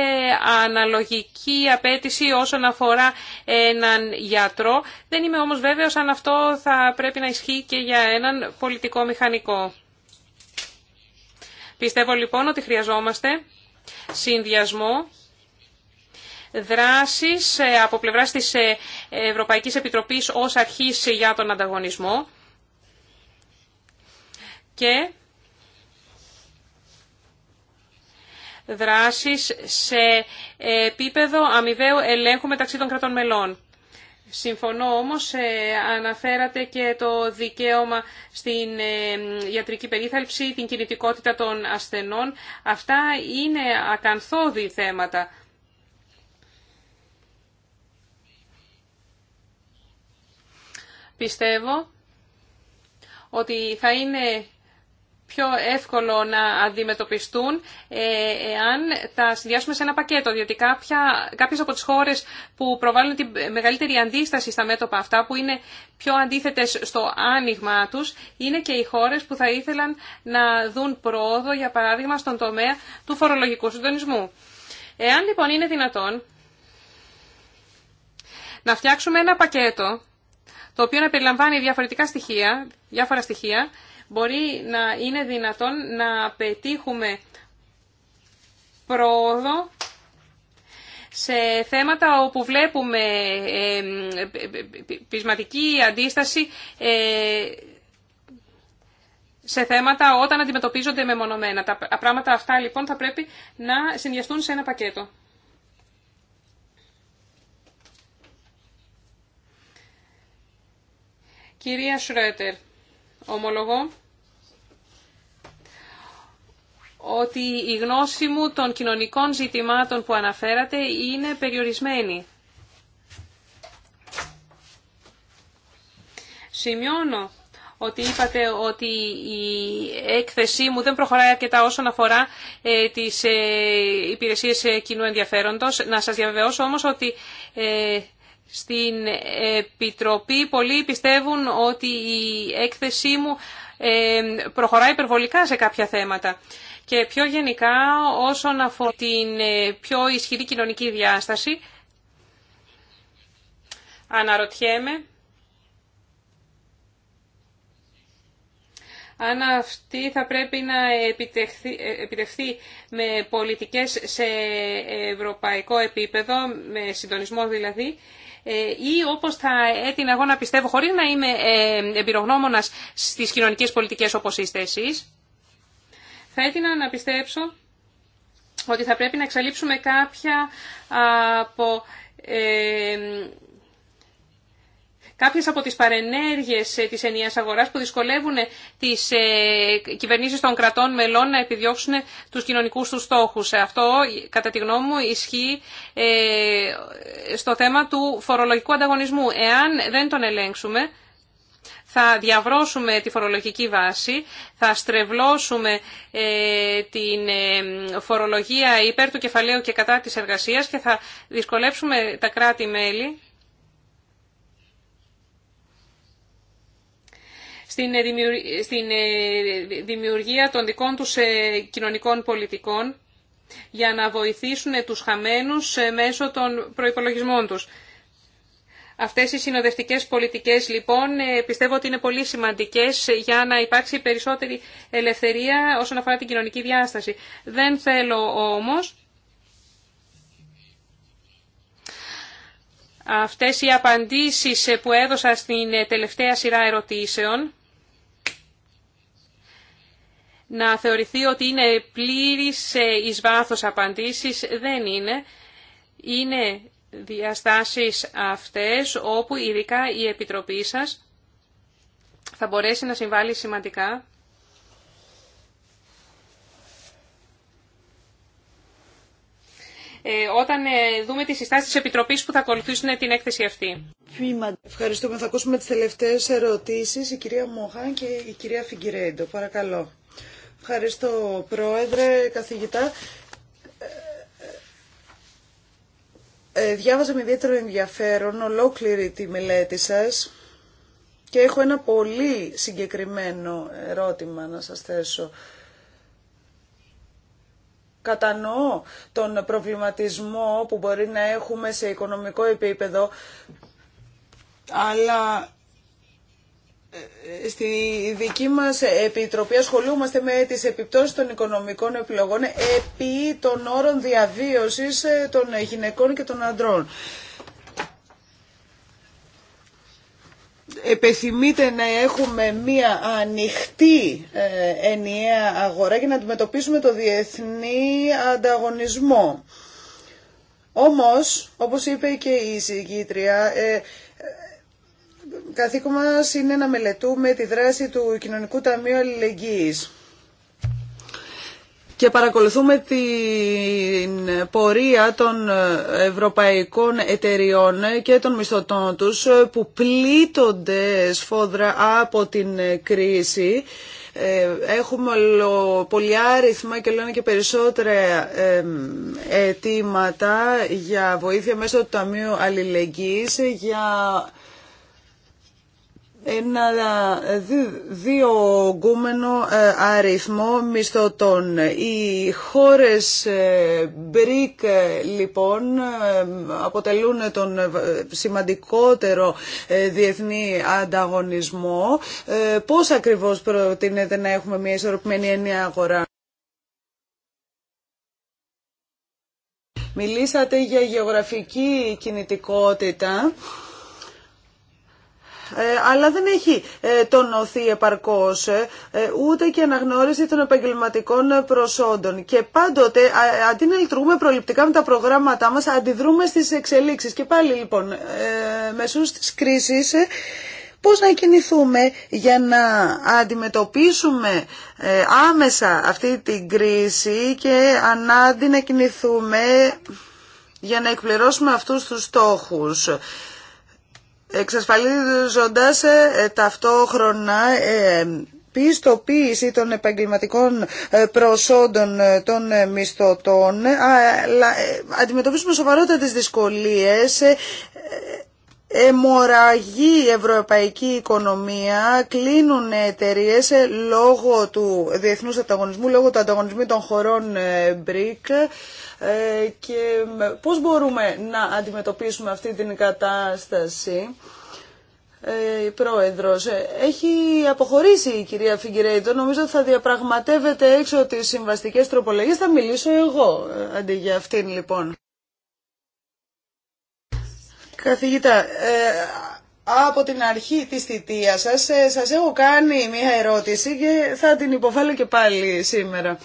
αναλογική απέτηση όσον αφορά έναν γιατρό. Δεν είμαι όμως βέβαιος αν αυτό θα πρέπει να ισχύει και για έναν πολιτικό μηχανικό. Πιστεύω λοιπόν ότι χρειαζόμαστε συνδυασμό δράσεις ε, από πλευράς της Ευρωπαϊκής Επιτροπής ως αρχής για τον ανταγωνισμό και δράσεις σε επίπεδο αμοιβαίου ελέγχου μεταξύ των κρατών μελών. Συμφωνώ όμως, ε, αναφέρατε και το δικαίωμα στην ε, ιατρική περίθαλψη, την κινητικότητα των ασθενών. Αυτά είναι ακαθόδη θέματα. Πιστεύω ότι θα είναι πιο εύκολο να αντιμετωπιστούν ε, εάν τα συνδυάσουμε σε ένα πακέτο, διότι κάποια, κάποιες από τις χώρες που προβάλλουν τη μεγαλύτερη αντίσταση στα μέτωπα αυτά, που είναι πιο αντίθετες στο άνοιγμα τους, είναι και οι χώρες που θα ήθελαν να δουν πρόοδο, για παράδειγμα, στον τομέα του φορολογικού συντονισμού. Εάν λοιπόν είναι δυνατόν να φτιάξουμε ένα πακέτο, το οποίο να περιλαμβάνει διαφορετικά στοιχεία, διάφορα στοιχεία, μπορεί να είναι δυνατόν να πετύχουμε πρόοδο σε θέματα όπου βλέπουμε πεισματική αντίσταση ε, σε θέματα όταν αντιμετωπίζονται μεμονωμένα. Τα πράγματα αυτά λοιπόν θα πρέπει να συνδυαστούν σε ένα πακέτο. Κυρία Σρέτερ ομολογώ ότι η γνώση μου των κοινωνικών ζητημάτων που αναφέρατε είναι περιορισμένη. Σημειώνω ότι είπατε ότι η έκθεσή μου δεν προχωράει αρκετά όσον αφορά ε, τις ε, υπηρεσίες ε, κοινού ενδιαφέροντος. Να σας διαβεβαιώσω όμως ότι στην Επιτροπή πολλοί πιστεύουν ότι η έκθεσή μου ε, προχωρά υπερβολικά σε κάποια θέματα. Και πιο γενικά όσον αφορά την ε, πιο ισχυρή κοινωνική διάσταση, αναρωτιέμαι αν αυτή θα πρέπει να επιτευχθεί, ε, επιτευχθεί με πολιτικές σε ευρωπαϊκό επίπεδο, με συντονισμό δηλαδή, ε, ή όπως θα έτεινα εγώ να πιστεύω χωρίς να είμαι ε, εμπειρογνώμονας στις κοινωνικές πολιτικές όπως είστε εσείς, θα έτεινα να πιστέψω ότι θα πρέπει να εξαλείψουμε κάποια από ε, κάποιες από τις παρενέργειες ε, τη ενιαία αγορά που δυσκολεύουν ε, τις ε, κυβερνήσεις των κρατών μελών να επιδιώξουν τους κοινωνικούς τους στόχους. Αυτό, κατά τη γνώμη μου, ισχύει στο θέμα του φορολογικού ανταγωνισμού. Εάν δεν τον ελέγξουμε, θα διαβρώσουμε τη φορολογική βάση, θα στρεβλώσουμε την φορολογία υπέρ του κεφαλαίου και κατά της εργασίας και θα δυσκολέψουμε τα κράτη-μέλη στην ε, ε, δημιουργία των δικών τους ε, κοινωνικών πολιτικών για να βοηθήσουν τους χαμένους μέσω των προϋπολογισμών τους. Αυτές οι συνοδευτικές πολιτικές λοιπόν πιστεύω ότι είναι πολύ σημαντικές για να υπάρξει περισσότερη ελευθερία όσον αφορά την κοινωνική διάσταση. Δεν θέλω όμως αυτές οι απαντήσεις που έδωσα στην τελευταία σειρά ερωτήσεων να θεωρηθεί ότι είναι πλήρης ε, εις βάθος απαντήσεις. Δεν είναι. Είναι διαστάσεις αυτές όπου ειδικά η Επιτροπή σας θα μπορέσει να συμβάλλει σημαντικά ε, όταν ε, δούμε τις συστάσεις της Επιτροπής που θα ακολουθήσουν την έκθεση αυτή. Ευχαριστούμε. Θα ακούσουμε τις τελευταίες ερωτήσεις, η κυρία Μοχάν και η κυρία Φιγκυρέντο. Παρακαλώ. Ευχαριστώ, Πρόεδρε, καθηγητά. Ε, ε, ε, διάβαζα με ιδιαίτερο ενδιαφέρον ολόκληρη τη μελέτη σας και έχω ένα πολύ συγκεκριμένο ερώτημα να σας θέσω. Κατανοώ τον προβληματισμό που μπορεί να έχουμε σε οικονομικό επίπεδο, αλλά στη δική μας επιτροπή ασχολούμαστε με τις επιπτώσεις των οικονομικών επιλογών επί των όρων διαβίωσης ε, των γυναικών και των αντρών. Επιθυμείτε να έχουμε μία ανοιχτή ε, ενιαία αγορά για να αντιμετωπίσουμε το διεθνή ανταγωνισμό. Όμως, όπως είπε και η συγκήτρια, ε, καθήκον μας είναι να μελετούμε τη δράση του Κοινωνικού Ταμείου Αλληλεγγύης και παρακολουθούμε την πορεία των ευρωπαϊκών εταιριών και των μισθωτών τους που πλήττονται σφόδρα από την κρίση. Ε, έχουμε πολλοί άριθμα και λένε και περισσότερα αιτήματα για βοήθεια μέσω του Ταμείου Αλληλεγγύης για ένα δύο ε, αριθμό μισθωτών. Οι χώρες BRIC ε, ε, λοιπόν αποτελούν τον σημαντικότερο διεθνή ανταγωνισμό. Πώς ακριβώς προτείνεται να έχουμε μια ισορροπημένη ενιαία αγορά. Μιλήσατε για γεωγραφική κινητικότητα. Ε, αλλά δεν έχει ε, τονωθεί επαρκώς ε, ούτε και αναγνώριση των επαγγελματικών προσόντων. Και πάντοτε, αντί να λειτουργούμε προληπτικά με τα προγράμματά μας, αντιδρούμε στις εξελίξεις. Και πάλι λοιπόν, μεσούς της κρίσης, πώς να κινηθούμε για να αντιμετωπίσουμε άμεσα αυτή την κρίση και ανάντι να κινηθούμε για να εκπληρώσουμε αυτούς τους στόχους εξασφαλίζοντας ε, ε, ταυτόχρονα ε, πιστοποίηση των επαγγελματικών προσόντων των μισθωτών, αλλά αντιμετωπίζουμε σοβαρότητα τις δυσκολίες, εμοραγεί η ευρωπαϊκή οικονομία, κλείνουν εταιρείε λόγω του διεθνούς ανταγωνισμού, λόγω του ανταγωνισμού των χωρών BRIC. Ε, και πώς μπορούμε να αντιμετωπίσουμε αυτή την κατάσταση. Η ε, πρόεδρος. Ε, έχει αποχωρήσει η κυρία Φιγκυρέιτο. Νομίζω ότι θα διαπραγματεύεται έξω τις συμβαστικές τροπολογίες. Θα μιλήσω εγώ αντί για αυτήν λοιπόν. Καθηγητά, από την αρχή της θητείας σας, σας έχω κάνει μια ερώτηση και θα την υποβάλω και πάλι σήμερα.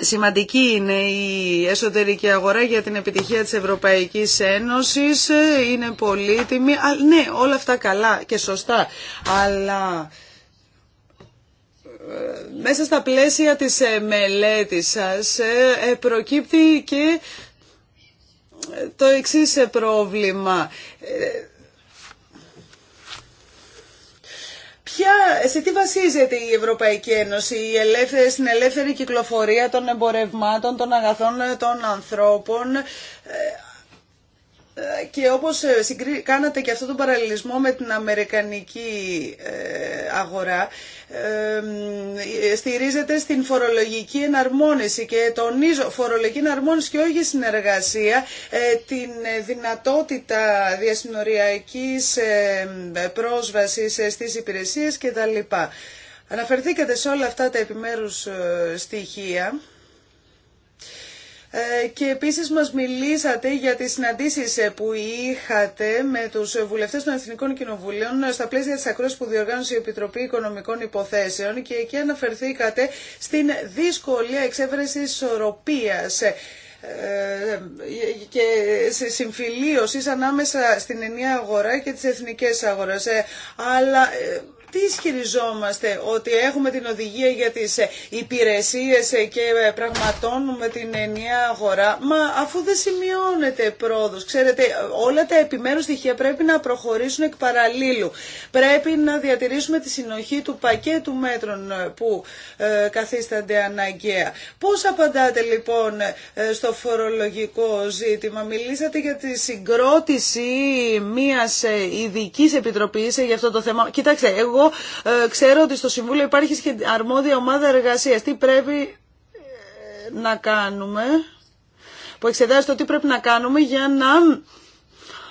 Σημαντική είναι η εσωτερική αγορά για την επιτυχία της Ευρωπαϊκής Ένωσης, είναι πολύτιμη. ναι, όλα αυτά καλά και σωστά, αλλά ε, μέσα στα πλαίσια της ε, μελέτης σας ε, προκύπτει και το εξής πρόβλημα. Ποια, σε τι βασίζεται η Ευρωπαϊκή Ένωση η ελεύθερη, στην ελεύθερη κυκλοφορία των εμπορευμάτων, των αγαθών των ανθρώπων. Ε, και όπως ε, κάνατε και αυτό τον παραλληλισμό με την Αμερικανική ε, αγορά, ε, στηρίζεται στην φορολογική εναρμόνιση και τονίζω φορολογική εναρμόνιση και όχι συνεργασία, την δυνατότητα διασυνοριακής πρόσβασης στις υπηρεσίες κτλ. Αναφερθήκατε σε όλα αυτά τα επιμέρους στοιχεία. Ε, και επίσης μας μιλήσατε για τις συναντήσεις ε, που είχατε με τους βουλευτές των Εθνικών Κοινοβουλίων ε, στα πλαίσια της ακρόσης που διοργάνωσε η Επιτροπή Οικονομικών Υποθέσεων και εκεί αναφερθήκατε στην δυσκολία εξέβρεση ισορροπίας και συμφιλίωσης ανάμεσα στην ενιαία αγορά και τις εθνικές αγορές. Αλλά τι ισχυριζόμαστε ότι έχουμε την οδηγία για τις ε, υπηρεσίες ε, και ε, πραγματώνουμε την ενιαία αγορά, μα αφού δεν σημειώνεται πρόοδος. Ξέρετε, όλα τα επιμέρους στοιχεία πρέπει να προχωρήσουν εκ παραλίλου. Πρέπει να διατηρήσουμε τη συνοχή του πακέτου μέτρων που καθίστανται αναγκαία. Πώς απαντάτε λοιπόν στο φορολογικό ζήτημα. Μιλήσατε για τη συγκρότηση μιας ειδικής επιτροπής για αυτό το θέμα. Κοιτάξτε, εγώ ε, ξέρω ότι στο Συμβούλιο υπάρχει αρμόδια ομάδα εργασίας. Τι πρέπει ε, να κάνουμε, που εξετάζει το τι πρέπει να κάνουμε για να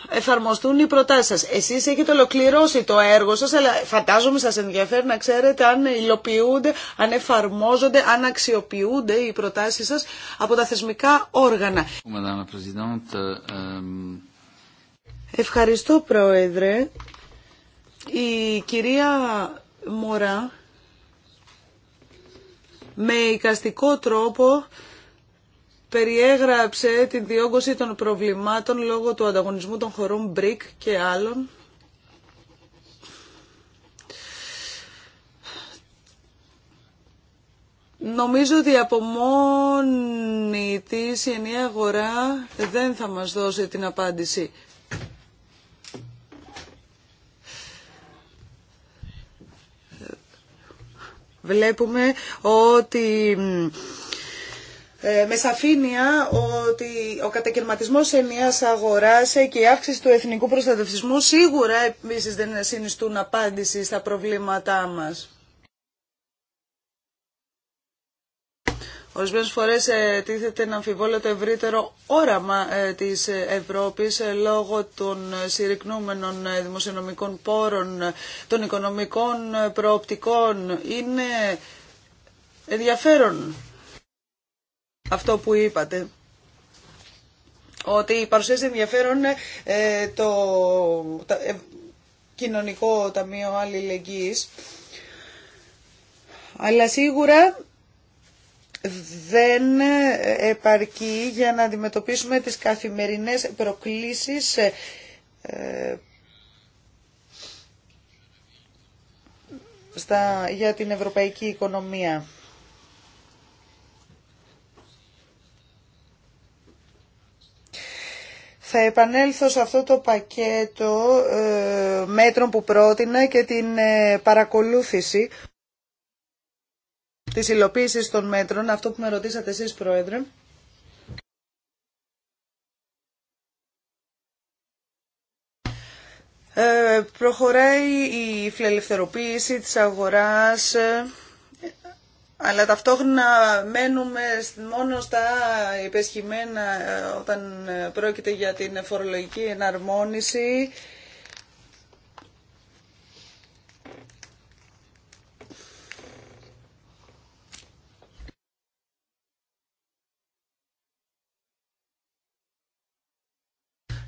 εφαρμοστούν οι προτάσεις σας. Εσείς έχετε ολοκληρώσει το έργο σας, αλλά φαντάζομαι σας ενδιαφέρει να ξέρετε αν υλοποιούνται, αν εφαρμόζονται, αν αξιοποιούνται οι προτάσεις σας από τα θεσμικά όργανα. Ε, Ευχαριστώ Πρόεδρε. Η κυρία Μωρά με εικαστικό τρόπο περιέγραψε την διόγκωση των προβλημάτων λόγω του ανταγωνισμού των χωρών BRIC και άλλων. Νομίζω ότι από μόνη της η ενιαία αγορά δεν θα μας δώσει την απάντηση Βλέπουμε ότι ε, με σαφήνεια ότι ο κατακαιρματισμός ενιαίας αγοράς και η αύξηση του εθνικού προστατευτισμού σίγουρα επίσης δεν συνιστούν απάντηση στα προβλήματά μας. Ορισμένε φορέ ε, τίθεται να αμφιβόλω το ευρύτερο όραμα ε, τη Ευρώπη ε, λόγω των συρρυκνούμενων δημοσιονομικών πόρων, των οικονομικών προοπτικών. Είναι ενδιαφέρον αυτό που είπατε. Ότι παρουσιάζει ενδιαφέρον το Κοινωνικό Ταμείο Αλληλεγγύης. Αλλά σίγουρα δεν επαρκεί για να αντιμετωπίσουμε τις καθημερινές προκλήσεις ε, στα, για την ευρωπαϊκή οικονομία. Θα επανέλθω σε αυτό το πακέτο ε, μέτρων που πρότεινα και την ε, παρακολούθηση της υλοποίησης των μέτρων, αυτό που με ρωτήσατε εσείς Πρόεδρε. Ε, προχωράει η φιλελευθερωποίηση της αγοράς, ε, αλλά ταυτόχρονα μένουμε μόνο στα υπεσχημένα ε, όταν ε, πρόκειται για την φορολογική εναρμόνιση.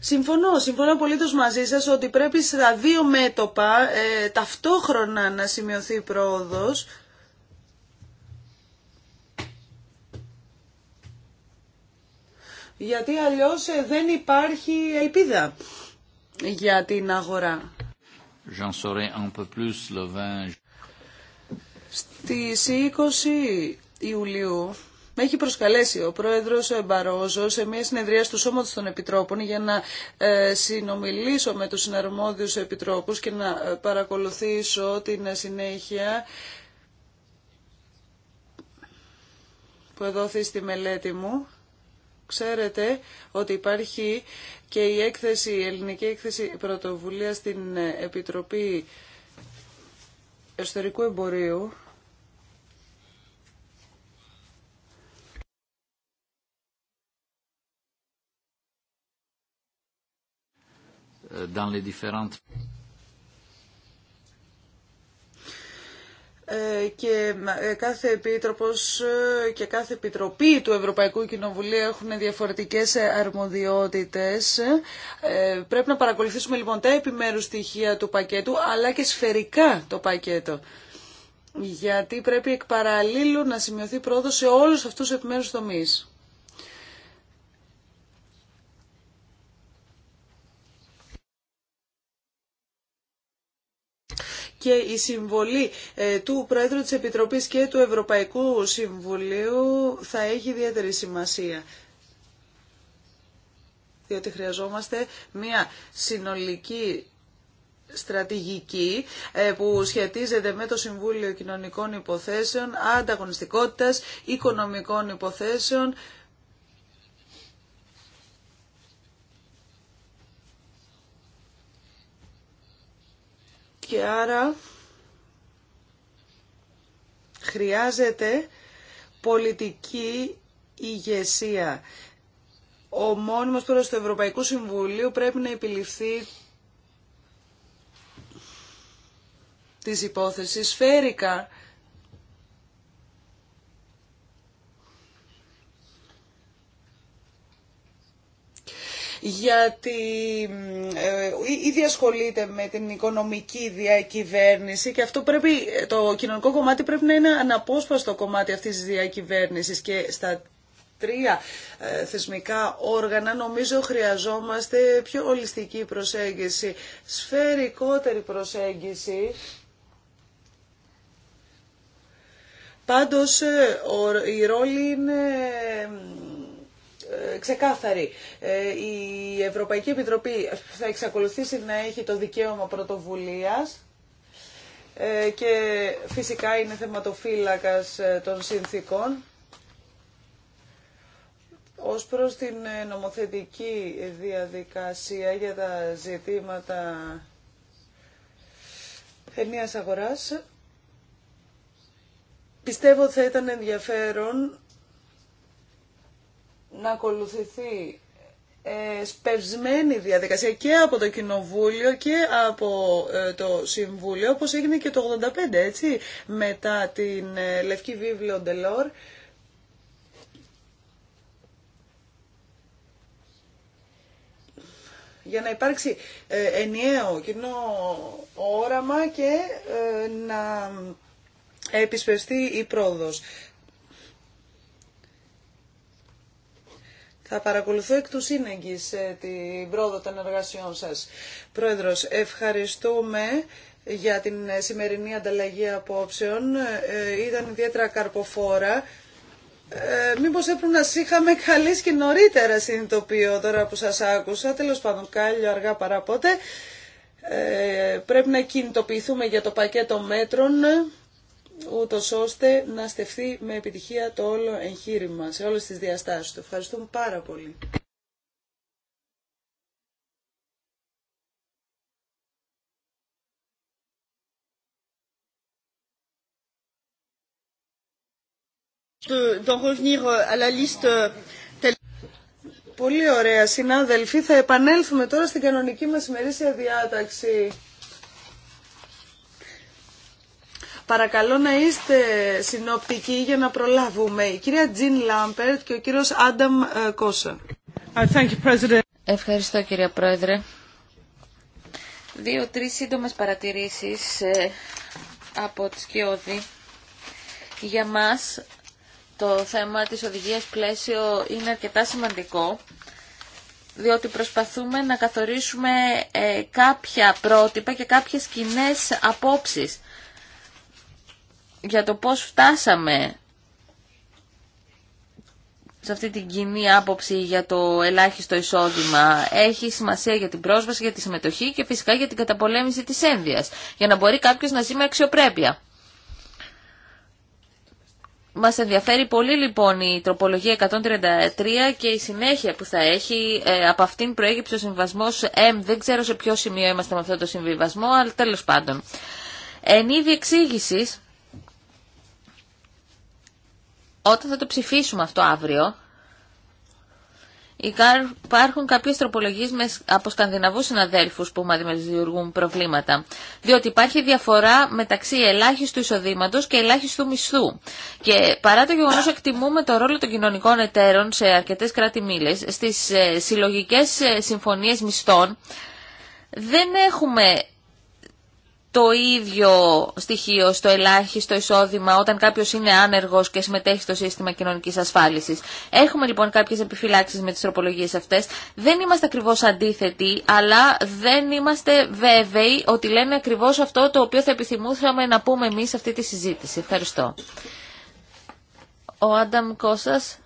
Συμφωνώ, συμφωνώ απολύτως μαζί σας ότι πρέπει στα δύο μέτωπα ε, ταυτόχρονα να σημειωθεί πρόοδος. Γιατί αλλιώς ε, δεν υπάρχει ελπίδα για την αγορά. Un Στις 20 Ιουλίου με έχει προσκαλέσει ο πρόεδρος Μπαρόζο σε μια συνεδρία του Σώματο των Επιτρόπων για να ε, συνομιλήσω με τους συναρμόδιου επιτρόπους και να ε, παρακολουθήσω την συνέχεια που εδόθη στη μελέτη μου. Ξέρετε ότι υπάρχει και η, έκθεση, η ελληνική έκθεση πρωτοβουλία στην Επιτροπή Εσωτερικού Εμπορίου dans les différentes ε, και ε, κάθε επίτροπος ε, και κάθε επιτροπή του Ευρωπαϊκού Κοινοβουλίου έχουν διαφορετικές αρμοδιότητες. Πρέπει να παρακολουθήσουμε λοιπόν τα επιμέρους στοιχεία του πακέτου αλλά και σφαιρικά το πακέτο. Γιατί πρέπει εκ παραλλήλου να σημειωθεί πρόοδο σε όλους αυτούς τους επιμέρους τομείς. και η συμβολή ε, του Πρόεδρου της Επιτροπής και του Ευρωπαϊκού Συμβουλίου θα έχει ιδιαίτερη σημασία διότι χρειαζόμαστε μια συνολική στρατηγική ε, που σχετίζεται με το Συμβούλιο Κοινωνικών Υποθέσεων, ανταγωνιστικότητας, οικονομικών υποθέσεων, και άρα χρειάζεται πολιτική ηγεσία. Ο μόνιμος πρόεδρος του Ευρωπαϊκού Συμβουλίου πρέπει να επιληφθεί της υπόθεσης Φέρικα γιατί ε, ήδη ασχολείται με την οικονομική διακυβέρνηση και αυτό πρέπει, το κοινωνικό κομμάτι πρέπει να είναι αναπόσπαστο κομμάτι αυτής της διακυβέρνησης και στα τρία ε, θεσμικά όργανα νομίζω χρειαζόμαστε πιο ολιστική προσέγγιση, σφαιρικότερη προσέγγιση. Πάντως ε, η ρόλη είναι ε, ξεκάθαρη. Ε, η Ευρωπαϊκή Επιτροπή θα εξακολουθήσει να έχει το δικαίωμα πρωτοβουλίας ε, και φυσικά είναι θεματοφύλακας των συνθήκων. Ως προς την νομοθετική διαδικασία για τα ζητήματα ενίας αγοράς, πιστεύω ότι θα ήταν ενδιαφέρον να ακολουθηθεί ε, σπευσμένη διαδικασία και από το Κοινοβούλιο και από ε, το Συμβούλιο, όπως έγινε και το 85, έτσι, μετά την ε, Λευκή Βίβλιο Ντελόρ. για να υπάρξει ε, ενιαίο κοινό όραμα και να επισπευστεί η πρόοδος. Θα παρακολουθώ εκ του σύνεγγυς ε, την πρόοδο των εργασιών σας. Πρόεδρος, ευχαριστούμε για την ε, σημερινή ανταλλαγή απόψεων. Ε, ήταν ιδιαίτερα καρποφόρα. Ε, μήπως έπρεπε να είχαμε καλείς και νωρίτερα συνειδητοποιώ τώρα που σας άκουσα. Τέλος πάντων, κάλλιο αργά παρά πότε. Ε, πρέπει να κινητοποιηθούμε για το πακέτο μέτρων ούτω ώστε να στεφθεί με επιτυχία το όλο εγχείρημα σε όλες τις διαστάσεις του. Ευχαριστούμε πάρα πολύ. Πολύ ωραία συνάδελφοι. Θα επανέλθουμε τώρα στην κανονική μας ημερήσια διάταξη. Παρακαλώ να είστε συνοπτικοί για να προλάβουμε. Η κυρία Τζιν Λάμπερτ και ο κύριος Άνταμ ε, Κόσα. Uh, Ευχαριστώ κύριε Πρόεδρε. Δύο-τρεις σύντομες παρατηρήσεις ε, από τη Σκιώδη. Για μας το θέμα της οδηγίας πλαίσιο είναι αρκετά σημαντικό διότι προσπαθούμε να καθορίσουμε ε, κάποια πρότυπα και κάποιες κοινέ απόψεις για το πώς φτάσαμε σε αυτή την κοινή άποψη για το ελάχιστο εισόδημα έχει σημασία για την πρόσβαση, για τη συμμετοχή και φυσικά για την καταπολέμηση της ένδυας, για να μπορεί κάποιος να ζει με αξιοπρέπεια. Μας ενδιαφέρει πολύ λοιπόν η τροπολογία 133 και η συνέχεια που θα έχει. Ε, από αυτήν προέγυψε ο συμβιβασμός M. Δεν ξέρω σε ποιο σημείο είμαστε με αυτό το συμβιβασμό, αλλά τέλος πάντων. Εν είδη εξήγησης, όταν θα το ψηφίσουμε αυτό αύριο, υπάρχουν κάποιε τροπολογίε από σκανδιναβού συναδέλφου που μα δημιουργούν προβλήματα. Διότι υπάρχει διαφορά μεταξύ ελάχιστου εισοδήματο και ελάχιστου μισθού. Και παρά το γεγονό εκτιμούμε το ρόλο των κοινωνικών εταίρων σε αρκετέ κράτη-μήλε, στι ε, συλλογικέ ε, συμφωνίε μισθών, δεν έχουμε το ίδιο στοιχείο στο ελάχιστο εισόδημα όταν κάποιος είναι άνεργος και συμμετέχει στο σύστημα κοινωνικής ασφάλισης. Έχουμε λοιπόν κάποιες επιφυλάξεις με τις τροπολογίες αυτές. Δεν είμαστε ακριβώς αντίθετοι, αλλά δεν είμαστε βέβαιοι ότι λένε ακριβώς αυτό το οποίο θα επιθυμούσαμε να πούμε εμείς αυτή τη συζήτηση. Ευχαριστώ. Ο Άνταμ Κώσας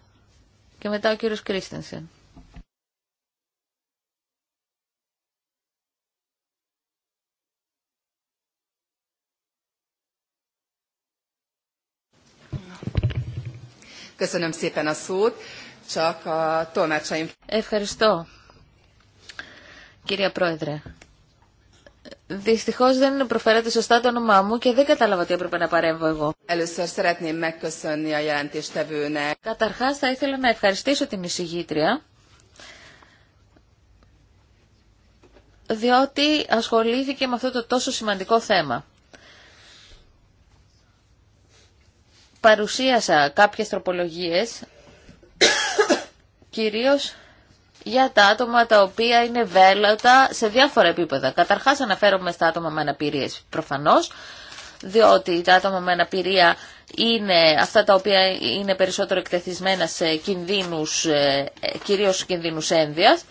και μετά ο κύριος Κρίστενσεν. Ευχαριστώ, κυρία Πρόεδρε. Δυστυχώς δεν προφέρατε σωστά το όνομά μου και δεν κατάλαβα τι έπρεπε να παρέμβω εγώ. Καταρχάς θα ήθελα να ευχαριστήσω την εισηγήτρια. διότι ασχολήθηκε με αυτό το τόσο σημαντικό θέμα. παρουσίασα κάποιες τροπολογίες, κυρίως για τα άτομα τα οποία είναι βέλατα σε διάφορα επίπεδα. Καταρχάς αναφέρομαι στα άτομα με αναπηρίες προφανώς, διότι τα άτομα με αναπηρία είναι αυτά τα οποία είναι περισσότερο εκτεθισμένα σε κινδύνους, ε, κυρίως κινδύνους ένδυας.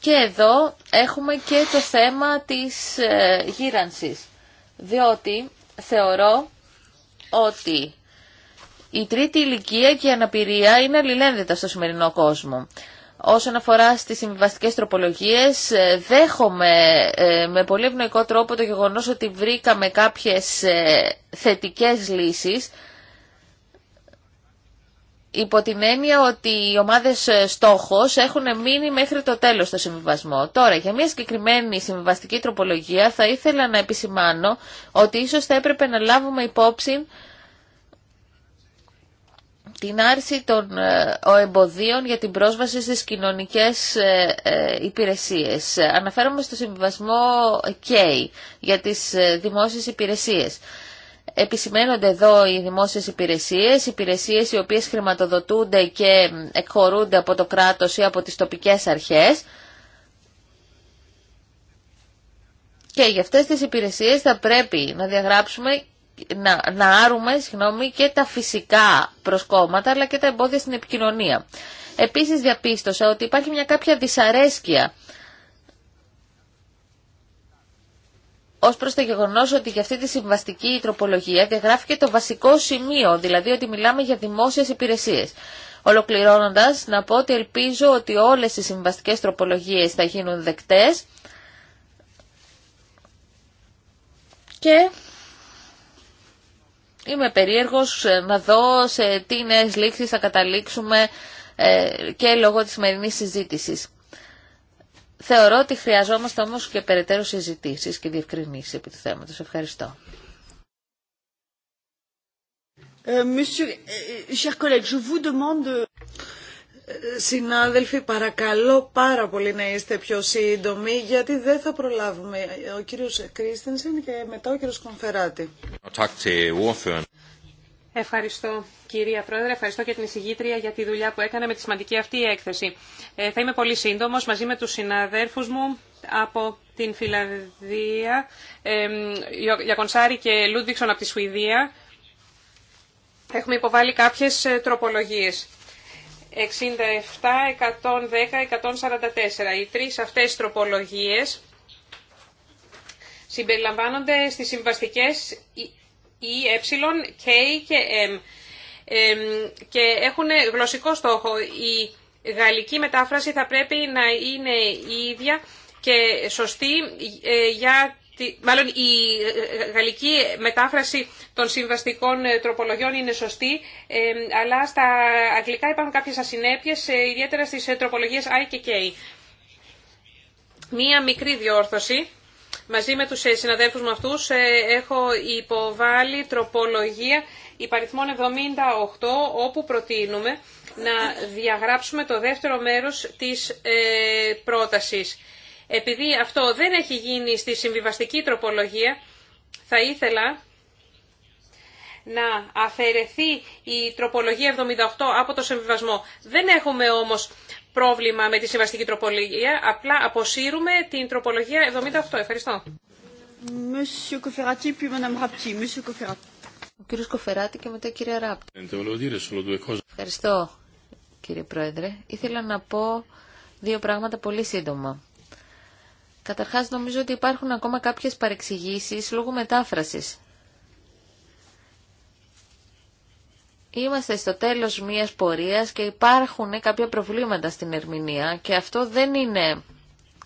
Και εδώ έχουμε και το θέμα της ε, γύρανσης, διότι θεωρώ ότι η τρίτη ηλικία και η αναπηρία είναι αλληλένδετα στο σημερινό κόσμο. Όσον αφορά στις συμβιβαστικέ τροπολογίες, ε, δέχομαι ε, με πολύ ευνοϊκό τρόπο το γεγονός ότι βρήκαμε κάποιες ε, θετικές λύσεις υπό την έννοια ότι οι ομάδες στόχος έχουν μείνει μέχρι το τέλος στο συμβιβασμό. Τώρα, για μια συγκεκριμένη συμβιβαστική τροπολογία θα ήθελα να επισημάνω ότι ίσως θα έπρεπε να λάβουμε υπόψη την άρση των ε, εμποδίων για την πρόσβαση στις κοινωνικές ε, ε, υπηρεσίες. Αναφέρομαι στο συμβιβασμό K για τις δημόσιες υπηρεσίες. Επισημαίνονται εδώ οι δημόσιες υπηρεσίες, υπηρεσίες οι οποίες χρηματοδοτούνται και εκχωρούνται από το κράτος ή από τις τοπικές αρχές. Και για αυτές τις υπηρεσίες θα πρέπει να διαγράψουμε να, να άρουμε συγγνώμη, και τα φυσικά προσκόμματα αλλά και τα εμπόδια στην επικοινωνία. Επίσης διαπίστωσα ότι υπάρχει μια κάποια δυσαρέσκεια ω προ το γεγονό ότι για αυτή τη συμβαστική τροπολογία διαγράφηκε το βασικό σημείο, δηλαδή ότι μιλάμε για δημόσιε υπηρεσίες. Ολοκληρώνοντα, να πω ότι ελπίζω ότι όλε οι συμβαστικέ τροπολογίε θα γίνουν δεκτέ και είμαι περίεργος να δω σε τι νέες λήξεις θα καταλήξουμε ε, και λόγω της σημερινή συζήτησης. Θεωρώ ότι χρειαζόμαστε όμως και περαιτέρω συζητήσεις και διευκρινήσεις επί του θέματος. Ευχαριστώ. Ε, ε, Συνάδελφοι, παρακαλώ πάρα πολύ να είστε πιο σύντομοι, γιατί δεν θα προλάβουμε. Ο κύριος Κρίστενσεν και μετά ο κύριος Κονφεράτη. Ευχαριστώ κυρία Πρόεδρε, ευχαριστώ και την εισηγήτρια για τη δουλειά που έκανε με τη σημαντική αυτή έκθεση. Ε, θα είμαι πολύ σύντομος μαζί με τους συναδέρφους μου από την Φιλανδία, ε, Γιακονσάρη και Λούντβιξον από τη Σουηδία. Έχουμε υποβάλει κάποιες ε, τροπολογίες. 67, 110, 144. Οι τρεις αυτές τροπολογίες συμπεριλαμβάνονται στις συμβαστικές E, ε, K και M ε, και έχουν γλωσσικό στόχο. Η γαλλική μετάφραση θα πρέπει να είναι η ίδια και σωστή ε, για Μάλλον η ε, ε, γαλλική μετάφραση των συμβαστικών ε, τροπολογιών είναι σωστή, αλλά στα αγγλικά υπάρχουν κάποιες ασυνέπειες, ιδιαίτερα στις τροπολογίες I και K. Μία μικρή διόρθωση. Μαζί με τους συναδέλφους μου αυτούς έχω υποβάλει τροπολογία υπαριθμών 78, όπου προτείνουμε να διαγράψουμε το δεύτερο μέρος της πρότασης. Επειδή αυτό δεν έχει γίνει στη συμβιβαστική τροπολογία, θα ήθελα να αφαιρεθεί η τροπολογία 78 από το συμβιβασμό. Δεν έχουμε όμως πρόβλημα με τη συμβαστική τροπολογία, απλά αποσύρουμε την τροπολογία 78. Ευχαριστώ. Ο κύριος Κοφεράτη και μετά η κυρία Ράπτη. Ευχαριστώ κύριε Πρόεδρε. Ήθελα να πω δύο πράγματα πολύ σύντομα. Καταρχάς νομίζω ότι υπάρχουν ακόμα κάποιες παρεξηγήσεις λόγω μετάφρασης. Είμαστε στο τέλος μιας πορείας και υπάρχουν κάποια προβλήματα στην ερμηνεία και αυτό δεν είναι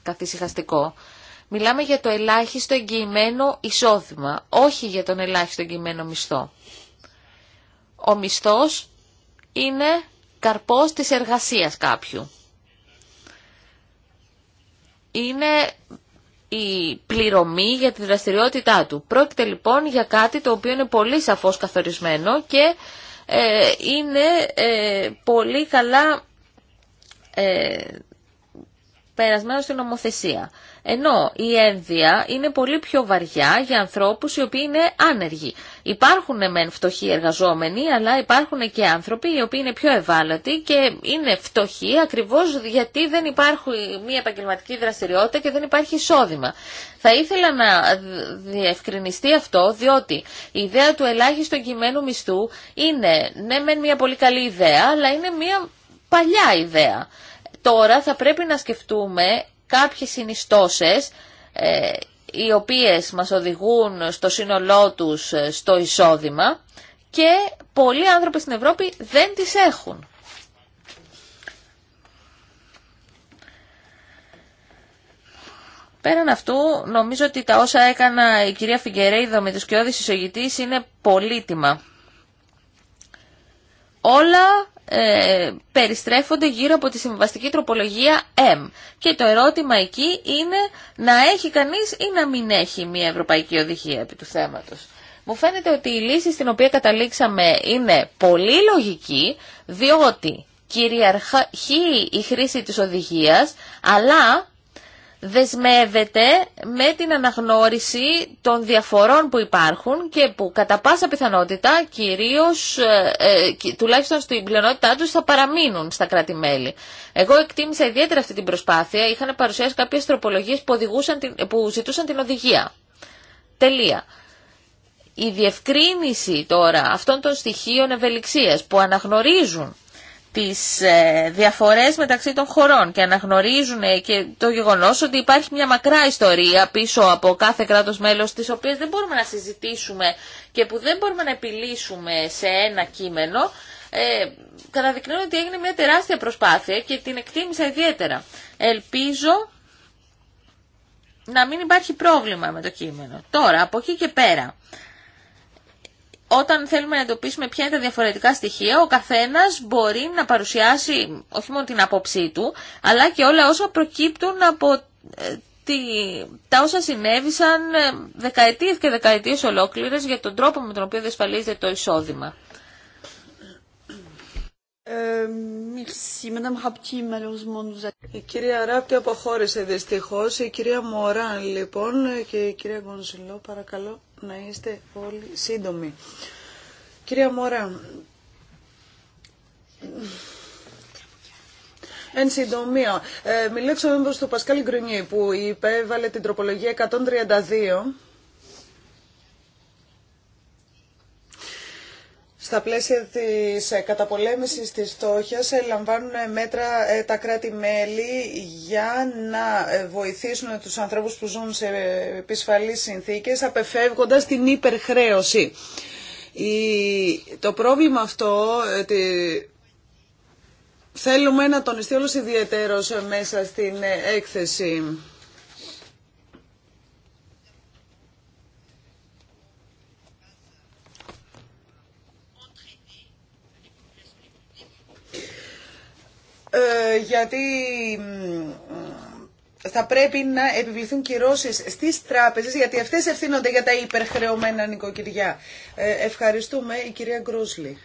καθησυχαστικό. Μιλάμε για το ελάχιστο εγγυημένο εισόδημα, όχι για τον ελάχιστο εγγυημένο μισθό. Ο μισθός είναι καρπός της εργασίας κάποιου είναι η πληρωμή για τη δραστηριότητά του. Πρόκειται λοιπόν για κάτι το οποίο είναι πολύ σαφώς καθορισμένο και ε, είναι ε, πολύ καλά ε, περασμένο στην νομοθεσία. Ενώ η ένδυα είναι πολύ πιο βαριά για ανθρώπους οι οποίοι είναι άνεργοι. Υπάρχουν μεν φτωχοί εργαζόμενοι, αλλά υπάρχουν και άνθρωποι οι οποίοι είναι πιο ευάλωτοι και είναι φτωχοί ακριβώς γιατί δεν υπάρχει μια επαγγελματική δραστηριότητα και δεν υπάρχει εισόδημα. Θα ήθελα να διευκρινιστεί αυτό, διότι η ιδέα του ελάχιστο κειμένου μισθού είναι, ναι μεν μια πολύ καλή ιδέα, αλλά είναι μια παλιά ιδέα. Τώρα θα πρέπει να σκεφτούμε κάποιες συνιστώσεις ε, οι οποίες μας οδηγούν στο σύνολό τους ε, στο εισόδημα και πολλοί άνθρωποι στην Ευρώπη δεν τις έχουν. Πέραν αυτού, νομίζω ότι τα όσα έκανα η κυρία Φιγκερέιδο με τους κοιόδης εισογητής είναι πολύτιμα. Όλα ε, περιστρέφονται γύρω από τη συμβαστική τροπολογία M. Και το ερώτημα εκεί είναι να έχει κανείς ή να μην έχει μια ευρωπαϊκή οδηγία επί του θέματος. Μου φαίνεται ότι η λύση στην οποία καταλήξαμε είναι πολύ λογική, διότι κυριαρχεί η χρήση της οδηγίας, αλλά δεσμεύεται με την αναγνώριση των διαφορών που υπάρχουν και που κατά πάσα πιθανότητα κυρίως, ε, ε, τουλάχιστον στην πλειονότητά τους, θα παραμείνουν στα κράτη-μέλη. Εγώ εκτίμησα ιδιαίτερα αυτή την προσπάθεια, είχαν παρουσιάσει κάποιες τροπολογίες που, την, που ζητούσαν την οδηγία. Τελεία. Η διευκρίνηση τώρα αυτών των στοιχείων ευελιξίας που αναγνωρίζουν τις ε, διαφορές μεταξύ των χωρών και αναγνωρίζουν ε, και το γεγονός ότι υπάρχει μια μακρά ιστορία πίσω από κάθε κράτος μέλος τις οποίες δεν μπορούμε να συζητήσουμε και που δεν μπορούμε να επιλύσουμε σε ένα κείμενο ε, καταδεικνύουν ότι έγινε μια τεράστια προσπάθεια και την εκτίμησα ιδιαίτερα. Ελπίζω να μην υπάρχει πρόβλημα με το κείμενο. Τώρα, από εκεί και πέρα, όταν θέλουμε να εντοπίσουμε ποια είναι τα διαφορετικά στοιχεία, ο καθένας μπορεί να παρουσιάσει όχι μόνο την απόψή του, αλλά και όλα όσα προκύπτουν από ε, τα όσα συνέβησαν ε, δεκαετίες και δεκαετίες ολόκληρες για τον τρόπο με τον οποίο διασφαλίζεται το εισόδημα. Ε, η κυρία Ράπτη αποχώρησε δυστυχώς. Η κυρία Μωράν λοιπόν και η κυρία Γκονζιλό παρακαλώ να είστε όλοι σύντομοι. Κυρία Μωρά, Εν συντομία, ε, μιλέψαμε τον Πασκάλ Γκρουνιέ που υπέβαλε την τροπολογία 132 Στα πλαίσια της ε, καταπολέμησης της φτώχειας ε, λαμβάνουν ε, μέτρα τα κράτη-μέλη για να βοηθήσουν τους ανθρώπους που ζουν σε επισφαλείς συνθήκες απεφεύγοντας την υπερχρέωση. Το πρόβλημα αυτό θέλουμε να τονιστεί όλος ιδιαίτερος μέσα στην έκθεση. Ε, γιατί θα πρέπει να επιβληθούν κυρώσει στις τράπεζες, γιατί αυτές ευθύνονται για τα υπερχρεωμένα νοικοκυριά. Ε, ευχαριστούμε, η κυρία Γκρούσλη.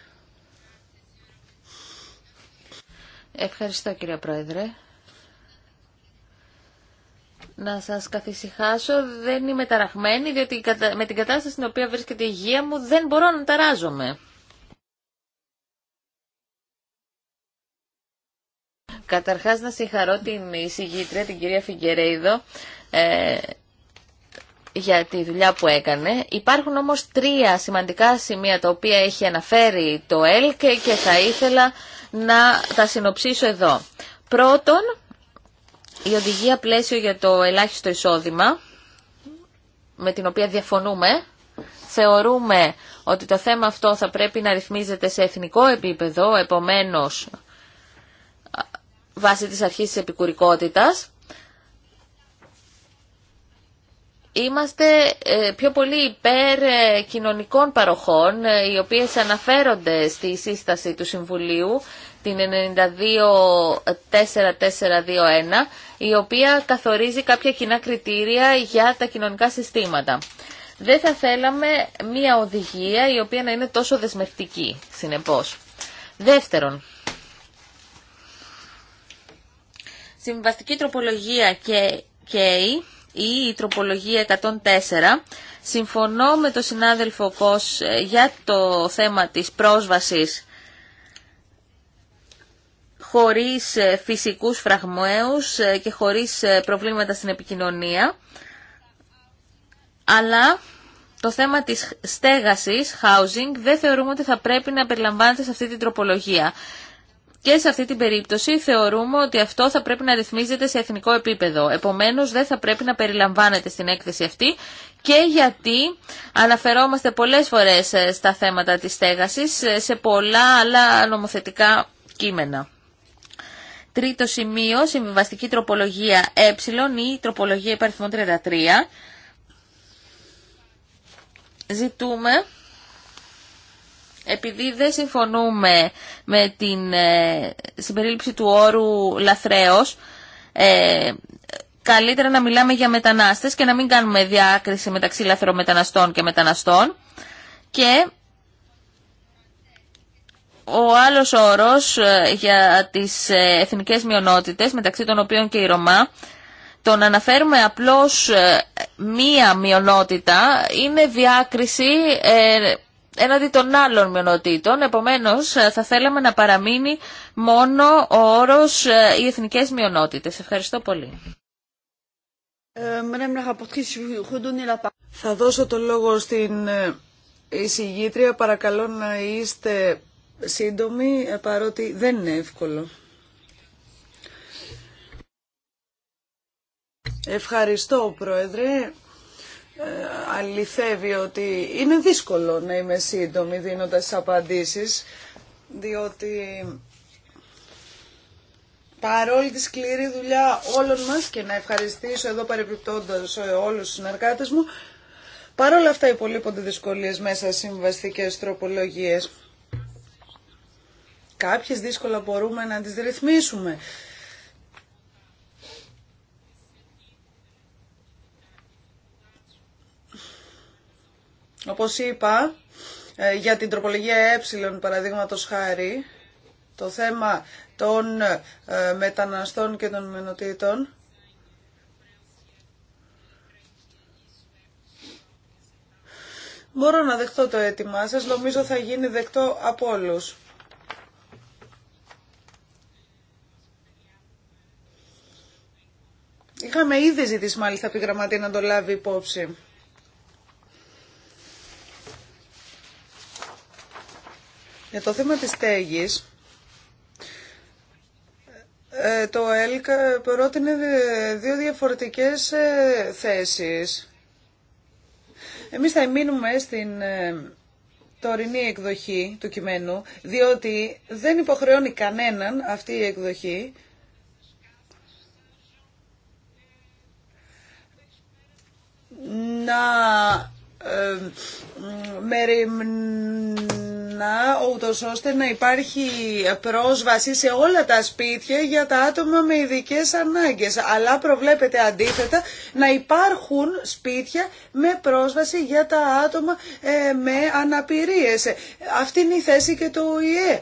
Ευχαριστώ, κύριε Πρόεδρε. Να σας καθησυχάσω, δεν είμαι ταραχμένη, διότι με την κατάσταση στην οποία βρίσκεται η υγεία μου δεν μπορώ να ταράζομαι. Καταρχάς να συγχαρώ την εισηγήτρια, την κυρία Φιγκερέιδο, ε, για τη δουλειά που έκανε. Υπάρχουν όμως τρία σημαντικά σημεία τα οποία έχει αναφέρει το ΕΛΚ και θα ήθελα να τα συνοψίσω εδώ. Πρώτον, η οδηγία πλαίσιο για το ελάχιστο εισόδημα, με την οποία διαφωνούμε, θεωρούμε ότι το θέμα αυτό θα πρέπει να ρυθμίζεται σε εθνικό επίπεδο, επομένως βάσει της αρχής της επικουρικότητας. Είμαστε ε, πιο πολύ υπέρ ε, κοινωνικών παροχών, ε, οι οποίες αναφέρονται στη σύσταση του Συμβουλίου, την 924421, η οποία καθορίζει κάποια κοινά κριτήρια για τα κοινωνικά συστήματα. Δεν θα θέλαμε μία οδηγία η οποία να είναι τόσο δεσμευτική, συνεπώς. Δεύτερον, Συμβαστική τροπολογία και η τροπολογία 104. Συμφωνώ με τον συνάδελφο Κος ε, για το θέμα της πρόσβασης χωρίς ε, φυσικούς φραγμαίους ε, και χωρίς προβλήματα στην επικοινωνία. Αλλά το θέμα της στέγασης, housing, δεν θεωρούμε ότι θα πρέπει να περιλαμβάνεται σε αυτή την τροπολογία. Και σε αυτή την περίπτωση θεωρούμε ότι αυτό θα πρέπει να ρυθμίζεται σε εθνικό επίπεδο. Επομένως δεν θα πρέπει να περιλαμβάνεται στην έκθεση αυτή και γιατί αναφερόμαστε πολλές φορές ε, στα θέματα της στέγασης ε, σε πολλά άλλα νομοθετικά κείμενα. Τρίτο σημείο, συμβιβαστική τροπολογία ε ή τροπολογία υπαριθμών 33. Ζητούμε επειδή δεν συμφωνούμε με την ε, συμπερίληψη του όρου λαθρέως, ε, καλύτερα να μιλάμε για μετανάστες και να μην κάνουμε διάκριση μεταξύ λαθρομεταναστών και μεταναστών. Και ο άλλος όρος ε, για τις εθνικές μειονότητες, μεταξύ των οποίων και η Ρωμά, το να αναφέρουμε απλώς μία μειονότητα είναι διάκριση έναντι των άλλων μειονοτήτων. Επομένως, ε, θα θέλαμε να παραμείνει μόνο ο όρος ε, οι εθνικές μειονότητες. Ευχαριστώ πολύ. Θα δώσω το λόγο στην ε, εισηγήτρια. Παρακαλώ να είστε σύντομοι, παρότι δεν είναι εύκολο. Ευχαριστώ, Πρόεδρε. Ε, αληθεύει ότι είναι δύσκολο να είμαι σύντομη δίνοντας τι απαντήσεις, διότι παρόλη τη σκληρή δουλειά όλων μας και να ευχαριστήσω εδώ παρεμπιπτόντας όλους τους συνεργάτες μου, παρόλα αυτά υπολείπονται δυσκολίες μέσα σε συμβαστικές τροπολογίες. Κάποιες δύσκολα μπορούμε να τις ρυθμίσουμε. Όπως είπα, ε, για την τροπολογία ε, παραδείγματο χάρη, το θέμα των ε, μεταναστών και των μενοτήτων, Μπορώ να δεχτώ το αίτημά σας, νομίζω θα γίνει δεκτό από όλους. Είχαμε ήδη ζητήσει μάλιστα από τη γραμματεία να το λάβει υπόψη. Για το θέμα της στέγης, ε, το ΕΛΚ πρότεινε δύο διαφορετικές ε, θέσεις. Εμείς θα μείνουμε στην ε, τωρινή εκδοχή του κειμένου, διότι δεν υποχρεώνει κανέναν αυτή η εκδοχή. να μεριμνά ούτως ώστε να υπάρχει πρόσβαση σε όλα τα σπίτια για τα άτομα με ειδικέ ανάγκες. Αλλά προβλέπεται αντίθετα να υπάρχουν σπίτια με πρόσβαση για τα άτομα ε, με αναπηρίες. Αυτή είναι η θέση και του ΟΗΕ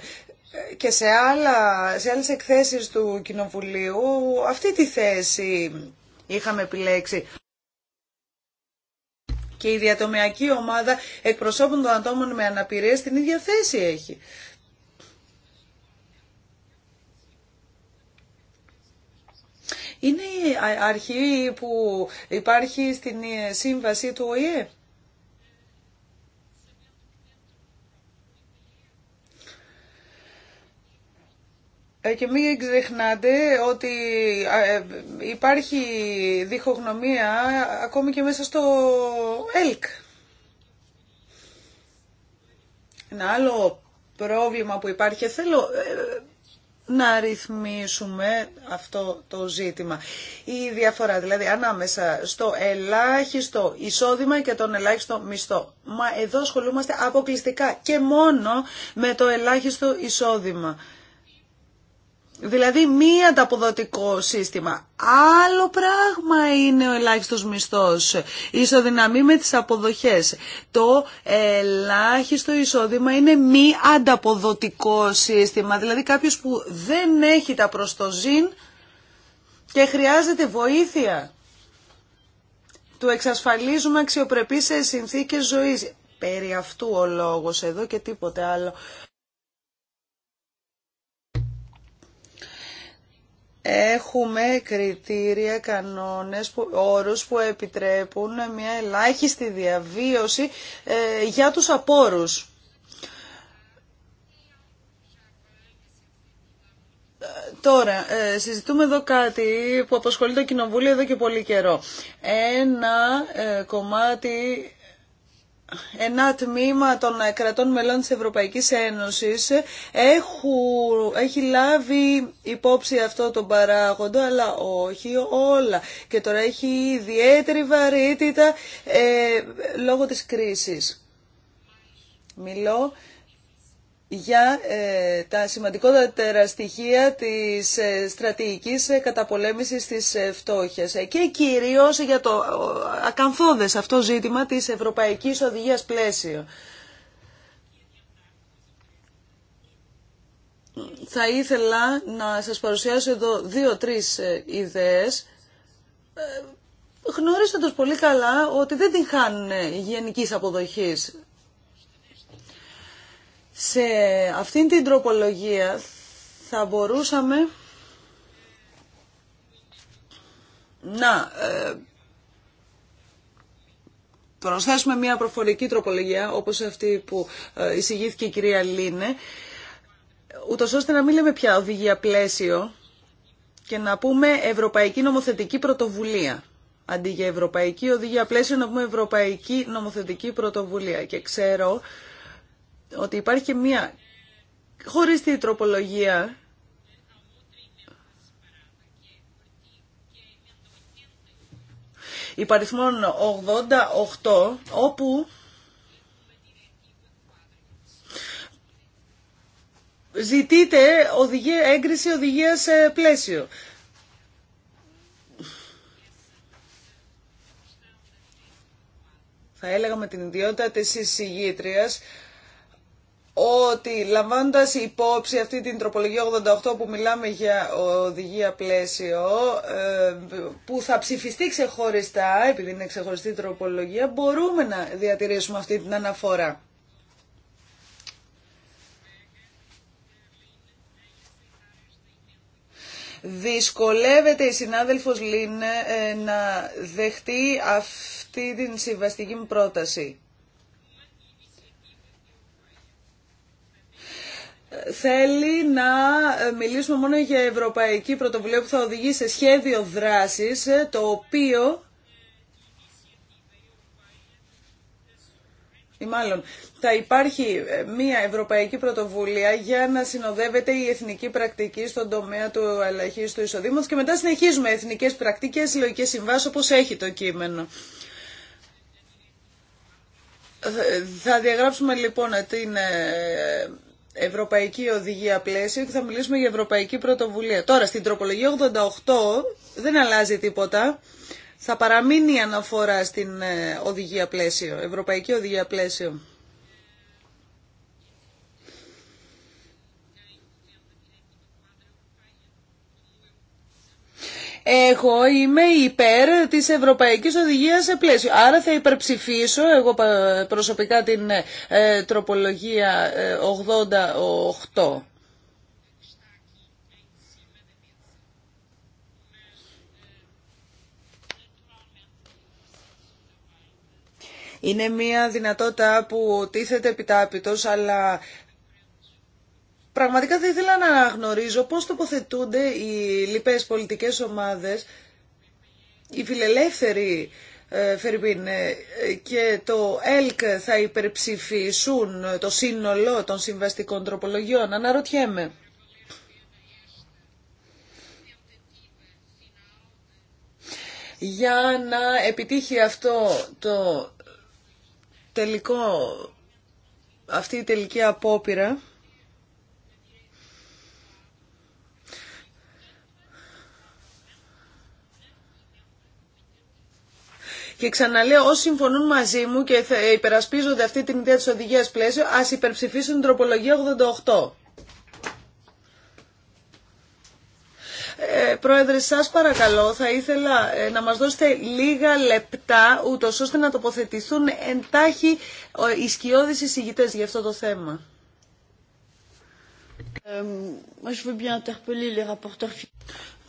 και σε, άλλα, σε άλλες εκθέσεις του Κοινοβουλίου αυτή τη θέση είχαμε επιλέξει και η διατομιακή ομάδα εκπροσώπων των ατόμων με αναπηρία την ίδια θέση έχει. Είναι η αρχή που υπάρχει στην ε, σύμβαση του ΟΗΕ. Ε, και μην ξεχνάτε ότι ε, υπάρχει διχογνωμία ακόμη και μέσα στο ΕΛΚ. Ένα άλλο πρόβλημα που υπάρχει ε, θέλω να ρυθμίσουμε αυτό το ζήτημα. Η διαφορά δηλαδή ανάμεσα στο ελάχιστο εισόδημα και τον ελάχιστο μισθό. Μα εδώ ασχολούμαστε αποκλειστικά και μόνο με το ελάχιστο εισόδημα. Δηλαδή μη ανταποδοτικό σύστημα. Άλλο πράγμα είναι ο ελάχιστος μισθός. Ίσοδυναμή με τις αποδοχές. Το ελάχιστο εισόδημα είναι μη ανταποδοτικό σύστημα. Δηλαδή κάποιος που δεν έχει τα προστοζήν και χρειάζεται βοήθεια. Του εξασφαλίζουμε αξιοπρεπή σε συνθήκες ζωής. Περί αυτού ο λόγος εδώ και τίποτε άλλο. έχουμε κριτήρια, κανόνες, που, όρους που επιτρέπουν μια ελάχιστη διαβίωση ε, για τους απόρους. Τώρα, ε, συζητούμε εδώ κάτι που απασχολεί το Κοινοβούλιο εδώ και πολύ καιρό. Ένα ε, κομμάτι ένα τμήμα των κρατών μελών της Ευρωπαϊκής Ένωσης έχου, έχει λάβει υπόψη αυτό το παράγοντο, αλλά όχι όλα. Και τώρα έχει ιδιαίτερη βαρύτητα ε, λόγω της κρίσης. Μιλώ για ε, τα σημαντικότερα στοιχεία της ε, στρατηγικής ε, καταπολέμησης της φτώχειας και κυρίως για το ακαμφόδες αυτό ζήτημα της Ευρωπαϊκής Οδηγίας Πλαίσιο. Θα ήθελα να σας παρουσιάσω εδώ δύο-τρεις ιδέες γνωρίζοντας πολύ καλά ότι δεν την χάνουν γενικής αποδοχής σε αυτήν την τροπολογία θα μπορούσαμε να ε, προσθέσουμε μια προφορική τροπολογία όπως αυτή που ε, εισηγήθηκε η κυρία Λίνε ούτως ώστε να μην λέμε πια οδηγία πλαίσιο και να πούμε Ευρωπαϊκή Νομοθετική Πρωτοβουλία. Αντί για Ευρωπαϊκή Οδηγία Πλαίσιο να πούμε Ευρωπαϊκή Νομοθετική Πρωτοβουλία. Και ξέρω ότι υπάρχει και μία χωριστή τροπολογία υπαριθμών 88 όπου ζητείται οδηγία, έγκριση οδηγίας πλαίσιο. Θα έλεγα με την ιδιότητα της εισηγήτριας ότι λαμβάνοντας υπόψη αυτή την τροπολογία 88 που μιλάμε για οδηγία πλαίσιο ε, που θα ψηφιστεί ξεχωριστά επειδή είναι ξεχωριστή τροπολογία μπορούμε να διατηρήσουμε αυτή την αναφορά. Δυσκολεύεται η συνάδελφος Λίν ε, να δεχτεί αυτή την συμβαστική πρόταση. θέλει να μιλήσουμε μόνο για ευρωπαϊκή πρωτοβουλία που θα οδηγεί σε σχέδιο δράσης, το οποίο ή μάλλον θα υπάρχει ε, μια ευρωπαϊκή πρωτοβουλία για να συνοδεύεται η εθνική πρακτική στον τομέα του του εισοδήματος και μετά συνεχίζουμε εθνικές πρακτικές, συλλογικές συμβάσεις όπως έχει το κείμενο. Θα ε, διαγράψουμε λοιπόν την ε, Ευρωπαϊκή Οδηγία Πλαίσιο και θα μιλήσουμε για Ευρωπαϊκή Πρωτοβουλία. Τώρα, στην τροπολογία 88 δεν αλλάζει τίποτα. Θα παραμείνει η αναφορά στην ε, Οδηγία Πλαίσιο, Ευρωπαϊκή Οδηγία Πλαίσιο. Εγώ είμαι υπέρ της Ευρωπαϊκής Οδηγίας σε πλαίσιο. Άρα θα υπερψηφίσω εγώ προσωπικά την ε, τροπολογία 88. Ε, Είναι μια δυνατότητα που τίθεται επιτάπητος, αλλά Πραγματικά θα ήθελα να γνωρίζω πώς τοποθετούνται οι λοιπές πολιτικές ομάδες, οι φιλελεύθεροι ε, ε, και το ΕΛΚ θα υπερψηφίσουν το σύνολο των συμβαστικών τροπολογιών. Αναρωτιέμαι. Για να επιτύχει αυτό το τελικό, αυτή η τελική απόπειρα, Και ξαναλέω, όσοι συμφωνούν μαζί μου και υπερασπίζονται αυτή την ιδέα τη οδηγία πλαίσιο, α υπερψηφίσουν την τροπολογία 88. Ε, πρόεδρε, σας παρακαλώ, θα ήθελα ε, να μας δώσετε λίγα λεπτά, ούτω ώστε να τοποθετηθούν εντάχει οι σκιώδεις για αυτό το θέμα. Ε,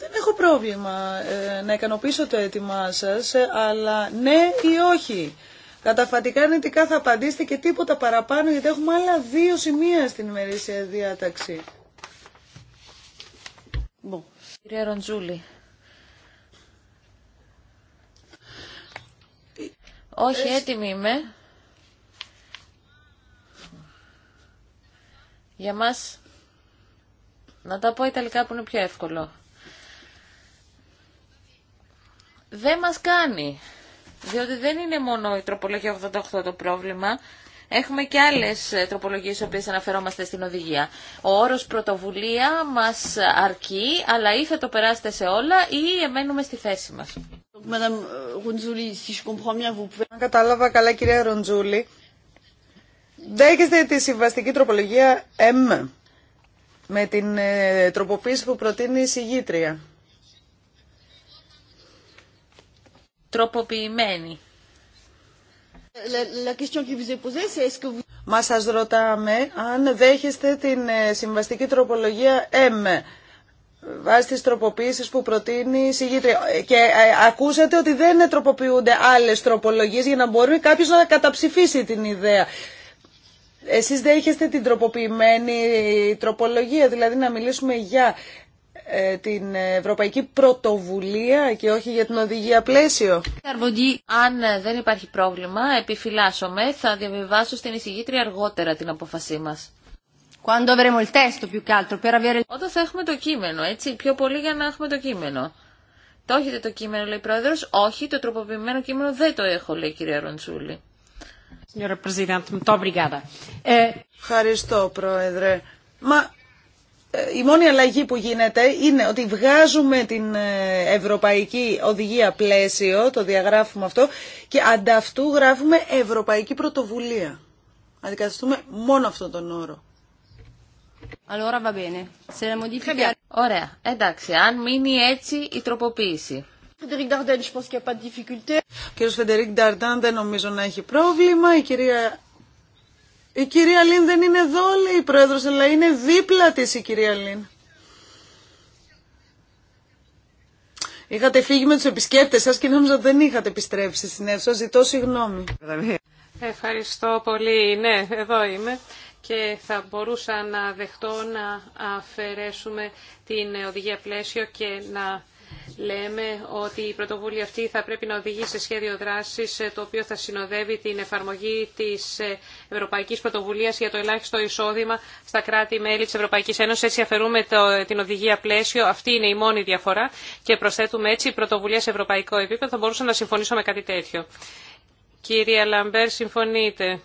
δεν έχω πρόβλημα ε, να ικανοποιήσω το αίτημά σας, ε, αλλά ναι ή όχι. Καταφατικά αρνητικά θα απαντήσετε και τίποτα παραπάνω, γιατί έχουμε άλλα δύο σημεία στην ημερήσια διάταξη. Κυρία Ροντζούλη. Όχι, ε, έτοιμη είμαι. Για μας, να τα πω ιταλικά που είναι πιο εύκολο. δεν μας κάνει. Διότι δεν είναι μόνο η τροπολογία 88 το πρόβλημα, Έχουμε και άλλες ε, τροπολογίες στις οποίες αναφερόμαστε στην οδηγία. Ο όρος πρωτοβουλία μας αρκεί, αλλά ή θα το περάσετε σε όλα ή εμένουμε στη θέση μας. Euh, Αν κατάλαβα καλά κυρία Ροντζούλη, δέχεστε τη συμβαστική τροπολογία M με την ε, τροποποίηση που προτείνει η συγγήτρια. τροποποιημένη. Μα σα ρωτάμε αν δέχεστε την ε, συμβαστική τροπολογία M βάσει τη τροποποίησεις που προτείνει η συγγήτρια. Ε, και ε, ακούσατε ότι δεν τροποποιούνται άλλε τροπολογίε για να μπορεί κάποιο να καταψηφίσει την ιδέα. Εσείς δέχεστε την τροποποιημένη τροπολογία, δηλαδή να μιλήσουμε για ε, την Ευρωπαϊκή Πρωτοβουλία και όχι για την οδηγία πλαίσιο. Αν ε, δεν υπάρχει πρόβλημα, επιφυλάσσομαι, θα διαβιβάσω στην εισηγήτρια αργότερα την απόφασή μα. Όταν θα έχουμε το κείμενο, έτσι, πιο πολύ για να έχουμε το κείμενο. Το έχετε το κείμενο, λέει η Πρόεδρος. Όχι, το τροποποιημένο κείμενο δεν το έχω, λέει η κυρία Ροντσούλη. Ε, Ευχαριστώ, Πρόεδρε. Μα ε, η μόνη αλλαγή που γίνεται είναι ότι βγάζουμε την ε, Ευρωπαϊκή Οδηγία Πλαίσιο, το διαγράφουμε αυτό, και ανταυτού γράφουμε Ευρωπαϊκή Πρωτοβουλία. Αντικαταστούμε μόνο αυτόν τον όρο. Ωραία, εντάξει, αν μείνει έτσι η τροποποίηση. Ο κ. Φεντερίκ Νταρντάν δεν νομίζω να έχει πρόβλημα. Η κυρία η κυρία Λίν δεν είναι εδώ, λέει η πρόεδρος, αλλά είναι δίπλα τη η κυρία Λίν. Είχατε φύγει με του επισκέπτε σα και νόμιζα ότι δεν είχατε επιστρέψει στην αίθουσα. Ζητώ συγγνώμη. Ευχαριστώ πολύ. Ναι, εδώ είμαι και θα μπορούσα να δεχτώ να αφαιρέσουμε την οδηγία πλαίσιο και να λέμε ότι η πρωτοβουλία αυτή θα πρέπει να οδηγεί σε σχέδιο δράση, ε, το οποίο θα συνοδεύει την εφαρμογή τη ε, Ευρωπαϊκή Πρωτοβουλία για το ελάχιστο εισόδημα στα κράτη-μέλη τη Ευρωπαϊκή Ένωση. Έτσι αφαιρούμε το, την οδηγία πλαίσιο. Αυτή είναι η μόνη διαφορά και προσθέτουμε έτσι πρωτοβουλία σε ευρωπαϊκό επίπεδο. Θα μπορούσα να συμφωνήσουμε με κάτι τέτοιο. Κυρία Λαμπέρ, συμφωνείτε.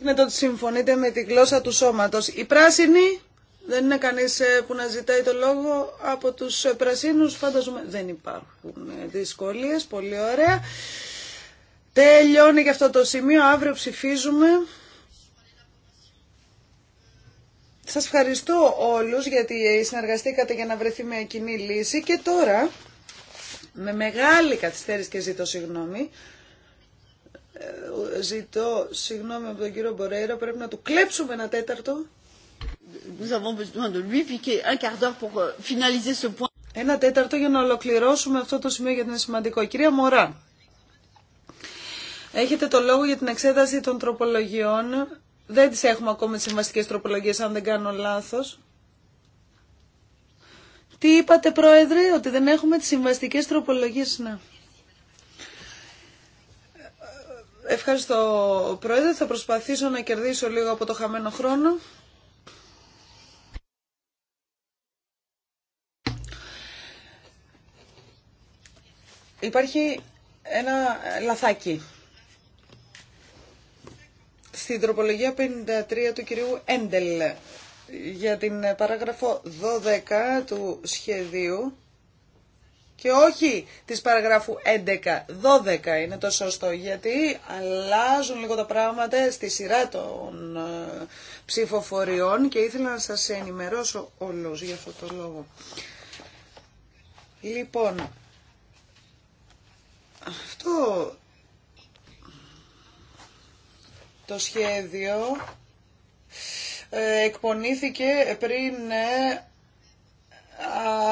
Είναι το ότι συμφωνείτε με τη γλώσσα του σώματος. Η πράσινη δεν είναι κανείς ε, που να ζητάει το λόγο από τους ε, πρασίνους. φανταζούμε. δεν υπάρχουν ε, δυσκολίες. Πολύ ωραία. Τελειώνει και αυτό το σημείο. Αύριο ψηφίζουμε. Σας ευχαριστώ όλους γιατί συνεργαστήκατε για να βρεθεί μια κοινή λύση και τώρα με μεγάλη καθυστέρηση και ζητώ συγγνώμη ζητώ συγγνώμη από τον κύριο Μπορέιρα πρέπει να του κλέψουμε ένα τέταρτο ένα τέταρτο για να ολοκληρώσουμε αυτό το σημείο γιατί είναι σημαντικό. Κυρία Μωρά, έχετε το λόγο για την εξέταση των τροπολογιών. Δεν τις έχουμε ακόμα τις συμβαστικές τροπολογίες, αν δεν κάνω λάθος. Τι είπατε, Πρόεδρε, ότι δεν έχουμε τις συμβαστικές τροπολογίες, ναι. Ευχαριστώ, Πρόεδρε. Θα προσπαθήσω να κερδίσω λίγο από το χαμένο χρόνο. Υπάρχει ένα λαθάκι. Στην τροπολογία 53 του κυρίου Έντελ για την παράγραφο 12 του σχεδίου και όχι της παραγράφου 11, 12 είναι το σωστό, γιατί αλλάζουν λίγο τα πράγματα στη σειρά των ε, ψηφοφοριών και ήθελα να σας ενημερώσω όλους για αυτό το λόγο. Λοιπόν, αυτό το σχέδιο ε, εκπονήθηκε πριν ε,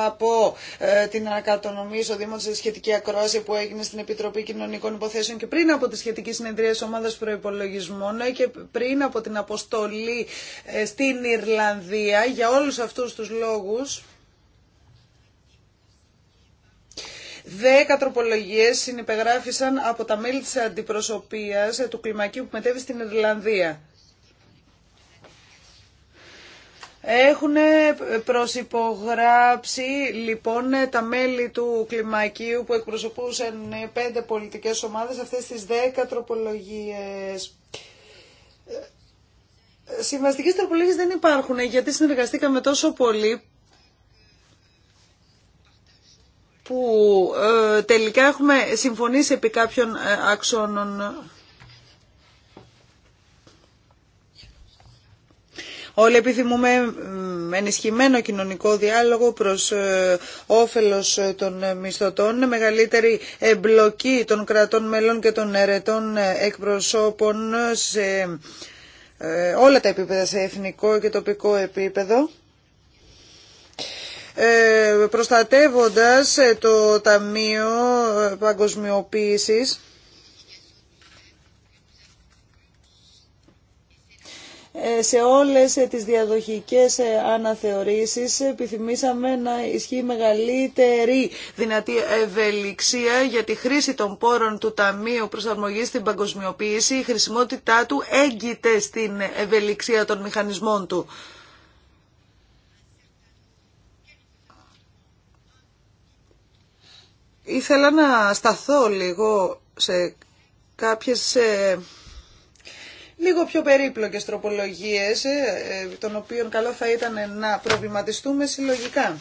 από ε, την ανακατονομή στο Δήμο της σχετική ακρόαση που έγινε στην Επιτροπή Κοινωνικών Υποθέσεων και πριν από τη σχετική συνεδρία της Ομάδας Προϋπολογισμών και πριν από την αποστολή στην Ιρλανδία για όλους αυτούς τους λόγους Δέκα τροπολογίε συνυπεγράφησαν από τα μέλη της αντιπροσωπείας του κλιμακίου που μετέβη στην Ιρλανδία. Έχουν προσυπογράψει λοιπόν τα μέλη του κλιμακίου που εκπροσωπούσαν πέντε πολιτικές ομάδες αυτές τις δέκα τροπολογίες. Ε, συμβαστικές τροπολογίες δεν υπάρχουν γιατί συνεργαστήκαμε τόσο πολύ που ε, τελικά έχουμε συμφωνήσει επί κάποιων αξώνων. Ε, Όλοι επιθυμούμε ενισχυμένο κοινωνικό διάλογο προς ε, όφελος των μισθωτών, μεγαλύτερη εμπλοκή των κρατών μελών και των ερετών εκπροσώπων σε όλα τα επίπεδα, σε εθνικό και τοπικό επίπεδο. Ε, προστατεύοντας ε, το Ταμείο ε, Παγκοσμιοποίησης. σε όλες τις διαδοχικές αναθεωρήσεις επιθυμήσαμε να ισχύει μεγαλύτερη δυνατή ευελιξία για τη χρήση των πόρων του Ταμείου Προσαρμογής στην Παγκοσμιοποίηση. Η χρησιμότητά του έγκυται στην ευελιξία των μηχανισμών του. Ήθελα να σταθώ λίγο σε κάποιες λίγο πιο περίπλοκες τροπολογίες, ε, ε, των οποίων καλό θα ήταν να προβληματιστούμε συλλογικά.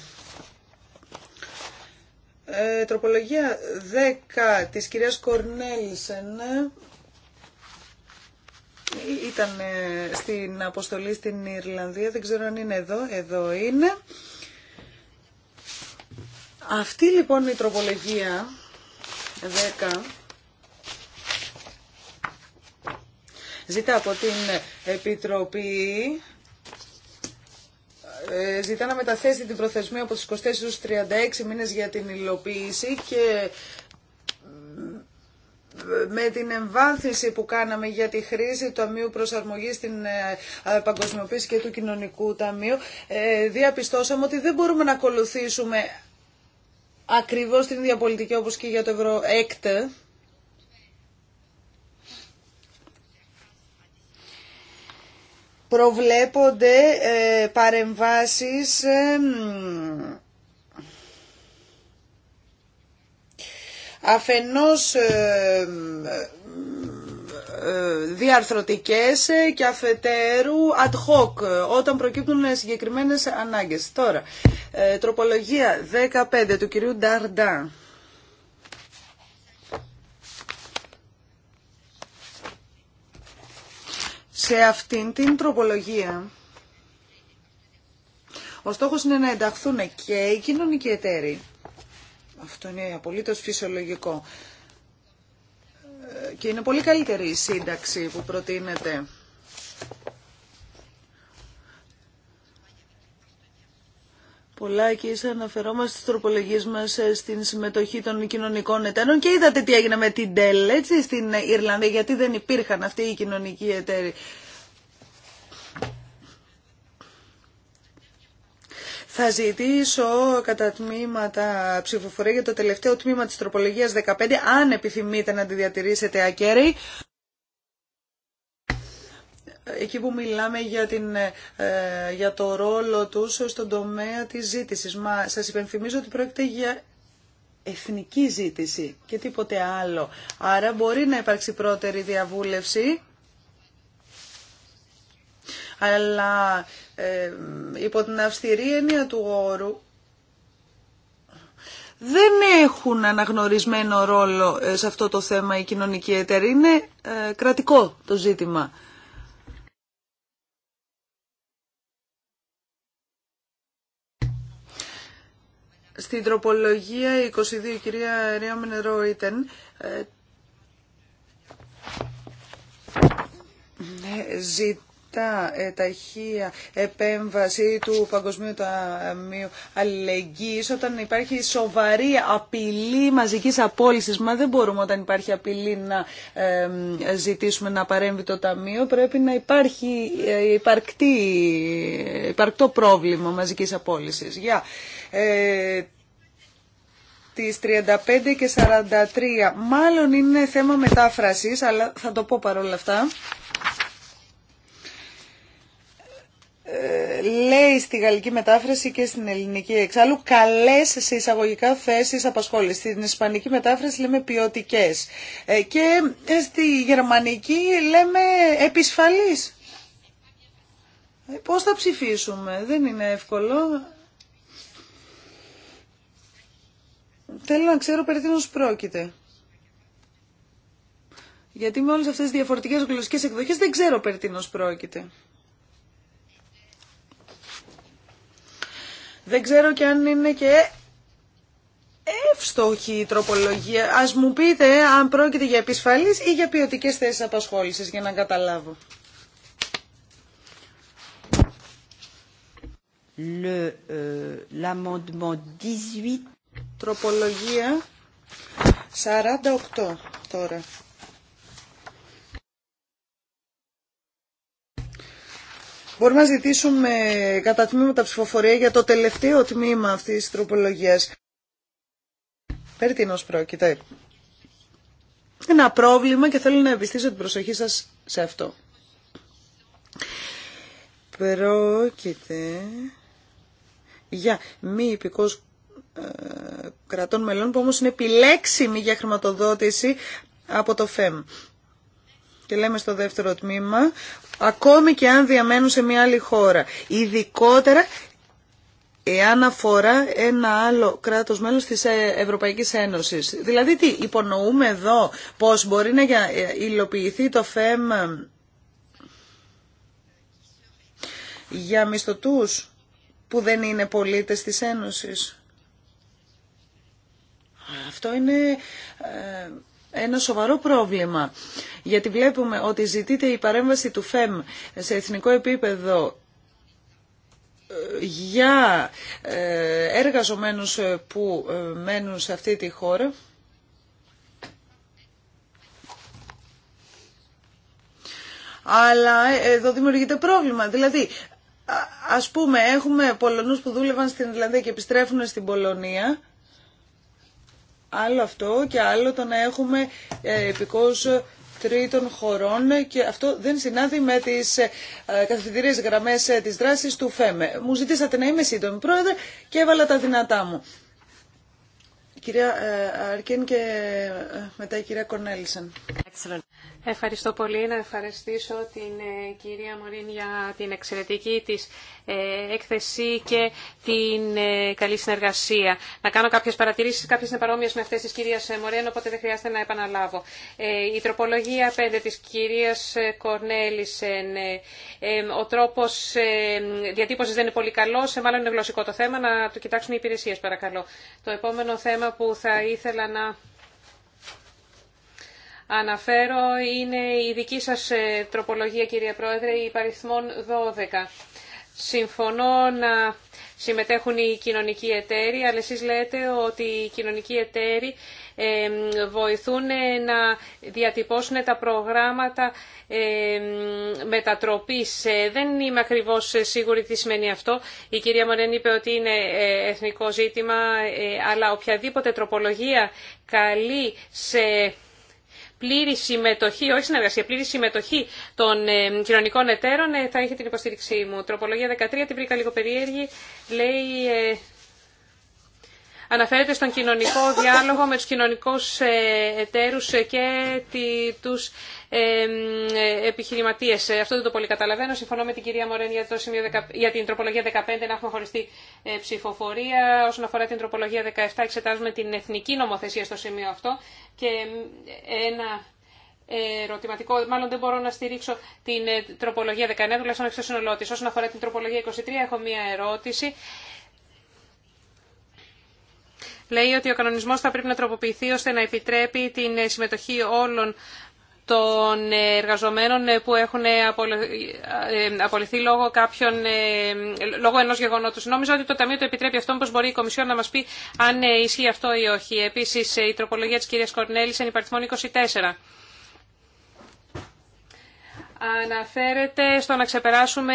Ε, τροπολογία 10 της κυρίας Κορνέλισεν ήταν στην αποστολή στην Ιρλανδία, δεν ξέρω αν είναι εδώ, εδώ είναι. Αυτή λοιπόν η τροπολογία 10 ζητά από την Επιτροπή ε, ζητά να μεταθέσει την προθεσμία από τις 24 τους 36 μήνες για την υλοποίηση και με την εμβάνθηση που κάναμε για τη χρήση του Ταμείου Προσαρμογής στην ε, ε, Παγκοσμιοποίηση και του Κοινωνικού Ταμείου διαπιστώσαμε ότι δεν μπορούμε να ακολουθήσουμε ακριβώς την ίδια πολιτική όπως και για το εκτε Προβλέπονται ε, παρεμβάσεις ε, αφενός ε, διαρθρωτικές και αφετέρου ad hoc όταν προκύπτουν συγκεκριμένες ανάγκες. Τώρα, ε, τροπολογία 15 του κυρίου Νταρντά. Σε αυτήν την τροπολογία ο στόχος είναι να ενταχθούν και οι κοινωνικοί εταίροι. Αυτό είναι απολύτως φυσιολογικό και είναι πολύ καλύτερη η σύνταξη που προτείνεται. Πολλά και αναφερόμαστε στις τροπολογίες μας ε, στην συμμετοχή των κοινωνικών εταίρων και είδατε τι έγινε με την ΤΕΛ, έτσι, στην Ιρλανδία, γιατί δεν υπήρχαν αυτοί οι κοινωνικοί εταίροι. Θα ζητήσω κατά τμήματα ψηφοφορία για το τελευταίο τμήμα της τροπολογίας 15, αν επιθυμείτε να τη διατηρήσετε ακέραιη. Εκεί που μιλάμε για, την, ε, για το ρόλο τους στον τομέα της ζήτησης. Μα σας υπενθυμίζω ότι πρόκειται για εθνική ζήτηση και τίποτε άλλο. Άρα μπορεί να υπάρξει πρώτερη διαβούλευση αλλά ε, υπό την αυστηρή έννοια του όρου δεν έχουν αναγνωρισμένο ρόλο ε, σε αυτό το θέμα η κοινωνική εταιρεία. Είναι ε, κρατικό το ζήτημα. Στην τροπολογία 22, κυρία Ρίαμεν Ρόιτεν, ε, ναι, ε, τα ταχεία επέμβαση του Παγκοσμίου Ταμείου Αλληλεγγύης όταν υπάρχει σοβαρή απειλή μαζικής απόλυσης. Μα δεν μπορούμε όταν υπάρχει απειλή να ζητήσουμε να παρέμβει το Ταμείο. Πρέπει να υπάρχει ε, υπαρκτή, υπαρκτό πρόβλημα μαζικής απόλυσης. Για ε, τις 35 και 43. Μάλλον είναι θέμα μετάφρασης, αλλά θα το πω παρόλα αυτά. Ε, λέει στη γαλλική μετάφραση και στην ελληνική εξάλλου καλές σε εισαγωγικά θέσεις απασχόλησης. Στην ισπανική μετάφραση λέμε ποιοτικέ. Ε, και ε, στη γερμανική λέμε επισφαλής. Ε, πώς θα ψηφίσουμε, δεν είναι εύκολο. Θέλω να ξέρω περί τίνος πρόκειται. Γιατί με όλες αυτές τις διαφορετικές γλωσσικές εκδοχές δεν ξέρω περί τίνος πρόκειται. Δεν ξέρω και αν είναι και εύστοχη η τροπολογία. Ας μου πείτε αν πρόκειται για επισφαλή ή για ποιοτικέ θέσεις απασχόλησης για να καταλάβω. Le, euh, 18. Τροπολογία 48 τώρα. Μπορούμε να ζητήσουμε κατά τμήματα ψηφοφορία για το τελευταίο τμήμα αυτής τη τροπολογία. Περί τίνο πρόκειται. Ένα πρόβλημα και θέλω να επιστήσω την προσοχή σας σε αυτό. Πρόκειται για μη υπηκός ε, κρατών μελών που όμως είναι επιλέξιμη για χρηματοδότηση από το ΦΕΜ. Και λέμε στο δεύτερο τμήμα ακόμη και αν διαμένουν σε μια άλλη χώρα. Ειδικότερα εάν αφορά ένα άλλο κράτος μέλος της ε, Ευρωπαϊκής Ένωσης. Δηλαδή τι, υπονοούμε εδώ πως μπορεί να ε, υλοποιηθεί το ΦΕΜ ε, για μισθωτούς που δεν είναι πολίτες της Ένωσης. Αυτό είναι ένα σοβαρό πρόβλημα. Γιατί βλέπουμε ότι ζητείται η παρέμβαση του ΦΕΜ σε εθνικό επίπεδο ε, για ε, εργαζομένους ε, που μένουν σε αυτή τη χώρα. Αλλά εδώ δημιουργείται πρόβλημα. Δηλαδή, ας πούμε, έχουμε Πολωνούς που δούλευαν στην Ιρλανδία και επιστρέφουν στην Πολωνία άλλο αυτό και άλλο το να έχουμε ε, επικός τρίτων χωρών και αυτό δεν συνάδει με τις ε, καθηγητήριες γραμμές ε, της δράσης του ΦΕΜΕ. Μου ζητήσατε να είμαι σύντομη πρόεδρε και έβαλα τα δυνατά μου. Κυρία Αρκέν και μετά η κυρία Κορνέλισεν. Ευχαριστώ πολύ. Να ευχαριστήσω την ε, κυρία Μωρίν για την εξαιρετική της ε, έκθεση και την ε, καλή συνεργασία. Να κάνω κάποιες παρατηρήσεις, κάποιες είναι παρόμοιες με αυτές της κυρίας Μωρίν, οπότε δεν χρειάζεται να επαναλάβω. Η τροπολογία 5 της κυρίας Κορνέλησεν, ο τρόπος διατύπωσης δεν είναι πολύ καλός, μάλλον είναι γλωσσικό το θέμα, να το κοιτάξουν οι υπηρεσίες παρακαλώ. Το επόμενο θέμα που θα ήθελα να αναφέρω είναι η δική σας ε, τροπολογία, κυρία Πρόεδρε, η παριθμών 12. Συμφωνώ να συμμετέχουν οι κοινωνικοί εταίροι, αλλά εσείς λέτε ότι οι κοινωνικοί εταίροι βοηθούν να διατυπώσουν τα προγράμματα μετατροπής. Ε, δεν είμαι ακριβώς σίγουρη τι σημαίνει αυτό. Η κυρία Μωρέν είπε ότι είναι ε, εθνικό ζήτημα, αλλά οποιαδήποτε τροπολογία καλή σε πλήρη συμμετοχή, όχι συνεργασία, πλήρη συμμετοχή των ε, κοινωνικών εταίρων ε, θα έχει την υποστήριξή μου. Τροπολογία 13, την βρήκα λίγο περίεργη, λέει... Ε, αναφέρεται στον κοινωνικό διάλογο με τους κοινωνικούς εταίρους και τους ε, επιχειρηματίες. Ε, αυτό δεν το πολύ καταλαβαίνω. Συμφωνώ με την κυρία Μωρέν για, το σημείο, για την τροπολογία 15 να έχουμε χωριστή ε, ψηφοφορία. Όσον αφορά την τροπολογία 17 εξετάζουμε την εθνική νομοθεσία στο σημείο αυτό και ένα ερωτηματικό, μάλλον δεν μπορώ να στηρίξω την τροπολογία 19, τουλάχιστον όχι στο σύνολό τη. Όσον αφορά την τροπολογία 23, έχω μία ερώτηση. Λέει ότι ο κανονισμός θα πρέπει να τροποποιηθεί ώστε να επιτρέπει την συμμετοχή όλων των ε, εργαζομένων ε, που έχουν ε, απολυθεί λόγω, κάποιον λόγω ενός γεγονότος. Νόμιζα ότι το Ταμείο το επιτρέπει αυτό, πως μπορεί η Κομισιόν να μας πει αν ισχύει αυτό ή όχι. Επίσης, η τροπολογία της κυρίας Κορνέλης εν υπαριθμών 24. Αναφέρεται στο να ξεπεράσουμε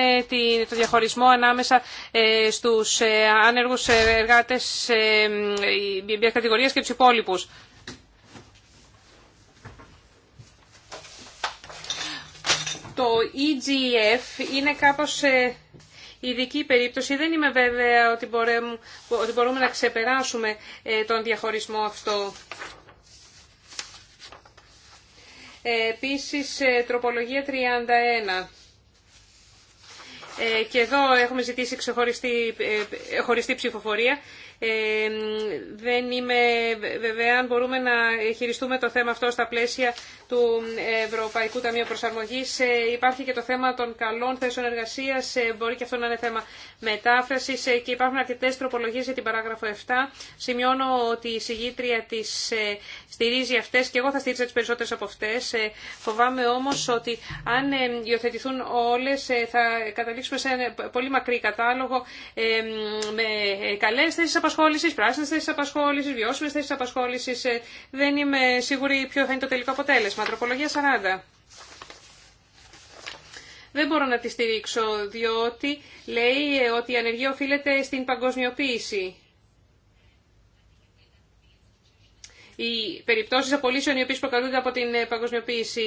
το διαχωρισμό ανάμεσα στους άνεργους εργάτες μιας κατηγορίας και τους υπόλοιπους. Το EGF είναι κάπως ε, ειδική περίπτωση. Δεν είμαι βέβαια ότι μπορούμε, ότι μπορούμε να ξεπεράσουμε ε, τον διαχωρισμό αυτό. Ε, επίσης, τροπολογία 31. Και εδώ έχουμε ζητήσει ξεχωριστή χωριστή ψηφοφορία δεν είμαι βέβαια αν μπορούμε να χειριστούμε το θέμα αυτό στα πλαίσια του Ευρωπαϊκού Ταμείου Προσαρμογής. Ε, υπάρχει και το θέμα των καλών θέσεων εργασίας, ε, μπορεί και αυτό να είναι θέμα μετάφρασης ε, και υπάρχουν αρκετέ τροπολογίε για την παράγραφο 7. Σημειώνω ότι η συγγήτρια της στηρίζει αυτέ και εγώ θα στηρίζω τι περισσότερε από αυτές. Φοβάμαι όμω ότι αν υιοθετηθούν όλες θα καταλήξουμε σε ένα πολύ μακρύ κατάλογο με καλέ θέσει απασχόληση, πράσινε θέσει απασχόληση, βιώσιμε θέσει απασχόληση. Ε, δεν είμαι σίγουρη ποιο θα είναι το τελικό αποτέλεσμα. Τροπολογία 40. Δεν μπορώ να τη στηρίξω, διότι λέει ε, ότι η ανεργία οφείλεται στην παγκοσμιοποίηση. οι περιπτώσει απολύσεων οι οποίε προκαλούνται από την ε, παγκοσμιοποίηση.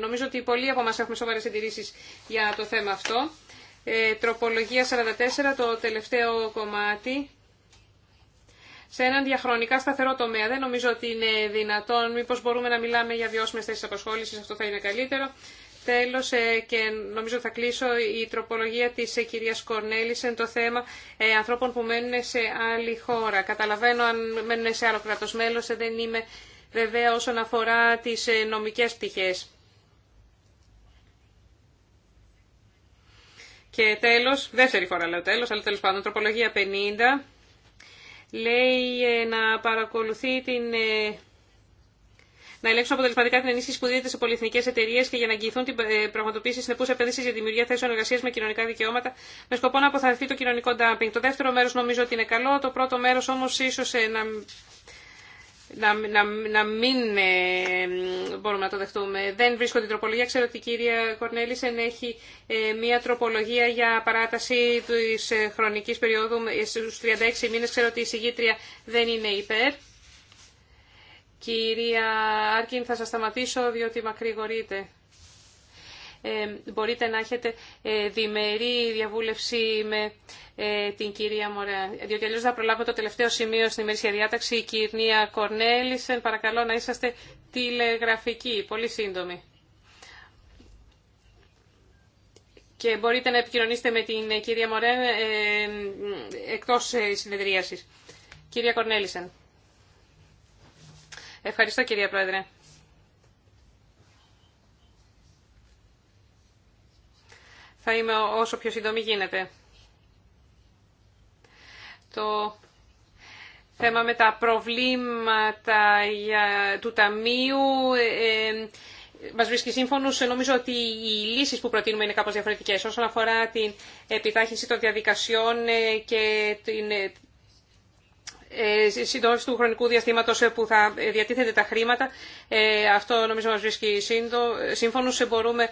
Νομίζω ότι πολλοί από εμά έχουμε σοβαρέ συντηρήσει για το θέμα αυτό. Ε, τροπολογία 44, το τελευταίο κομμάτι σε έναν διαχρονικά σταθερό τομέα. Δεν νομίζω ότι είναι δυνατόν. Μήπω μπορούμε να μιλάμε για βιώσιμε θέσει απασχόληση, αυτό θα είναι καλύτερο. Τέλο, ε, και νομίζω θα κλείσω η τροπολογία τη ε, κυρία Κορνέλη εν το θέμα ε, ανθρώπων που μένουν σε άλλη χώρα. Καταλαβαίνω αν μένουν σε άλλο κράτο μέλο, δεν είμαι βέβαια όσον αφορά τι νομικέ πτυχέ. Και τέλος, δεύτερη φορά λέω τέλος, αλλά τέλος πάντων, τροπολογία 50 λέει ε, να παρακολουθεί την... Ε, να ελέγξουν αποτελεσματικά την ενίσχυση που δίδεται σε πολυεθνικέ εταιρείε και για να εγγυηθούν την ε, πραγματοποίηση συνεπού επένδυση για δημιουργία θέσεων εργασία με κοινωνικά δικαιώματα, με σκοπό να αποθαρρυνθεί το κοινωνικό ντάμπινγκ. Το δεύτερο μέρο νομίζω ότι είναι καλό, το πρώτο μέρο όμω ίσω να να, να, να μην ε, μπορούμε να το δεχτούμε. Δεν βρίσκω την τροπολογία. Ξέρω ότι η κυρία Κορνέλησεν έχει ε, μία τροπολογία για παράταση της ε, χρονικής περίοδου ε, στους 36 μήνες. Ξέρω ότι η συγγήτρια δεν είναι υπέρ. Κυρία Άρκιν, θα σας σταματήσω διότι μακρηγορείτε. Ε, μπορείτε να έχετε ε, διμερή διαβούλευση με ε, την κυρία Μωρέα. Διότι αλλιώς θα προλάβουμε το τελευταίο σημείο στην ημερήσια διάταξη. Η κυρία Κορνέλησεν. παρακαλώ να είσαστε τηλεγραφικοί, πολύ σύντομοι. Και μπορείτε να επικοινωνήσετε με την κυρία ε, εκτός συνεδρίασης. Κυρία Κορνέλησεν. Ευχαριστώ κυρία Πρόεδρε. Θα είμαι όσο πιο σύντομη γίνεται. Το θέμα με τα προβλήματα για, του Ταμείου ε, ε, μας βρίσκει σύμφωνος. Νομίζω ότι οι λύσεις που προτείνουμε είναι κάπως διαφορετικές. Όσον αφορά την επιτάχυνση των διαδικασιών ε, και την ε, συντόνιση του χρονικού διαστήματος που θα διατίθεται τα χρήματα, αυτό νομίζω μας βρίσκει σύμφωνος. Μπορούμε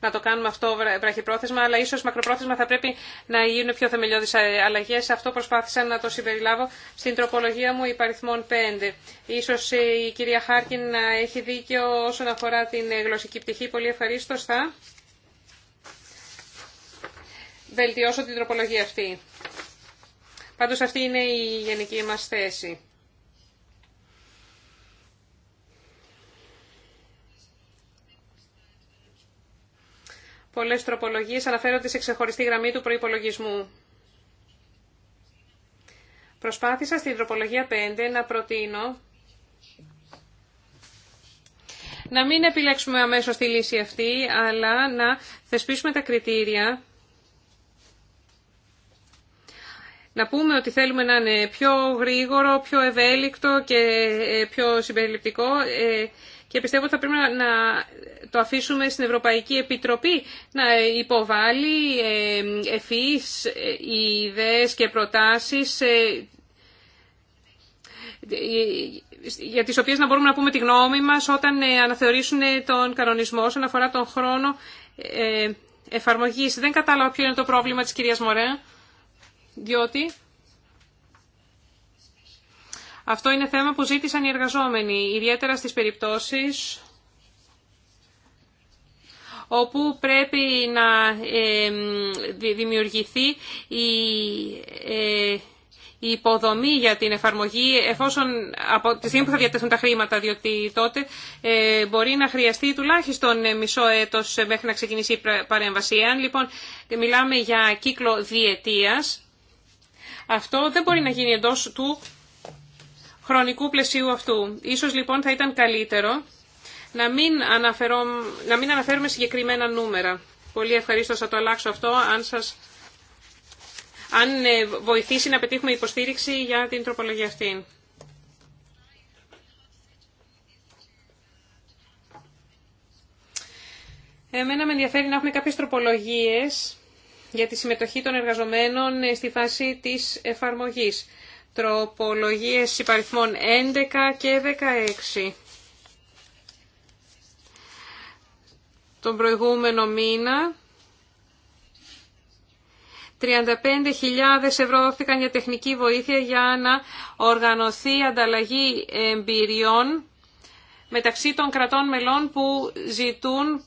να το κάνουμε αυτό βραχυπρόθεσμα, αλλά ίσως μακροπρόθεσμα θα πρέπει να γίνουν πιο θεμελιώδεις ε, αλλαγέ. Αυτό προσπάθησα να το συμπεριλάβω στην τροπολογία μου υπαριθμών 5. Ίσως η κυρία Χάρκιν να έχει δίκιο όσον αφορά την ε, γλωσσική πτυχή. Πολύ ευχαρίστω θα βελτιώσω την τροπολογία αυτή. Πάντως αυτή είναι η γενική μας θέση. Πολλέ τροπολογίε αναφέρονται σε ξεχωριστή γραμμή του προϋπολογισμού. Προσπάθησα στην τροπολογία 5 να προτείνω να μην επιλέξουμε αμέσως τη λύση αυτή, αλλά να θεσπίσουμε τα κριτήρια να πούμε ότι θέλουμε να είναι πιο γρήγορο, πιο ευέλικτο και ε, πιο συμπεριληπτικό ε, και πιστεύω ότι θα πρέπει να το αφήσουμε στην Ευρωπαϊκή Επιτροπή να υποβάλει ε, ευφυείς ε, ιδέες και προτάσεις ε, για τις οποίες να μπορούμε να πούμε τη γνώμη μας όταν αναθεωρήσουν τον κανονισμό όσον αφορά τον χρόνο εφαρμογής. Δεν κατάλαβα ποιο είναι το πρόβλημα της κυρίας Μωρέ, διότι αυτό είναι θέμα που ζήτησαν οι εργαζόμενοι, ιδιαίτερα στις περιπτώσεις όπου πρέπει να δημιουργηθεί η ε, η υποδομή για την εφαρμογή εφόσον από τη στιγμή που θα διατεθούν τα χρήματα, διότι τότε ε, μπορεί να χρειαστεί τουλάχιστον μισό έτος μέχρι να ξεκινήσει η παρέμβαση. λοιπόν μιλάμε για κύκλο διετίας, αυτό δεν μπορεί να γίνει εντός του χρονικού πλαισίου αυτού. Ίσως λοιπόν θα ήταν καλύτερο να μην, αναφερώ, να μην αναφέρουμε συγκεκριμένα νούμερα. Πολύ ευχαρίστω θα το αλλάξω αυτό αν, σας, αν ε, βοηθήσει να πετύχουμε υποστήριξη για την τροπολογία αυτή. Εμένα με ενδιαφέρει να έχουμε κάποιες τροπολογίες για τη συμμετοχή των εργαζομένων ε, στη φάση της εφαρμογής τροπολογίες υπαριθμών 11 και 16. Τον προηγούμενο μήνα 35.000 ευρώ δόθηκαν για τεχνική βοήθεια για να οργανωθεί ανταλλαγή εμπειριών μεταξύ των κρατών μελών που ζητούν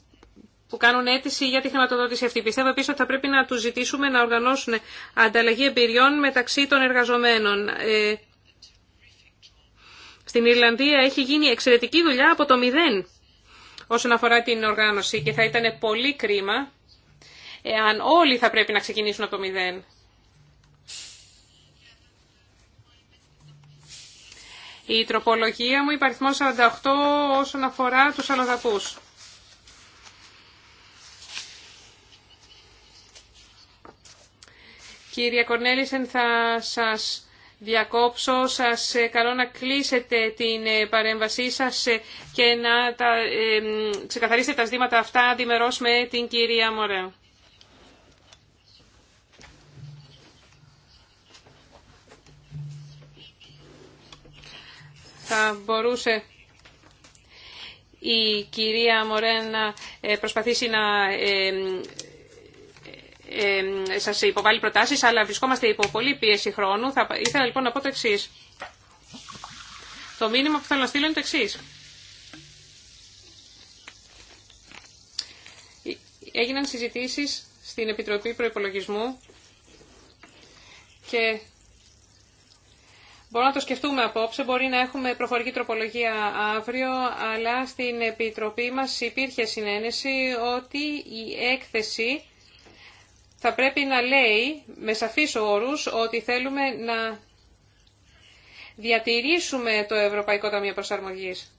που κάνουν αίτηση για τη χρηματοδότηση αυτή. Πιστεύω επίση ότι θα πρέπει να του ζητήσουμε να οργανώσουν ανταλλαγή εμπειριών μεταξύ των εργαζομένων. Ε, στην Ιρλανδία έχει γίνει εξαιρετική δουλειά από το μηδέν όσον αφορά την οργάνωση και θα ήταν πολύ κρίμα εάν όλοι θα πρέπει να ξεκινήσουν από το μηδέν. Η τροπολογία μου υπαριθμό 48 όσον αφορά τους αλλοδαπούς. Κύριε Κορνέλησεν, θα σας διακόψω. Σας ε, καλώ να κλείσετε την ε, παρέμβασή σας ε, και να τα, ξεκαθαρίσετε τα ζητήματα αυτά διμερώς με την κυρία Μωρέ. Θα μπορούσε η κυρία Μωρέ να προσπαθήσει να Σα υποβάλει προτάσεις, αλλά βρισκόμαστε υπό πολύ πίεση χρόνου. Θα ήθελα λοιπόν να πω το εξή. Το μήνυμα που θέλω να στείλω είναι το εξή. Έγιναν συζητήσεις στην Επιτροπή προπολογισμού. και Μπορούμε να το σκεφτούμε απόψε, μπορεί να έχουμε προφορική τροπολογία αύριο, αλλά στην Επιτροπή μας υπήρχε συνένεση ότι η έκθεση θα πρέπει να λέει με σαφείς όρους ότι θέλουμε να διατηρήσουμε το Ευρωπαϊκό Ταμείο Προσαρμογής.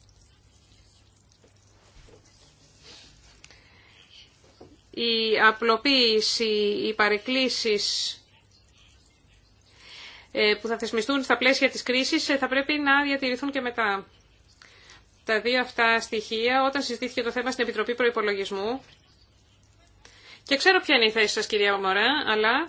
Η απλοποίηση, οι παρεκκλήσεις ε, που θα θεσμιστούν στα πλαίσια της κρίσης ε, θα πρέπει να διατηρηθούν και μετά. Τα δύο αυτά στοιχεία, όταν συζητήθηκε το θέμα στην Επιτροπή Προϋπολογισμού, και ξέρω ποια είναι η θέση σας κυρία Ομορά, αλλά...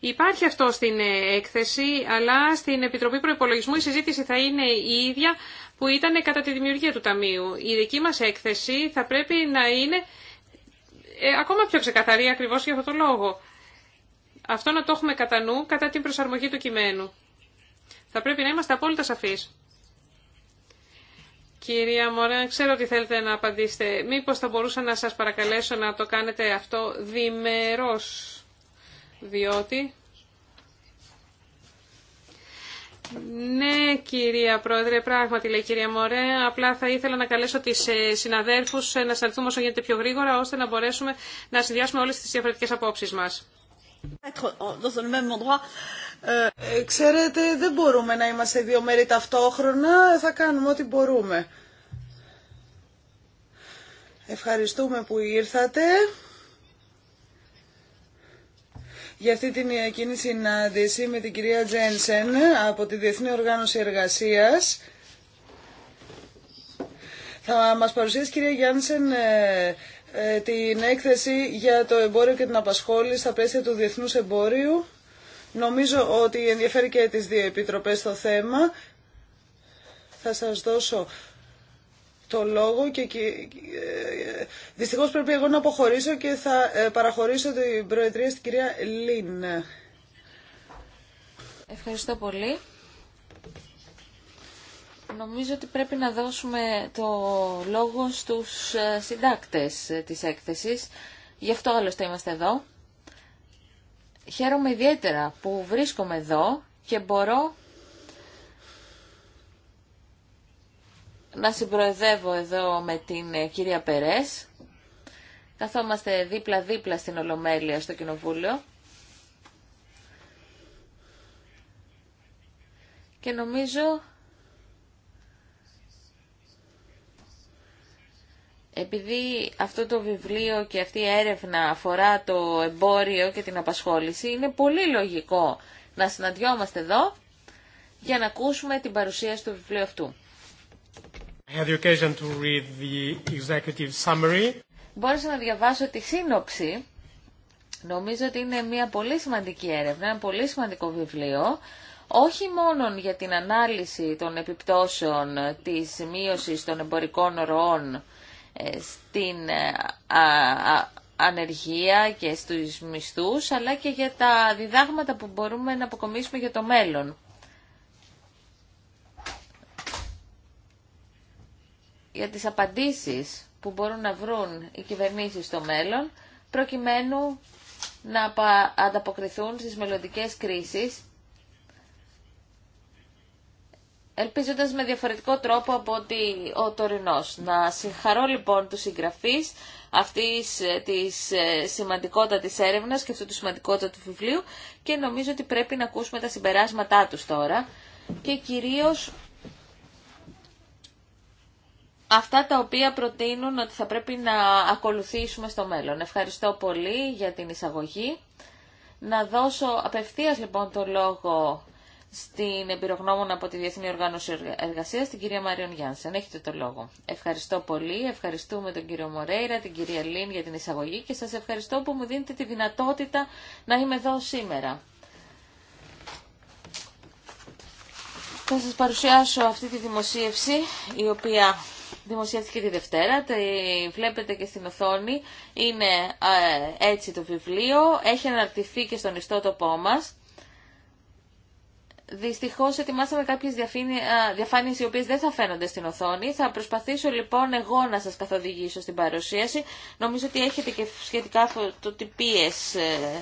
Υπάρχει αυτό στην ε, έκθεση, αλλά στην Επιτροπή Προπολογισμού η συζήτηση θα είναι η ίδια που ήταν κατά τη δημιουργία του Ταμείου. Η δική μας έκθεση θα πρέπει να είναι ε, ακόμα πιο ξεκαθαρή ακριβώς για αυτό το λόγο. Αυτό να το έχουμε κατά νου κατά την προσαρμογή του κειμένου. Θα πρέπει να είμαστε απόλυτα σαφείς. Κυρία Μωρέ, ξέρω ότι θέλετε να απαντήσετε. Μήπως θα μπορούσα να σας παρακαλέσω να το κάνετε αυτό διμερός, διότι... Ναι, κυρία Πρόεδρε, πράγματι λέει κυρία Μωρέ. Απλά θα ήθελα να καλέσω τι ε, συναδέλφου ε, να σαρθούμε όσο γίνεται πιο γρήγορα, ώστε να μπορέσουμε να συνδυάσουμε όλε τι διαφορετικέ απόψει μα. Euh, ε, ξέρετε, δεν μπορούμε να είμαστε δύο μέρη ταυτόχρονα. Θα κάνουμε ό,τι μπορούμε. Ευχαριστούμε που ήρθατε για αυτή την ε, κοινή συνάντηση με την κυρία Τζένσεν από τη Διεθνή Οργάνωση Εργασίας. Θα μας παρουσιάσει κυρία Γιάννσεν ε, ε, την έκθεση για το εμπόριο και την απασχόληση στα πλαίσια του διεθνούς εμπόριου. Νομίζω ότι ενδιαφέρει και τις δύο επιτροπές το θέμα. Θα σας δώσω το λόγο και ε, δυστυχώς πρέπει εγώ να αποχωρήσω και θα ε, παραχωρήσω την προεδρία στην κυρία Λίν. Ευχαριστώ πολύ. Νομίζω ότι πρέπει να δώσουμε το λόγο στους ε, συντάκτες ε, της έκθεσης. Γι' αυτό άλλωστε είμαστε εδώ. Χαίρομαι ιδιαίτερα που βρίσκομαι εδώ και μπορώ να συμπροεδεύω εδώ με την ε, κυρία Περές. Καθόμαστε δίπλα-δίπλα στην Ολομέλεια στο Κοινοβούλιο. Και νομίζω Επειδή αυτό το βιβλίο και αυτή η έρευνα αφορά το εμπόριο και την απασχόληση, είναι πολύ λογικό να συναντιόμαστε εδώ για να ακούσουμε την παρουσίαση του βιβλίου αυτού. I Μπόρεσα να διαβάσω τη σύνοψη. Νομίζω ότι είναι μια πολύ σημαντική έρευνα, ένα πολύ σημαντικό βιβλίο, όχι μόνο για την ανάλυση των επιπτώσεων της μείωσης των εμπορικών ροών στην ε, ανεργία και στους μισθούς, αλλά και για τα διδάγματα που μπορούμε να αποκομίσουμε για το μέλλον. Για τις απαντήσεις που μπορούν να βρουν οι κυβερνήσεις στο μέλλον, προκειμένου να ανταποκριθούν στις μελλοντικές κρίσεις Ελπίζοντα με διαφορετικό τρόπο από ότι ο τωρινό. Να συγχαρώ λοιπόν τους συγγραφείς αυτής ε, της ε, τη έρευνα και αυτού του του βιβλίου και νομίζω ότι πρέπει να ακούσουμε τα συμπεράσματά του τώρα και κυρίως αυτά τα οποία προτείνουν ότι θα πρέπει να ακολουθήσουμε στο μέλλον. Ευχαριστώ πολύ για την εισαγωγή. Να δώσω απευθείας λοιπόν το λόγο στην εμπειρογνώμονα από τη Διεθνή Οργάνωση εργασία την κυρία Μαριον Γιάνσεν. Έχετε το λόγο. Ευχαριστώ πολύ. Ευχαριστούμε τον κύριο Μορέιρα, την κυρία Λίν για την εισαγωγή και σας ευχαριστώ που μου δίνετε τη δυνατότητα να είμαι εδώ σήμερα. Θα σας παρουσιάσω αυτή τη δημοσίευση, η οποία δημοσιεύτηκε τη Δευτέρα, τη βλέπετε και στην οθόνη. Είναι ε, έτσι το βιβλίο, έχει αναρτηθεί και στον ιστότοπό μας. Δυστυχώς ετοιμάσαμε κάποιες διαφάνειες οι οποίες δεν θα φαίνονται στην οθόνη. Θα προσπαθήσω λοιπόν εγώ να σας καθοδηγήσω στην παρουσίαση. Νομίζω ότι έχετε και σχετικά φωτοτυπίε. Ε.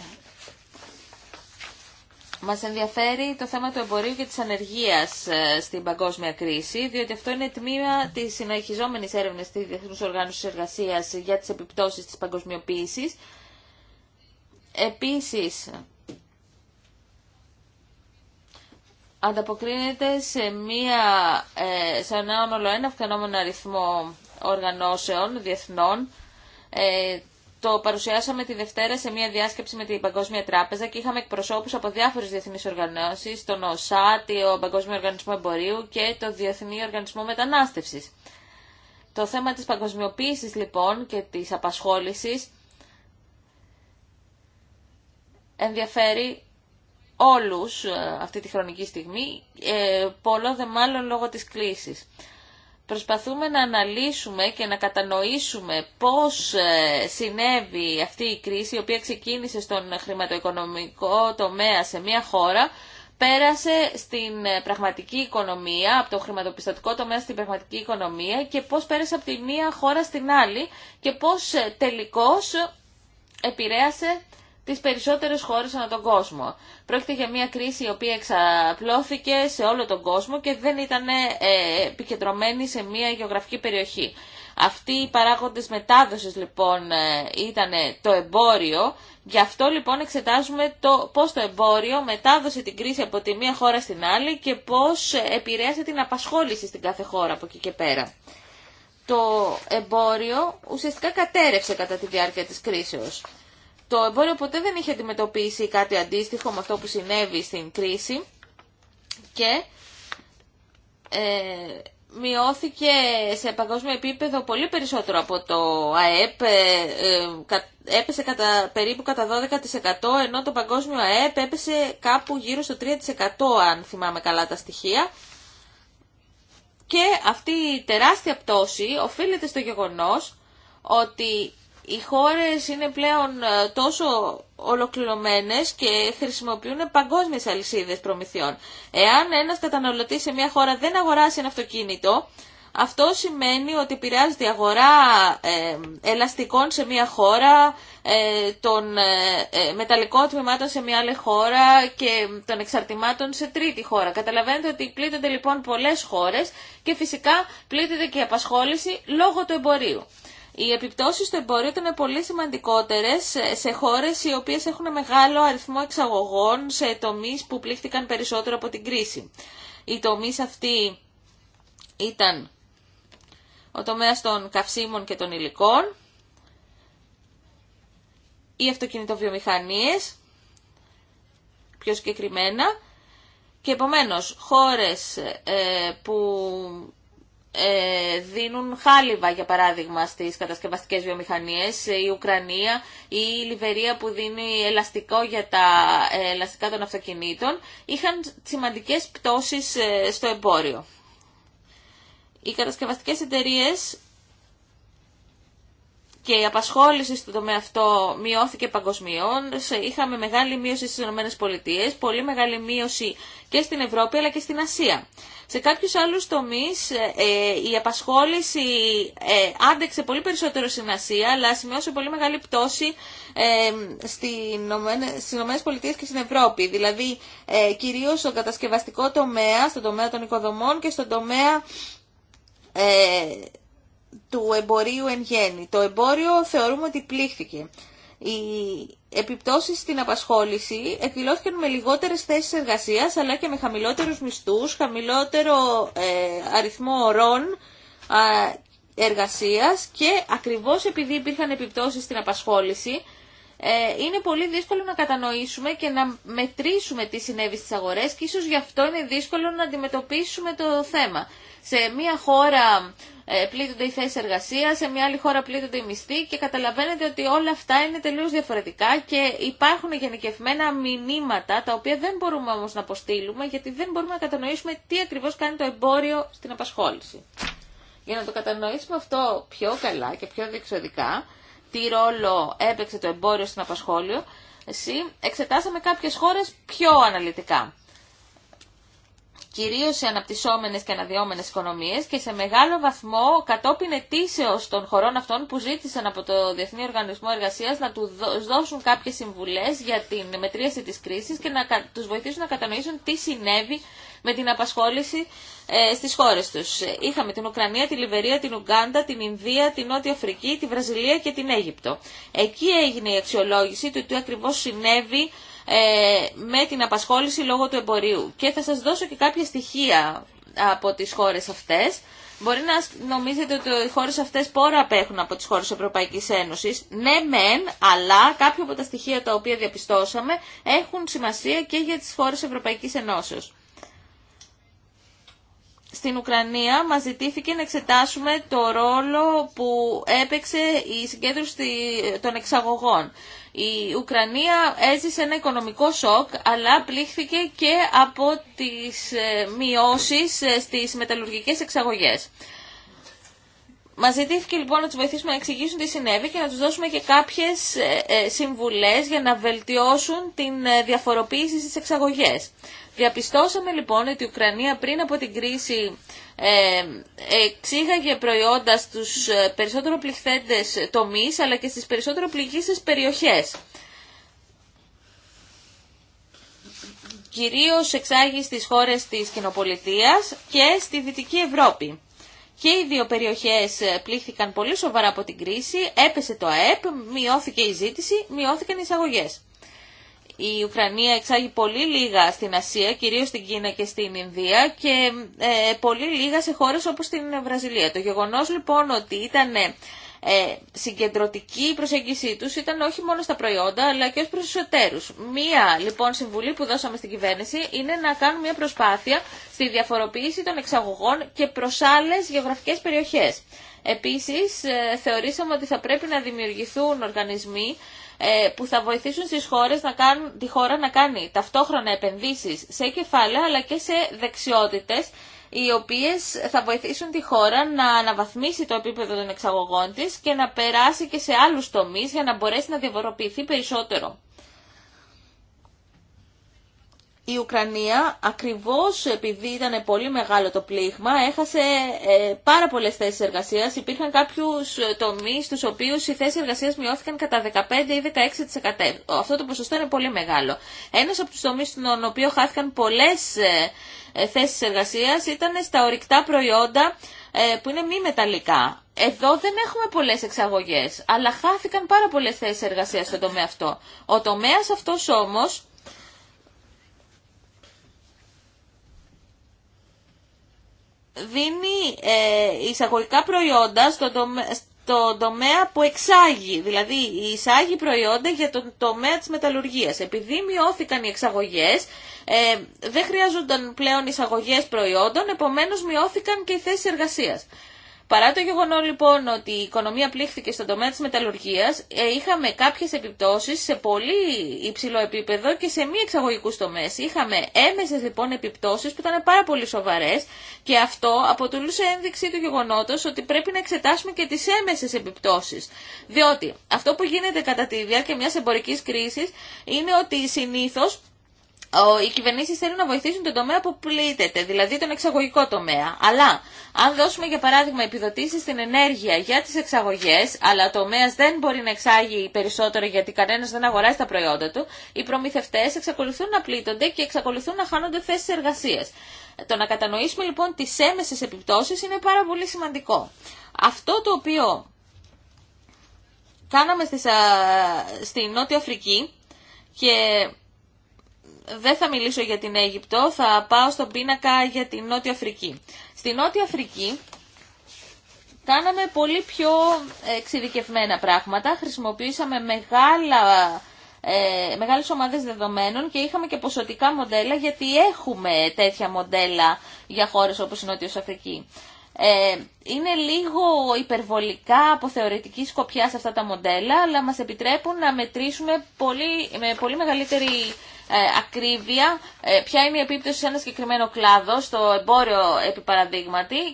Μας ενδιαφέρει το θέμα του εμπορίου και τη ανεργία ε, στην παγκόσμια κρίση, διότι αυτό είναι τμήμα τη συνεχιζόμενης έρευνα της Διεθνούς Οργάνωσης Εργασίας για τις επιπτώσεις τη παγκοσμιοποίηση. Επίσης, ανταποκρίνεται σε, μία, ε, σε έναν ολοένα αυξανόμενο αριθμό οργανώσεων διεθνών. Ε, το παρουσιάσαμε τη Δευτέρα σε μια σε εναν ολοενα αυξανομενο αριθμο οργανωσεων διεθνων ε το παρουσιασαμε τη δευτερα σε μια διασκεψη με την Παγκόσμια Τράπεζα και είχαμε εκπροσώπου από διάφορε διεθνεί οργανώσει, τον ΟΣΑΤ, τον Παγκόσμιο Οργανισμό Εμπορίου και το Διεθνή Οργανισμό Μετανάστευση. Το θέμα της παγκοσμιοποίησης λοιπόν και της απασχόλησης ενδιαφέρει όλους ε, αυτή τη χρονική στιγμή, ε, πολλό δε μάλλον λόγω της κλίσης. Προσπαθούμε να αναλύσουμε και να κατανοήσουμε πώς ε, συνέβη αυτή η κρίση, η οποία ξεκίνησε στον χρηματοοικονομικό τομέα σε μια χώρα, πέρασε στην πραγματική οικονομία, από το χρηματοπιστωτικό τομέα στην πραγματική οικονομία και πώς πέρασε από τη μία χώρα στην άλλη και πώς τελικώς επηρέασε τις περισσότερες χώρες ανά τον κόσμο. Πρόκειται για μια κρίση η οποία εξαπλώθηκε σε όλο τον κόσμο και δεν ήταν ε, επικεντρωμένη σε μια γεωγραφική περιοχή. Αυτοί οι παράγοντες μετάδοσης λοιπόν ε, ήταν το εμπόριο, γι' αυτό λοιπόν εξετάζουμε το πώς το εμπόριο μετάδοσε την κρίση από τη μία χώρα στην άλλη και πώς επηρέασε την απασχόληση στην κάθε χώρα από εκεί και πέρα. Το εμπόριο ουσιαστικά κατέρευσε κατά τη διάρκεια της κρίσεως. Το εμπόριο ποτέ δεν είχε αντιμετωπίσει κάτι αντίστοιχο με αυτό που συνέβη στην κρίση και ε, μειώθηκε σε παγκόσμιο επίπεδο πολύ περισσότερο από το ΑΕΠ, ε, ε, έπεσε κατά, περίπου κατά 12% ενώ το παγκόσμιο ΑΕΠ έπεσε κάπου γύρω στο 3% αν θυμάμαι καλά τα στοιχεία. Και αυτή η τεράστια πτώση οφείλεται στο γεγονός ότι οι χώρες είναι πλέον ε, τόσο ολοκληρωμένες και χρησιμοποιούν παγκόσμιες αλυσίδες προμηθειών. Εάν ένας καταναλωτής σε μια χώρα δεν αγοράσει ένα αυτοκίνητο, αυτό σημαίνει ότι επηρεάζεται η αγορά ε, ελαστικών σε μια χώρα, ε, των μεταλλικών τμήματων σε μια άλλη χώρα και των εξαρτημάτων σε τρίτη χώρα. Καταλαβαίνετε ότι πλήττονται λοιπόν πολλές χώρες και φυσικά πλήττονται και η απασχόληση λόγω του εμπορίου. Οι επιπτώσεις στο εμπόριο ήταν πολύ σημαντικότερες σε χώρες οι οποίες έχουν μεγάλο αριθμό εξαγωγών σε τομείς που πλήχτηκαν περισσότερο από την κρίση. Οι τομείς αυτοί ήταν ο τομέας των καυσίμων και των υλικών, οι αυτοκινητοβιομηχανίες, πιο συγκεκριμένα, και επομένως χώρες ε, που ε, δίνουν χάλιβα, για παράδειγμα, στις κατασκευαστικές βιομηχανίες, ε, η Ουκρανία ή η Λιβερία που δίνει ελαστικό για τα ε, ελαστικά των αυτοκινήτων, είχαν σημαντικές πτώσεις στο εμπόριο. Οι κατασκευαστικές εταιρείες και η απασχόληση στο τομέα αυτό μειώθηκε παγκοσμίω. Είχαμε μεγάλη μείωση στι ΗΠΑ, πολύ μεγάλη μείωση και στην Ευρώπη αλλά και στην Ασία. Σε κάποιου άλλου τομεί ε, ε, η απασχόληση ε, άντεξε πολύ περισσότερο στην Ασία, αλλά σημειώσε πολύ μεγάλη πτώση στι ΗΠΑ και στην Ευρώπη. Δηλαδή κυρίω στο κατασκευαστικό τομέα, στον τομέα των οικοδομών και στον τομέα του εμπορίου εν γέννη. Το εμπόριο θεωρούμε ότι πλήχθηκε. Οι επιπτώσεις στην απασχόληση εκδηλώθηκαν με λιγότερες θέσεις εργασίας αλλά και με χαμηλότερους μισθούς, χαμηλότερο ε, αριθμό ωρών εργασίας και ακριβώς επειδή υπήρχαν επιπτώσεις στην απασχόληση ε, είναι πολύ δύσκολο να κατανοήσουμε και να μετρήσουμε τι συνέβη στις αγορές και ίσως γι' αυτό είναι δύσκολο να αντιμετωπίσουμε το θέμα. Σε μια χώρα ε, πλήττονται οι θέσει εργασία, σε μια άλλη χώρα πλήττονται οι μισθοί και καταλαβαίνετε ότι όλα αυτά είναι τελείω διαφορετικά και υπάρχουν γενικευμένα μηνύματα τα οποία δεν μπορούμε όμω να αποστείλουμε γιατί δεν μπορούμε να κατανοήσουμε τι ακριβώ κάνει το εμπόριο στην απασχόληση. Για να το κατανοήσουμε αυτό πιο καλά και πιο διεξοδικά, τι ρόλο έπαιξε το εμπόριο στην απασχόληση, εξετάσαμε κάποιες χώρες πιο αναλυτικά κυρίως σε αναπτυσσόμενες και αναδυόμενες οικονομίες και σε μεγάλο βαθμό κατόπιν ετήσεως των χωρών αυτών που ζήτησαν από το Διεθνή Οργανισμό Εργασίας να του δώσουν κάποιες συμβουλές για την μετρίαση της κρίσης και να τους βοηθήσουν να κατανοήσουν τι συνέβη με την απασχόληση ε, στις χώρες τους. Είχαμε την Ουκρανία, τη Λιβερία, την Ουγκάντα, την Ινδία, την Νότια Αφρική, τη Βραζιλία και την Αίγυπτο. Εκεί έγινε η αξιολόγηση του τι ακριβώ συνέβη ε, με την απασχόληση λόγω του εμπορίου. Και θα σας δώσω και κάποια στοιχεία από τις χώρες αυτές. Μπορεί να νομίζετε ότι οι χώρες αυτές πόρα απέχουν από τις χώρες Ευρωπαϊκής Ένωσης. Ναι μεν, αλλά κάποια από τα στοιχεία τα οποία διαπιστώσαμε έχουν σημασία και για τις χώρες Ευρωπαϊκής Ενώσεως. Στην Ουκρανία μας ζητήθηκε να εξετάσουμε το ρόλο που έπαιξε η συγκέντρωση των εξαγωγών. Η Ουκρανία έζησε ένα οικονομικό σοκ, αλλά πλήχθηκε και από τις ε, μειώσεις ε, στις μεταλλουργικές εξαγωγές. Μα ζητήθηκε λοιπόν να του βοηθήσουμε να εξηγήσουν τι συνέβη και να του δώσουμε και κάποιε ε, συμβουλέ για να βελτιώσουν την ε, διαφοροποίηση στι εξαγωγέ. Διαπιστώσαμε λοιπόν ότι η Ουκρανία πριν από την κρίση ε, εξήγαγε προϊόντα στους περισσότερο πληθέντες τομείς αλλά και στις περισσότερο πληγήσεις περιοχές. Κυρίως εξάγει στις χώρες της κοινοπολιτείας και στη Δυτική Ευρώπη. Και οι δύο περιοχές πλήχθηκαν πολύ σοβαρά από την κρίση, έπεσε το ΑΕΠ, μειώθηκε η ζήτηση, μειώθηκαν οι εισαγωγές. Η Ουκρανία εξάγει πολύ λίγα στην Ασία, κυρίως στην Κίνα και στην Ινδία και ε, πολύ λίγα σε χώρες όπως την Βραζιλία. Το γεγονός λοιπόν ότι ήταν ε, συγκεντρωτική προσέγγιση του ήταν όχι μόνο στα προϊόντα αλλά και ω προ μια προσπάθεια στη διαφοροποίηση των εξαγωγών και προς άλλες γεωγραφικές περιοχές. Επίσης ε, θεωρήσαμε ότι θα πρέπει να δημιουργηθούν οργανισμοί ε, που θα βοηθήσουν στις χώρες να κάνουν, τη χώρα να κάνει ταυτόχρονα επενδύσεις σε κεφάλαια αλλά και σε δεξιότητες οι οποίες θα βοηθήσουν τη χώρα να αναβαθμίσει το επίπεδο των εξαγωγών της και να περάσει και σε άλλους τομείς για να μπορέσει να διαφοροποιηθεί περισσότερο η Ουκρανία, ακριβώς επειδή ήταν πολύ μεγάλο το πλήγμα, έχασε ε, πάρα πολλές θέσεις εργασίας. Υπήρχαν κάποιους ε, τομείς στους οποίους οι θέσεις εργασίας μειώθηκαν κατά 15 ή 16%. Αυτό το ποσοστό είναι πολύ μεγάλο. Ένας από τους τομείς στον οποίο χάθηκαν πολλές ε, ε θέσεις εργασίας ήταν στα ορυκτά προϊόντα ε, που είναι μη μεταλλικά. Εδώ δεν έχουμε πολλές εξαγωγές, αλλά χάθηκαν πάρα πολλές θέσεις εργασίας στον τομέα αυτό. Ο τομέας αυτός όμως δίνει ε, εισαγωγικά προϊόντα στον τομέα, τομέα που εξάγει, δηλαδή εισάγει προϊόντα για τον τομέα της μεταλλουργίας. Επειδή μειώθηκαν οι εξαγωγές, ε, δεν χρειάζονταν πλέον εισαγωγές προϊόντων, επομένως μειώθηκαν και οι θέσεις εργασίας. Παρά το γεγονό λοιπόν ότι η οικονομία πλήχθηκε στον τομέα της μεταλλουργίας, ε, είχαμε κάποιες επιπτώσεις σε πολύ υψηλό επίπεδο και σε μη εξαγωγικού τομές. Είχαμε έμεσες λοιπόν επιπτώσεις που ήταν πάρα πολύ σοβαρές και αυτό αποτελούσε ένδειξη του γεγονότος ότι πρέπει να εξετάσουμε και τις έμεσες επιπτώσεις. Διότι αυτό που γίνεται κατά τη διάρκεια μιας εμπορικής κρίσης είναι ότι συνήθως οι κυβερνήσει θέλουν να βοηθήσουν τον τομέα που πλήττεται, δηλαδή τον εξαγωγικό τομέα. Αλλά αν δώσουμε για παράδειγμα επιδοτήσει στην ενέργεια για τι εξαγωγέ, αλλά ο τομέα δεν μπορεί να εξάγει περισσότερο γιατί κανένα δεν αγοράζει τα προϊόντα του, οι προμηθευτέ εξακολουθούν να πλήττονται και εξακολουθούν να χάνονται θέσει εργασία. Το να κατανοήσουμε λοιπόν τι έμεσε επιπτώσει είναι πάρα πολύ σημαντικό. Αυτό το οποίο κάναμε στη, στη Νότια Αφρική και δεν θα μιλήσω για την Αίγυπτο, θα πάω στον πίνακα για την Νότια Αφρική. Στη Νότια Αφρική κάναμε πολύ πιο εξειδικευμένα πράγματα, χρησιμοποίησαμε μεγάλα, ε, μεγάλες ομάδες δεδομένων και είχαμε και ποσοτικά μοντέλα γιατί έχουμε τέτοια μοντέλα για χώρες όπως η Νότια Αφρική. Ε, είναι λίγο υπερβολικά από θεωρητική σκοπιά σε αυτά τα μοντέλα, αλλά μας επιτρέπουν να μετρήσουμε πολύ, με πολύ μεγαλύτερη ε, ακρίβεια ε, ποια είναι η επίπτωση σε ένα συγκεκριμένο κλάδο, στο εμπόριο επί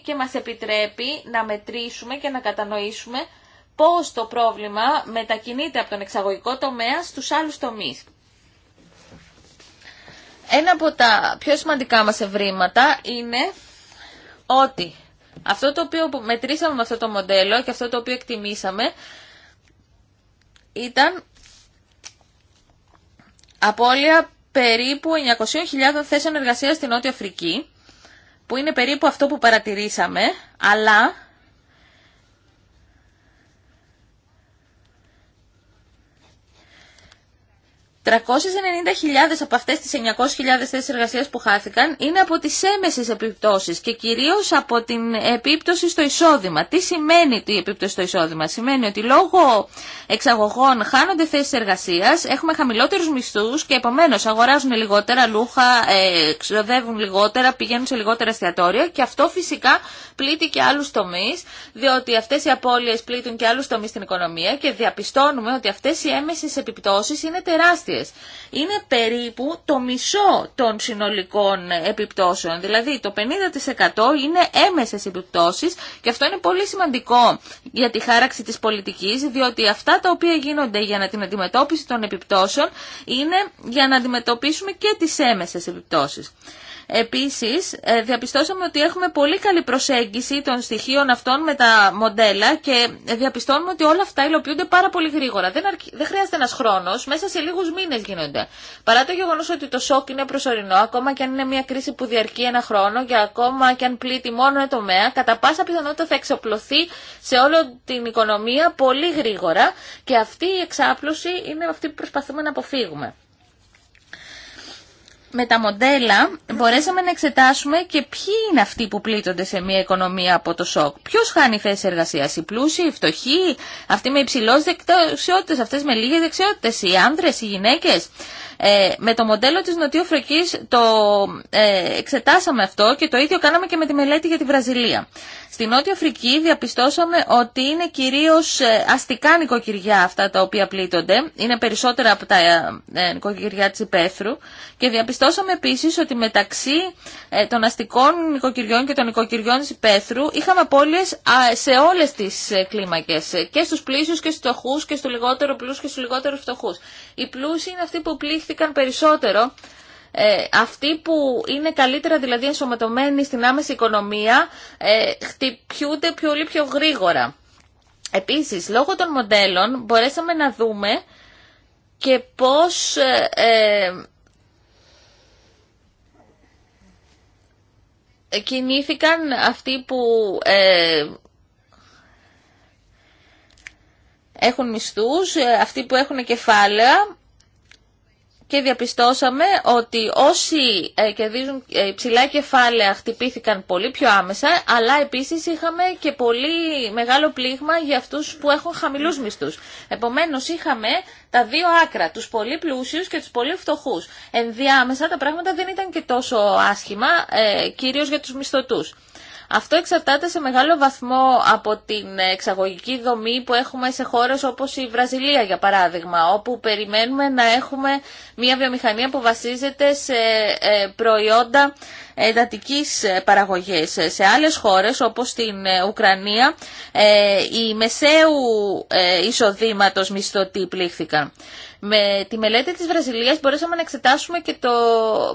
και μας επιτρέπει να μετρήσουμε και να κατανοήσουμε πώς το πρόβλημα μετακινείται από τον εξαγωγικό τομέα στους άλλους τομείς. Ένα από τα πιο σημαντικά μας ευρήματα είναι ότι αυτό το οποίο μετρήσαμε με αυτό το μοντέλο και αυτό το οποίο εκτιμήσαμε ήταν απώλεια περίπου 900.000 θέσεων εργασίας στην Νότια Αφρική, που είναι περίπου αυτό που παρατηρήσαμε, αλλά 390.000 από αυτές τις 900.000 θέσεις εργασίας που χάθηκαν είναι από τις έμεσες επιπτώσεις και κυρίως από την επίπτωση στο εισόδημα. Τι σημαίνει η επίπτωση στο εισόδημα. Σημαίνει ότι λόγω εξαγωγών χάνονται θέσεις εργασίας, έχουμε χαμηλότερους μισθούς και επομένως αγοράζουν λιγότερα λούχα, ε, ξοδεύουν λιγότερα, πηγαίνουν σε λιγότερα εστιατόρια και αυτό φυσικά πλήττει και άλλους τομείς, διότι αυτές οι απώλειες πλήττουν και άλλου τομεί στην οικονομία και διαπιστώνουμε ότι αυτές οι έμεσες επιπτώσεις είναι τεράστιες είναι περίπου το μισό των συνολικών επιπτώσεων, δηλαδή το 50% είναι έμεσες επιπτώσεις και αυτό είναι πολύ σημαντικό για τη χάραξη της πολιτικής, διότι αυτά τα οποία γίνονται για την αντιμετώπιση των επιπτώσεων είναι για να αντιμετωπίσουμε και τις έμεσες επιπτώσεις. Επίσης, ε, διαπιστώσαμε ότι έχουμε πολύ καλή προσέγγιση των στοιχείων αυτών με τα μοντέλα και διαπιστώνουμε ότι όλα αυτά υλοποιούνται πάρα πολύ γρήγορα. Δεν, δεν χρειάζεται ένας χρόνος, μέσα σε λίγους μήνες γίνονται. Παρά το γεγονός ότι το σοκ είναι προσωρινό, ακόμα και αν είναι μια κρίση που διαρκεί ένα χρόνο και ακόμα και αν πλήττει μόνο ένα τομέα, κατά πάσα πιθανότητα θα εξοπλωθεί σε όλη την οικονομία πολύ γρήγορα και αυτή η εξάπλωση είναι αυτή που προσπαθούμε να αποφύγουμε με τα μοντέλα μπορέσαμε να εξετάσουμε και ποιοι είναι αυτοί που πλήττονται σε μια οικονομία από το σοκ. Ποιο χάνει θέση εργασία, οι πλούσιοι, οι φτωχοί, αυτοί με υψηλέ δεξιότητε, αυτέ με λίγε δεξιότητε, οι άνδρε, οι γυναίκε. Ε, με το μοντέλο της Νοτιοαφρικής το ε, εξετάσαμε αυτό και το ίδιο κάναμε και με τη μελέτη για τη Βραζιλία. Στην Νότια Αφρική διαπιστώσαμε ότι είναι κυρίως ε, αστικά νοικοκυριά αυτά τα οποία πλήττονται. Είναι περισσότερα από τα ε, ε, νοικοκυριά της Υπέθρου. Και διαπιστώσαμε επίσης ότι μεταξύ των αστικών νοικοκυριών και των νοικοκυριών της Υπέθρου είχαμε απώλειες σε όλες τις κλίμακες. Και στους πλούσιους και στους φτωχούς και στου λιγότερο πλούσιους και στου λιγότερου φτωχούς. Οι πλούσιοι είναι αυτοί που πλήχθηκαν περισσότερο ε, αυτοί που είναι καλύτερα δηλαδή ενσωματωμένοι στην άμεση οικονομία ε, χτυπιούνται πιο πολύ πιο γρήγορα. Επίσης, λόγω των μοντέλων μπορέσαμε να δούμε και πώς ε, ε κινήθηκαν αυτοί που ε, έχουν μισθούς, ε, αυτοί που έχουν κεφάλαια και διαπιστώσαμε ότι όσοι ε, κερδίζουν ε, ψηλά κεφάλαια χτυπήθηκαν πολύ πιο άμεσα, αλλά επίσης είχαμε και πολύ μεγάλο πλήγμα για αυτούς που έχουν χαμηλούς μισθούς. Επομένως είχαμε τα δύο άκρα, τους πολύ πλούσιους και τους πολύ φτωχούς. Ενδιάμεσα τα πράγματα δεν ήταν και τόσο άσχημα, ε, κυρίως για τους μισθωτούς. Αυτό εξαρτάται σε μεγάλο βαθμό από την εξαγωγική δομή που έχουμε σε χώρες όπως η Βραζιλία για παράδειγμα, όπου περιμένουμε να έχουμε μια βιομηχανία που βασίζεται σε ε, προϊόντα εντατική ε, παραγωγής. Σε άλλες χώρες όπως στην ε, Ουκρανία οι μεσαίου εισοδήματος μισθωτοί πλήχθηκαν. Με τη μελέτη της Βραζιλίας μπορέσαμε να εξετάσουμε και το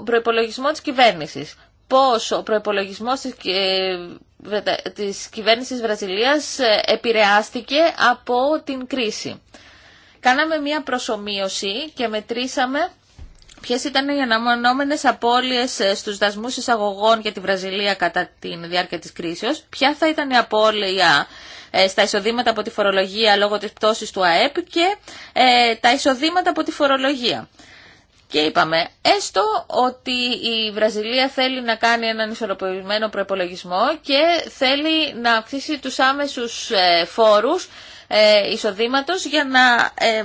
προϋπολογισμό της κυβέρνησης πώς ο προϋπολογισμός της, ε, της κυβέρνησης Βραζιλίας ε, επηρεάστηκε από την κρίση. Κάναμε μία προσωμείωση και μετρήσαμε ποιες ήταν οι αναμονόμενες απώλειες ε, στους δασμούς εισαγωγών για τη Βραζιλία κατά τη διάρκεια της κρίσεως, ποια θα ήταν η απώλεια στα εισοδήματα από τη φορολογία λόγω της πτώσης του ΑΕΠ και τα εισοδήματα από τη φορολογία. Και είπαμε έστω ότι η Βραζιλία θέλει να κάνει έναν ισορροπημένο προπολογισμό και θέλει να αυξήσει τους άμεσους ε, φόρους ε, εισοδήματος για να ε,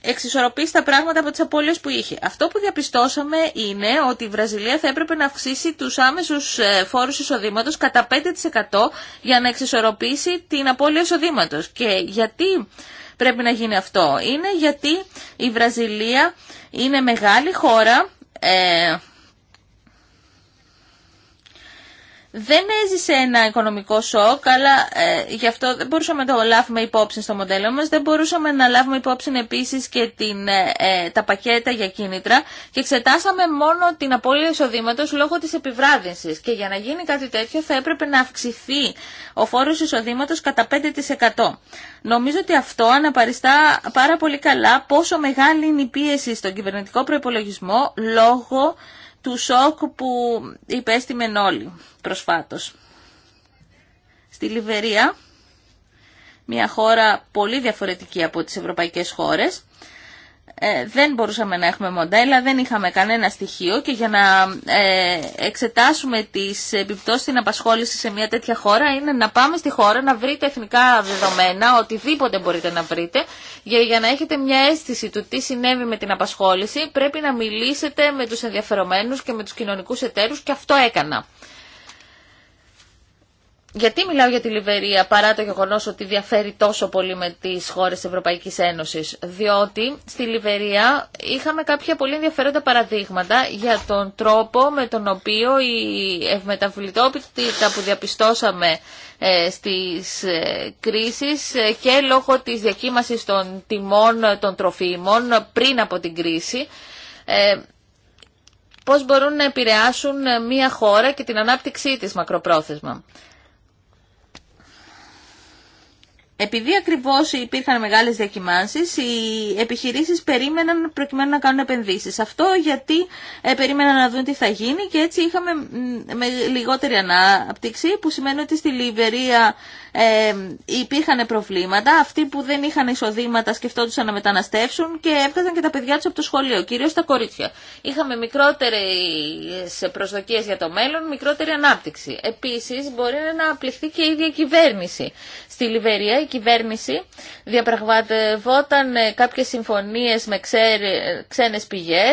εξισορροπήσει τα πράγματα από τις απώλειες που είχε. Αυτό που διαπιστώσαμε είναι ότι η Βραζιλία θα έπρεπε να αυξήσει τους άμεσους φόρους εισοδήματος κατά 5% για να εξισορροπήσει την απώλεια εισοδήματος. Και γιατί πρέπει να γίνει αυτό. Είναι γιατί η Βραζιλία είναι μεγάλη χώρα, ε, δεν έζησε ένα οικονομικό σοκ, αλλά ε, γι' αυτό δεν μπορούσαμε να το λάβουμε υπόψη στο μοντέλο μας. Δεν μπορούσαμε να λάβουμε υπόψη επίσης και την, ε, ε, τα πακέτα για κίνητρα και εξετάσαμε μόνο την απώλεια εισοδήματο λόγω της επιβράδυνσης. Και για να γίνει κάτι τέτοιο θα έπρεπε να αυξηθεί ο φόρος εισοδήματο κατά 5%. Νομίζω ότι αυτό αναπαριστά πάρα πολύ καλά πόσο μεγάλη είναι η πίεση στον κυβερνητικό προπολογισμό λόγω του σοκ που υπέστημεν όλοι προσφάτως. Στη Λιβερία, μια χώρα πολύ διαφορετική από τις ευρωπαϊκές χώρες, ε, δεν μπορούσαμε να έχουμε μοντέλα, δεν είχαμε κανένα στοιχείο και για να ε, εξετάσουμε τις επιπτώσεις στην απασχόληση σε μια τέτοια χώρα είναι να πάμε στη χώρα να βρείτε εθνικά δεδομένα, οτιδήποτε μπορείτε να βρείτε για, για να έχετε μια αίσθηση του τι συνέβη με την απασχόληση πρέπει να μιλήσετε με τους ενδιαφερομένους και με τους κοινωνικούς εταίρους και αυτό έκανα γιατί μιλάω για τη Λιβερία παρά το γεγονός ότι διαφέρει τόσο πολύ με τις χώρες της Ευρωπαϊκής Ένωσης. Διότι στη Λιβερία είχαμε κάποια πολύ ενδιαφέροντα παραδείγματα για τον τρόπο με τον οποίο η τα που διαπιστώσαμε ε, στις ε, κρίσεις ε, και λόγω της διακύμασης των τιμών των τροφίμων πριν από την κρίση πώς μπορούν να επηρεάσουν μια χώρα και την ανάπτυξή της μακροπρόθεσμα επειδή ακριβώς υπήρχαν μεγάλες διακοιμάνσεις, οι επιχειρήσεις περίμεναν προκειμένου να κάνουν επενδύσεις. Αυτό γιατί ε, περίμεναν να δουν τι θα γίνει και έτσι είχαμε με λιγότερη ανάπτυξη, που σημαίνει ότι στη Λιβερία ε, υπήρχαν προβλήματα. Αυτοί που δεν είχαν εισοδήματα σκεφτόντουσαν να μεταναστεύσουν και έφτασαν και τα παιδιά του από το σχολείο, κυρίω τα κορίτσια. Είχαμε μικρότερε προσδοκίε για το μέλλον, μικρότερη ανάπτυξη. Επίση, μπορεί να απληχθεί και η ίδια κυβέρνηση. Στη Λιβερία, η κυβέρνηση διαπραγματευόταν ε, κάποιε συμφωνίε με ε, ξένε πηγέ.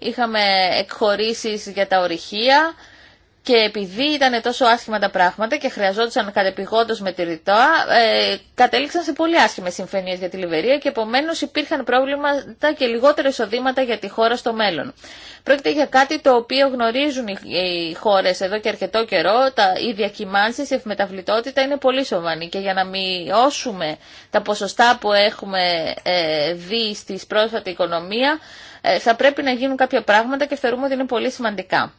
Είχαμε εκχωρήσεις για τα ορυχεία, και επειδή ήταν τόσο άσχημα τα πράγματα και χρειαζόντουσαν κατεπηγόντω τη ε, κατέληξαν σε πολύ άσχημε συμφωνίε για τη Λιβερία και επομένω υπήρχαν πρόβληματα και λιγότερα εισοδήματα για τη χώρα στο μέλλον. Πρόκειται για κάτι το οποίο γνωρίζουν οι χώρε εδώ και αρκετό καιρό. Τα, οι διακυμάνσει, η ευμεταβλητότητα είναι πολύ σοβαρή και για να μειώσουμε τα ποσοστά που έχουμε ε, δει στη πρόσφατη οικονομία, ε, θα πρέπει να γίνουν κάποια πράγματα και θεωρούμε ότι είναι πολύ σημαντικά.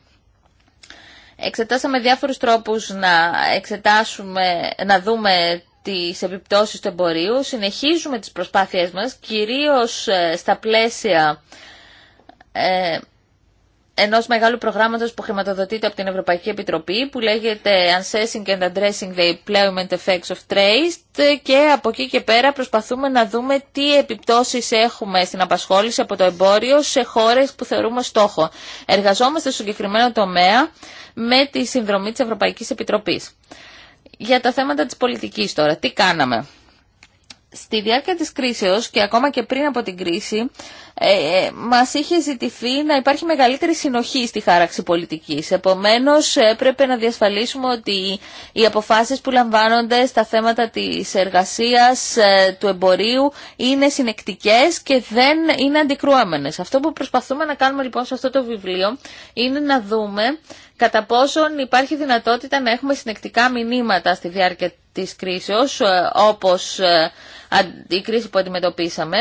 Εξετάσαμε διάφορους τρόπους να εξετάσουμε, να δούμε τις επιπτώσεις του εμπορίου. Συνεχίζουμε τις προσπάθειές μας, κυρίως ε, στα πλαίσια ε, ενός μεγάλου προγράμματος που χρηματοδοτείται από την Ευρωπαϊκή Επιτροπή που λέγεται Unsessing and Addressing the Employment Effects of Trade και από εκεί και πέρα προσπαθούμε να δούμε τι επιπτώσεις έχουμε στην απασχόληση από το εμπόριο σε χώρες που θεωρούμε στόχο. Εργαζόμαστε στο συγκεκριμένο τομέα με τη συνδρομή της Ευρωπαϊκής Επιτροπής. Για τα θέματα της πολιτικής τώρα, τι κάναμε. Στη διάρκεια της κρίσεως και ακόμα και πριν από την κρίση ε, ε, μας είχε ζητηθεί να υπάρχει μεγαλύτερη συνοχή στη χάραξη πολιτικής. Επομένως, έπρεπε να διασφαλίσουμε ότι οι αποφάσεις που λαμβάνονται στα θέματα της εργασίας, ε, του εμπορίου, είναι συνεκτικές και δεν είναι αντικρουόμενες. Αυτό που προσπαθούμε να κάνουμε λοιπόν σε αυτό το βιβλίο είναι να δούμε κατά πόσον υπάρχει δυνατότητα να έχουμε συνεκτικά μηνύματα στη διάρκεια της κρίσεως, ε, όπως η κρίση που αντιμετωπίσαμε,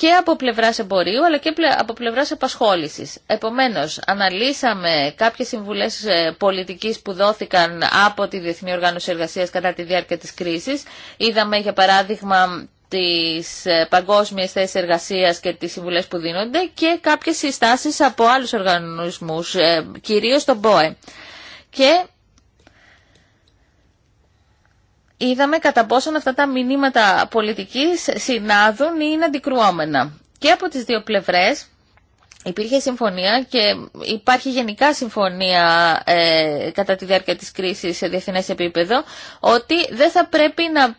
και από πλευράς εμπορίου αλλά και από πλευράς απασχόλησης. Επομένως, αναλύσαμε κάποιες συμβουλές ε, πολιτικής που δόθηκαν από τη Διεθνή Οργάνωση Εργασίας κατά τη διάρκεια της κρίσης. Είδαμε, για παράδειγμα, τις ε, παγκόσμιες θέσεις εργασίας και τις συμβουλές που δίνονται και κάποιες συστάσεις από άλλους οργανισμούς, ε, κυρίως τον ΠΟΕ. Και είδαμε κατά πόσον αυτά τα μηνύματα πολιτικής συνάδουν ή είναι αντικρουόμενα. Και από τις δύο πλευρές υπήρχε συμφωνία και υπάρχει γενικά συμφωνία ε, κατά τη διάρκεια της κρίσης σε διεθνές επίπεδο ότι δεν θα πρέπει να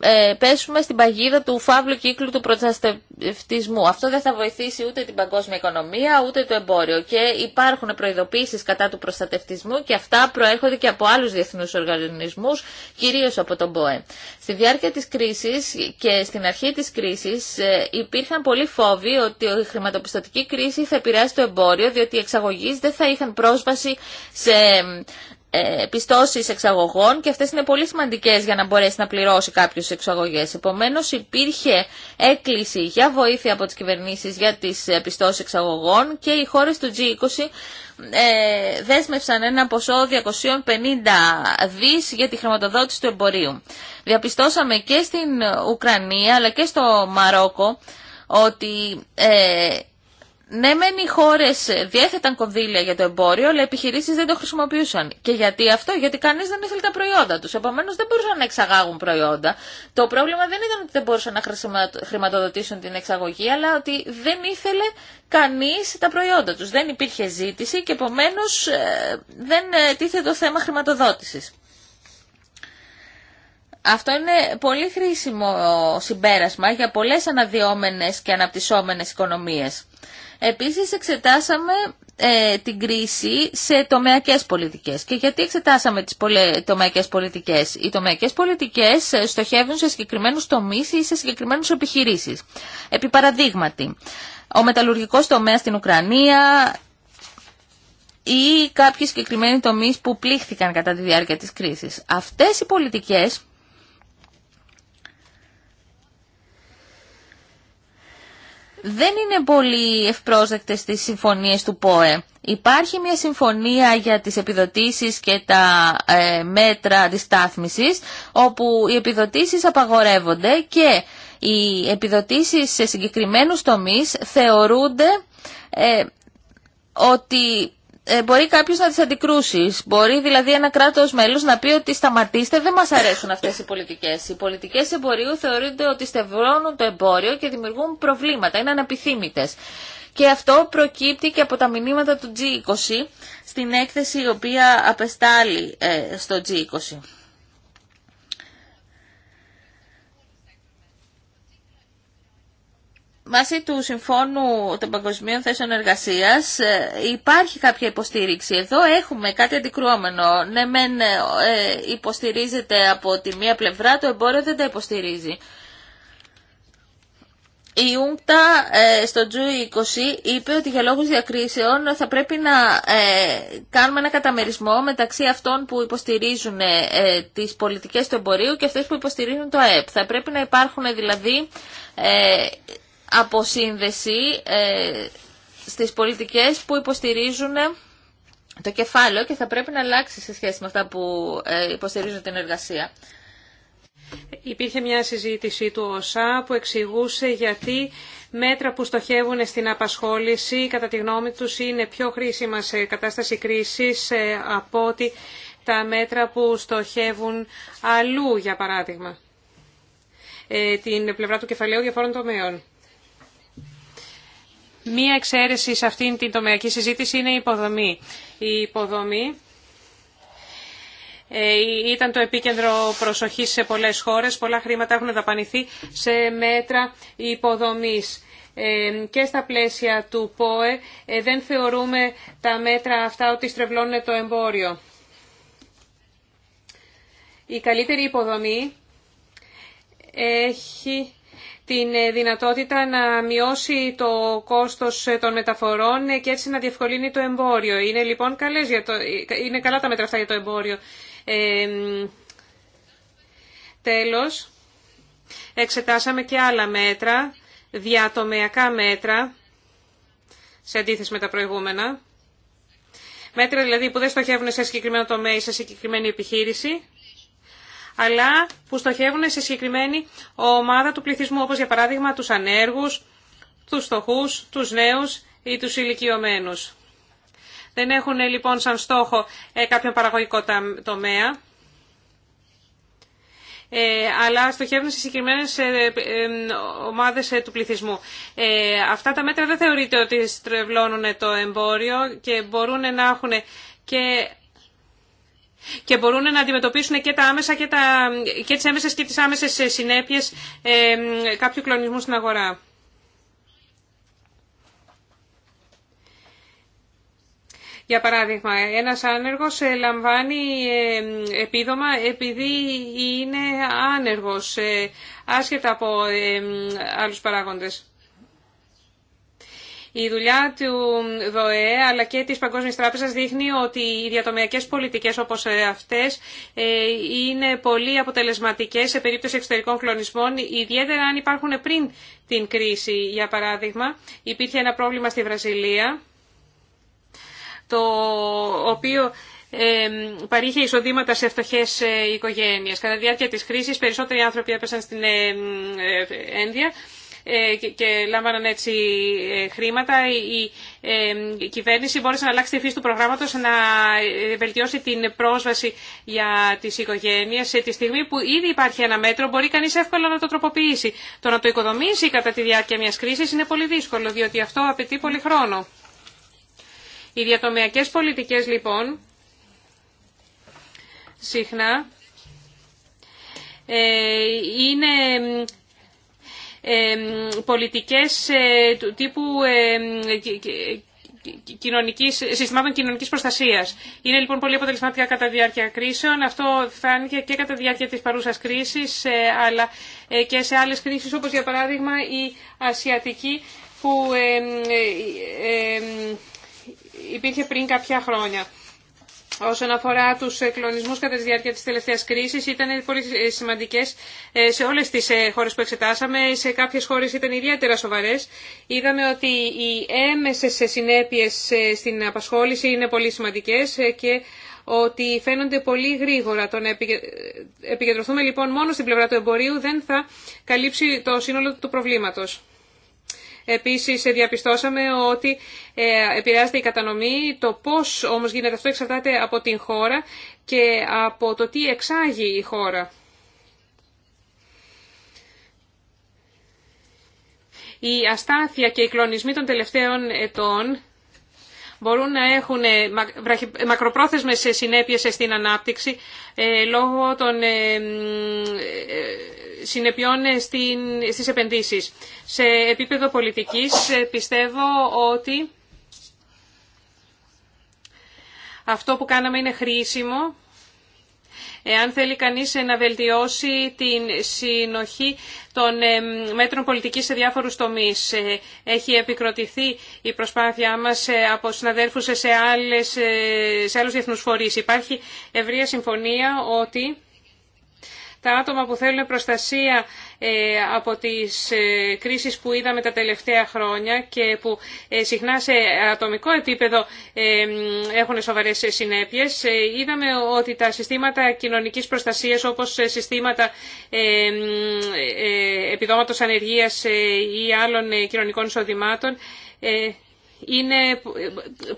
ε, πέσουμε στην παγίδα του φαύλου κύκλου του προστατευτισμού. Αυτό δεν θα βοηθήσει ούτε την παγκόσμια οικονομία ούτε το εμπόριο. Και υπάρχουν προειδοποίησεις κατά του προστατευτισμού και αυτά προέρχονται και από άλλους διεθνούς οργανισμούς, κυρίως από τον ΠΟΕ. Στη διάρκεια της κρίσης και στην αρχή της κρίσης ε, υπήρχαν πολλοί φόβοι ότι η χρηματοπιστωτική κρίση θα επηρεάσει το εμπόριο, διότι οι εξαγωγείς δεν θα είχαν πρόσβαση σε ε, πιστώσει εξαγωγών και αυτές είναι πολύ σημαντικές για να μπορέσει να πληρώσει κάποιους εξαγωγέ. Επομένω, υπήρχε έκκληση για βοήθεια από τις κυβερνήσεις για τις ε, πιστώσει εξαγωγών και οι χώρε του G20 ε, δέσμευσαν ένα ποσό 250 δι για τη χρηματοδότηση του εμπορίου. Διαπιστώσαμε και στην Ουκρανία αλλά και στο Μαρόκο ότι ε, ναι, μεν οι χώρε ε, διέθεταν κονδύλια για το εμπόριο, αλλά οι επιχειρήσει δεν το χρησιμοποιούσαν. Και γιατί αυτό, γιατί κανεί δεν ήθελε τα προϊόντα του. Επομένω δεν μπορούσαν να εξαγάγουν προϊόντα. Το πρόβλημα δεν ήταν ότι δεν μπορούσαν να χρηματοδοτήσουν την εξαγωγή, αλλά ότι δεν ήθελε κανεί τα προϊόντα του. Δεν υπήρχε ζήτηση και επομένω ε, δεν ε, τίθεται το θέμα χρηματοδότηση. Αυτό είναι πολύ χρήσιμο συμπέρασμα για πολλές αναδυόμενες και αναπτυσσόμενες οικονομίες. Επίσης εξετάσαμε ε, την κρίση σε τομεακές πολιτικές. Και γιατί εξετάσαμε τις πολε... τομεακές πολιτικές. Οι τομεακές πολιτικές ε, στοχεύουν σε συγκεκριμένους τομείς ή σε συγκεκριμένους επιχειρήσεις. Επί παραδείγματι, ο μεταλλουργικός τομέας στην Ουκρανία ή κάποιοι συγκεκριμένοι τομείς που πλήχθηκαν κατά τη διάρκεια της κρίσης. Αυτές οι πολιτικές δεν είναι πολύ ευπρόσδεκτες τις συμφωνίες του ΠΟΕ. Υπάρχει μια συμφωνία για τις επιδοτήσεις και τα ε, μέτρα αντιστάθμισης, όπου οι επιδοτήσεις απαγορεύονται και οι επιδοτήσεις σε συγκεκριμένους τομείς θεωρούνται ε, ότι ε, μπορεί κάποιο να τι αντικρούσει. Μπορεί δηλαδή ένα κράτο μέλο να πει ότι σταματήστε, δεν μα αρέσουν αυτέ οι πολιτικέ. Οι πολιτικέ εμπορίου θεωρούνται ότι στευρώνουν το εμπόριο και δημιουργούν προβλήματα, είναι αναπιθύμητε. Και αυτό προκύπτει και από τα μηνύματα του G20 στην έκθεση η οποία απεστάλλει ε, στο G20. Βάσει του Συμφώνου των Παγκοσμίων Θέσεων Εργασίας ε, υπάρχει κάποια υποστήριξη. Εδώ έχουμε κάτι αντικρουόμενο. Ναι, μεν ε, ε, υποστηρίζεται από τη μία πλευρά, το εμπόριο δεν τα υποστηρίζει. Η ε, στο G20 είπε ότι για λόγους διακρίσεων θα πρέπει να κάνουμε ένα καταμερισμό μεταξύ αυτών που υποστηρίζουν τις πολιτικές του εμπορίου και αυτές που υποστηρίζουν το ΑΕΠ. Θα πρέπει να υπάρχουν δηλαδή αποσύνδεση ε, στις πολιτικές που υποστηρίζουν το κεφάλαιο και θα πρέπει να αλλάξει σε σχέση με αυτά που ε, υποστηρίζουν την εργασία. Υπήρχε μια συζήτηση του ΩΣΑ που εξηγούσε γιατί μέτρα που στοχεύουν στην απασχόληση κατά τη γνώμη τους είναι πιο χρήσιμα σε κατάσταση κρίσης ε, από ότι τα μέτρα που στοχεύουν αλλού, για παράδειγμα, την πλευρά του κεφαλαίου διαφόρων τομέων. Μία εξαίρεση σε αυτήν την τομεακή συζήτηση είναι η υποδομή. Η υποδομή ε, ήταν το επίκεντρο προσοχής σε πολλές χώρες. Πολλά χρήματα έχουν δαπανηθεί σε μέτρα υποδομής. Ε, και στα πλαίσια του ΠΟΕ ε, δεν θεωρούμε τα μέτρα αυτά ότι στρεβλώνουν το εμπόριο. Η καλύτερη υποδομή έχει την ε, δυνατότητα να μειώσει το κόστος ε, των μεταφορών ε, και έτσι να διευκολύνει το εμπόριο. Είναι λοιπόν καλές για το... είναι καλά τα μέτρα αυτά για το εμπόριο. Ε, τέλος, εξετάσαμε και άλλα μέτρα, διατομεακά μέτρα, σε αντίθεση με τα προηγούμενα. Μέτρα δηλαδή που δεν στοχεύουν σε συγκεκριμένο τομέα ή σε συγκεκριμένη επιχείρηση αλλά που στοχεύουν σε συγκεκριμένη ομάδα του πληθυσμού, όπως για παράδειγμα τους ανέργους, τους στοχούς, τους νέους ή τους ηλικιωμένους. Δεν έχουν λοιπόν σαν στόχο ε, κάποιον παραγωγικό τομέα, ε, αλλά στοχεύουν σε συγκεκριμένε ε, ομάδε του πληθυσμού. Αυτά τα μέτρα δεν θεωρείται ότι στρεβλώνουν το εμπόριο και μπορούν να έχουν και και μπορούν να αντιμετωπίσουν και, τα άμεσα και, τα, και τις άμεσες και τις άμεσες ε, συνέπειες ε, κάποιου κλονισμού στην αγορά. Για παράδειγμα, ένας άνεργος ε, λαμβάνει επίδομα επειδή είναι άνεργος, άσχετα από άλλους παράγοντες. Η δουλειά του ΔΟΕ αλλά και της Παγκόσμιας Τράπεζας δείχνει ότι οι διατομιακές πολιτικές όπως αυτές ε, είναι πολύ αποτελεσματικές σε περίπτωση εξωτερικών κλονισμών, ιδιαίτερα αν υπάρχουν πριν την κρίση. Για παράδειγμα, υπήρχε ένα πρόβλημα στη Βραζιλία, το οποίο παρήχε εισοδήματα σε φτωχέ ε, οικογένειε. Κατά τη διάρκεια τη χρήση, περισσότεροι άνθρωποι έπεσαν στην ε, ένδια ε, και λάμβαναν έτσι ε, χρήματα. Ε, η κυβέρνηση μπόρεσε να αλλάξει τη φύση του προγράμματος, να βελτιώσει την πρόσβαση για τις οικογένειες. Σε τη στιγμή που ήδη υπάρχει ένα μέτρο μπορεί κανείς εύκολα να το τροποποιήσει. Το να το οικοδομήσει κατά τη διάρκεια μιας κρίσης είναι πολύ δύσκολο, διότι αυτό απαιτεί πολύ χρόνο. Οι διατομιακές πολιτικές λοιπόν συχνά είναι πολιτικές ε, του τύπου κοινωνικής, συστημάτων κοινωνικής προστασίας. Είναι λοιπόν πολύ αποτελεσματικά κατά διάρκεια κρίσεων. Αυτό φάνηκε και κατά τη διάρκεια τη παρούσα κρίση, ε, αλλά ε, και σε άλλες κρίσεις όπως για παράδειγμα η Ασιατική, που υπήρχε πριν κάποια χρόνια όσον αφορά του ε, κλονισμού κατά τη διάρκεια της τελευταίας κρίσης ήταν πολύ ε, σημαντικέ ε, σε όλες τις χώρες που εξετάσαμε. Σε κάποιες χώρες ήταν ιδιαίτερα σοβαρές. Είδαμε ότι οι έμεσε συνέπειε στην απασχόληση είναι πολύ σημαντικέ και ότι φαίνονται πολύ γρήγορα. Το να επικεντρωθούμε λοιπόν μόνο στην πλευρά του εμπορίου δεν θα καλύψει το σύνολο του προβλήματος. Επίσης διαπιστώσαμε ότι ε, επηρεάζεται η κατανομή, το πώς όμως γίνεται αυτό εξαρτάται από την χώρα και από το τι εξάγει η χώρα. Η αστάθεια και οι κλονισμοί των τελευταίων ετών μπορούν να έχουν ε, μακροπρόθεσμες συνέπειες στην ανάπτυξη ε, λόγω των συνεπειών στην, στις επενδύσεις. Σε επίπεδο πολιτικής ε, πιστεύω ότι αυτό που κάναμε είναι χρήσιμο εάν θέλει κανείς ε, να βελτιώσει την συνοχή των ε, μέτρων πολιτικής σε διάφορους τομείς. Έχει επικροτηθεί η προσπάθειά μας από συναδέρφους σε, άλλες, σε άλλους διεθνούς φορείς. Υπάρχει ευρεία συμφωνία ότι τα άτομα που θέλουν προστασία ε, από τις ε, κρίσεις που είδαμε τα τελευταία χρόνια και που ε, συχνά σε ατομικό επίπεδο έχουν σοβαρές συνέπειες. Είδαμε ότι τα συστήματα κοινωνικής προστασίας όπως συστήματα επιδόματος ανεργίας ή άλλων κοινωνικών εισοδημάτων είναι,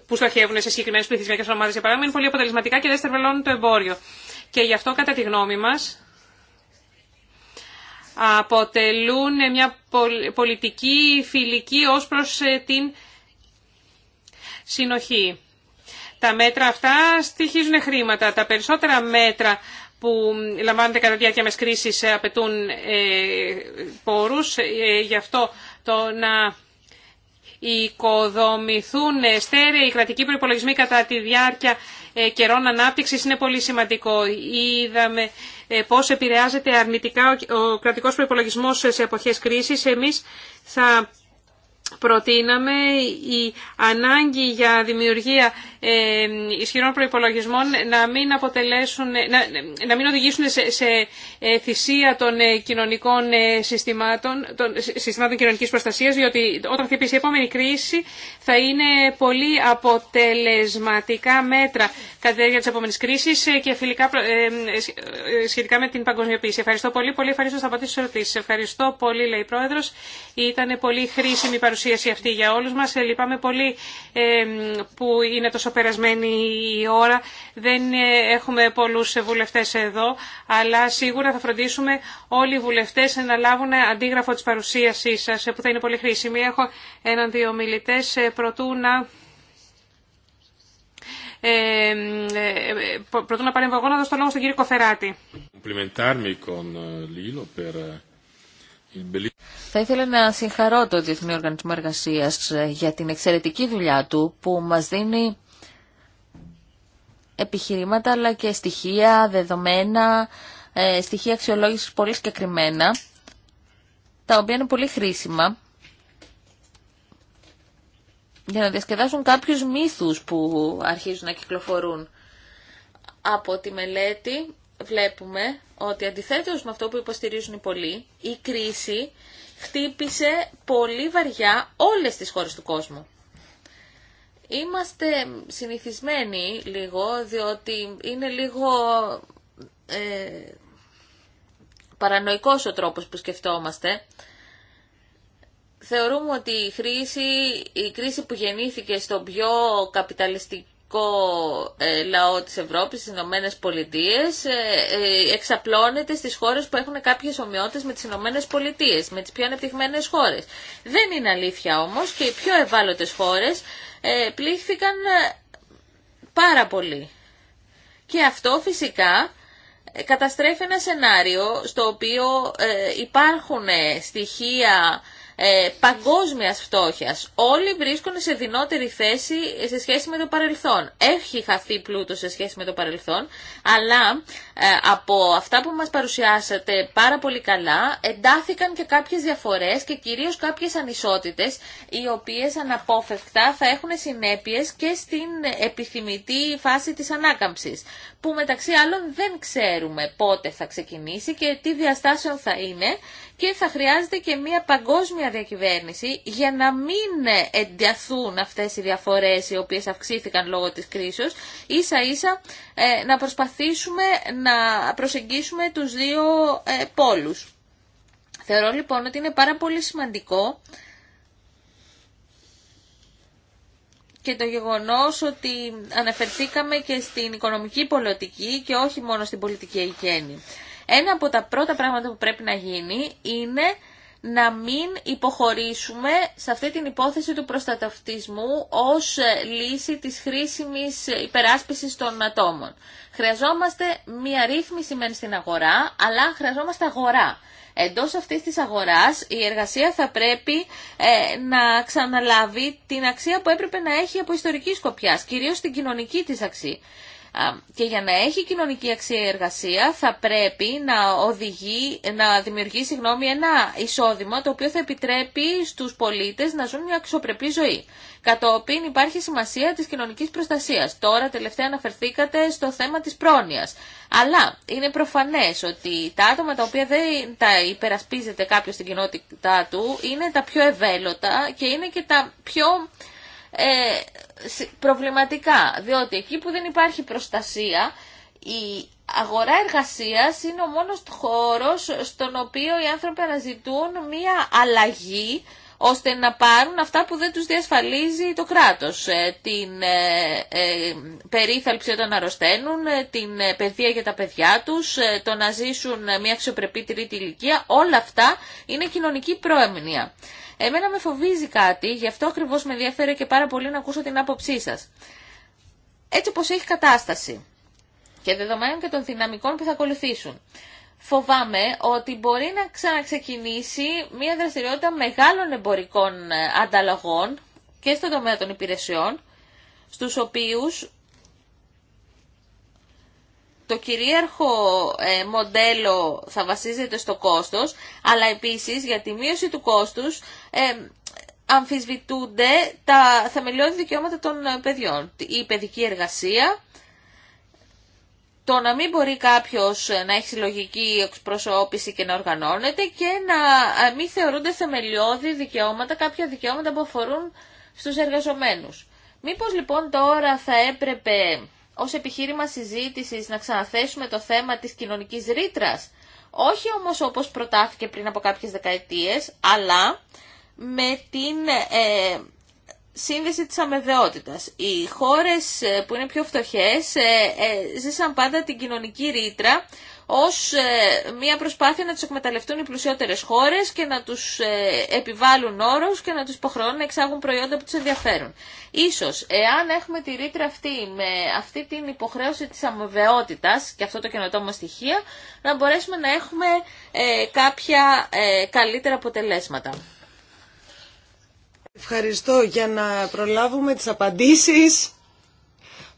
που στοχεύουν σε συγκεκριμένε πληθυσμιακέ ομάδε, για παράδειγμα, είναι πολύ αποτελεσματικά και δεν στερβελώνουν το εμπόριο. Και γι' αυτό, κατά τη γνώμη μας, αποτελούν μια πολιτική φιλική ως προς ε, την συνοχή. Τα μέτρα αυτά στοιχίζουν χρήματα. Τα περισσότερα μέτρα που λαμβάνονται κατά διάρκεια μιας κρίσης ε, απαιτούν ε, πόρους. Γι' αυτό το να οικοδομηθούν ε, στέρεοι κρατικοί προπολογισμοί κατά τη διάρκεια ε, καιρών ανάπτυξη είναι πολύ σημαντικό. Είδαμε ε, πώς επηρεάζεται αρνητικά ο κρατικός προπολογισμό σε εποχέ κρίσης. Εμείς θα προτείναμε η ανάγκη για δημιουργία ισχυρών προϋπολογισμών να μην, αποτελέσουν, να, να μην οδηγήσουν σε, σε ε, θυσία των ε, κοινωνικών ε, συστημάτων, των συστημάτων κοινωνικής προστασίας, διότι όταν χτυπήσει η επόμενη κρίση θα είναι πολύ αποτελεσματικά μέτρα κατά τη διάρκεια της επόμενης κρίσης και φιλικά, σχετικά με την παγκοσμιοποίηση. Ευχαριστώ πολύ. Πολύ ευχαριστώ. Θα απαντήσω ερωτήσεις. Ευχαριστώ πολύ, λέει Πρόεδρος. Ήταν πολύ χρήσιμη η παρουσίαση αυτή για όλους μας. Λυπάμαι πολύ που είναι τόσο περασμένη η ώρα δεν ε, έχουμε πολλούς βουλευτές εδώ, αλλά σίγουρα θα φροντίσουμε όλοι οι βουλευτές να λάβουν αντίγραφο της παρουσίασής σας, που θα είναι πολύ χρήσιμη. Έχω έναν-δύο μιλητές ε, προτού να... Ε, ε προτού να να δώσω το λόγο στον κύριο Κοφεράτη. Θα ήθελα να συγχαρώ το Διεθνή Οργανισμό Εργασίας για την εξαιρετική δουλειά του που μας δίνει επιχειρήματα αλλά και στοιχεία, δεδομένα, ε, στοιχεία αξιολόγησης πολύ συγκεκριμένα, τα οποία είναι πολύ χρήσιμα για να διασκεδάσουν κάποιους μύθους που αρχίζουν να κυκλοφορούν. Από τη μελέτη βλέπουμε ότι αντιθέτως με αυτό που υποστηρίζουν οι πολλοί, η κρίση χτύπησε πολύ βαριά όλες τις χώρες του κόσμου. Είμαστε συνηθισμένοι λίγο, διότι είναι λίγο ε, παρανοϊκός ο τρόπος που σκεφτόμαστε. Θεωρούμε ότι η, χρήση, η κρίση που γεννήθηκε στον πιο καπιταλιστικό ε, λαό της Ευρώπης, στις Ηνωμένε Πολιτείες, ε, ε, εξαπλώνεται στις χώρες που έχουν κάποιες ομοιότητες με τις Ηνωμένε Πολιτείες, με τις πιο ανεπτυγμένες χώρες. Δεν είναι αλήθεια όμως και οι πιο ευάλωτες χώρες ε, πλήχθηκαν ε, πάρα πολύ. Και αυτό φυσικά ε, καταστρέφει ένα σενάριο στο οποίο υπάρχουν στοιχεία ε, παγκόσμιας φτώχειας. Όλοι βρίσκονται σε δυνότερη θέση σε σχέση με το παρελθόν. Έχει χαθεί πλούτο σε σχέση με το παρελθόν, αλλά ε, από αυτά που μας παρουσιάσατε πάρα πολύ καλά, εντάθηκαν και κάποιες διαφορές και κυρίως κάποιες ανισότητες, οι οποίες αναπόφευκτα θα έχουν συνέπειες και στην επιθυμητή φάση της ανάκαμψης, που μεταξύ άλλων δεν ξέρουμε πότε θα ξεκινήσει και τι διαστάσεων θα είναι και θα χρειάζεται και μια παγκόσμια διακυβέρνηση για να μην εντιαθούν αυτές οι διαφορές οι οποίες αυξήθηκαν λόγω της κρίσης, ίσα ίσα ε, να προσπαθήσουμε να προσεγγίσουμε τους δύο ε, πόλους. Θεωρώ λοιπόν ότι είναι πάρα πολύ σημαντικό και το γεγονός ότι αναφερθήκαμε και στην οικονομική πολιτική και όχι μόνο στην πολιτική εγκαίνη. Ένα από τα πρώτα πράγματα που πρέπει να γίνει είναι να μην υποχωρήσουμε σε αυτή την υπόθεση του προστατευτισμού ως ε, λύση της χρήσιμης υπεράσπισης των ατόμων. Χρειαζόμαστε μία ρύθμιση μεν στην αγορά, αλλά χρειαζόμαστε αγορά. Εντός αυτής της αγοράς η εργασία θα πρέπει ε, να ξαναλάβει την αξία που έπρεπε να έχει από ιστορική σκοπιά, κυρίως την κοινωνική της αξία. Και για να έχει κοινωνική αξία η εργασία θα πρέπει να, οδηγεί, να συγγνώμη, ένα εισόδημα το οποίο θα επιτρέπει στους πολίτες να ζουν μια αξιοπρεπή ζωή. Κατόπιν υπάρχει σημασία της κοινωνικής προστασίας. Τώρα τελευταία αναφερθήκατε στο θέμα της πρόνοιας. Αλλά είναι προφανές ότι τα άτομα τα οποία δεν τα υπερασπίζεται κάποιος στην κοινότητά του είναι τα πιο ευέλωτα και είναι και τα πιο... Ε, προβληματικά, διότι εκεί που δεν υπάρχει προστασία, η αγορά εργασίας είναι ο μόνος χώρος στον οποίο οι άνθρωποι αναζητούν μία αλλαγή ώστε να πάρουν αυτά που δεν τους διασφαλίζει το κράτος. Ε, την ε, ε, περίθαλψη όταν αρρωσταίνουν, την παιδεία για τα παιδιά τους, το να ζήσουν μια αξιοπρεπή τρίτη ηλικία, όλα αυτά είναι κοινωνική πρόεμνια. Εμένα με φοβίζει κάτι, γι' αυτό ακριβώς με ενδιαφέρει και πάρα πολύ να ακούσω την άποψή σας. Έτσι όπως έχει κατάσταση και δεδομένων και των δυναμικών που θα ακολουθήσουν. Φοβάμαι ότι μπορεί να ξαναξεκινήσει μια δραστηριότητα μεγάλων εμπορικών ανταλλαγών και στον τομέα των υπηρεσιών, στους οποίους το κυρίαρχο ε, μοντέλο θα βασίζεται στο κόστος, αλλά επίσης για τη μείωση του κόστους ε, αμφισβητούνται τα θεμελιώδη δικαιώματα των ε, παιδιών. Η παιδική εργασία, το να μην μπορεί κάποιος να έχει συλλογική εξπροσώπηση και να οργανώνεται και να μην θεωρούνται θεμελιώδη δικαιώματα, κάποια δικαιώματα που αφορούν στους εργαζομένους. Μήπως λοιπόν τώρα θα έπρεπε ως επιχείρημα συζήτησης να ξαναθέσουμε το θέμα της κοινωνικής ρήτρα. Όχι όμως όπως προτάθηκε πριν από κάποιες δεκαετίες, αλλά με την ε, σύνδεση της αμεβαιότητας. Οι χώρες ε, που είναι πιο φτωχές ε, ζήσαν πάντα την κοινωνική ρήτρα ως ε, μια προσπάθεια να τους εκμεταλλευτούν οι πλουσιότερες χώρες και να τους ε, επιβάλλουν όρους και να τους υποχρεώνουν να εξάγουν προϊόντα που τους ενδιαφέρουν. Ίσως, εάν έχουμε τη ρήτρα αυτή με αυτή την υποχρέωση της αμοιβαιότητας και αυτό το καινοτόμο στοιχείο, να μπορέσουμε να έχουμε ε, κάποια καλύτερα αποτελέσματα. Ευχαριστώ για να προλάβουμε τις απαντήσεις.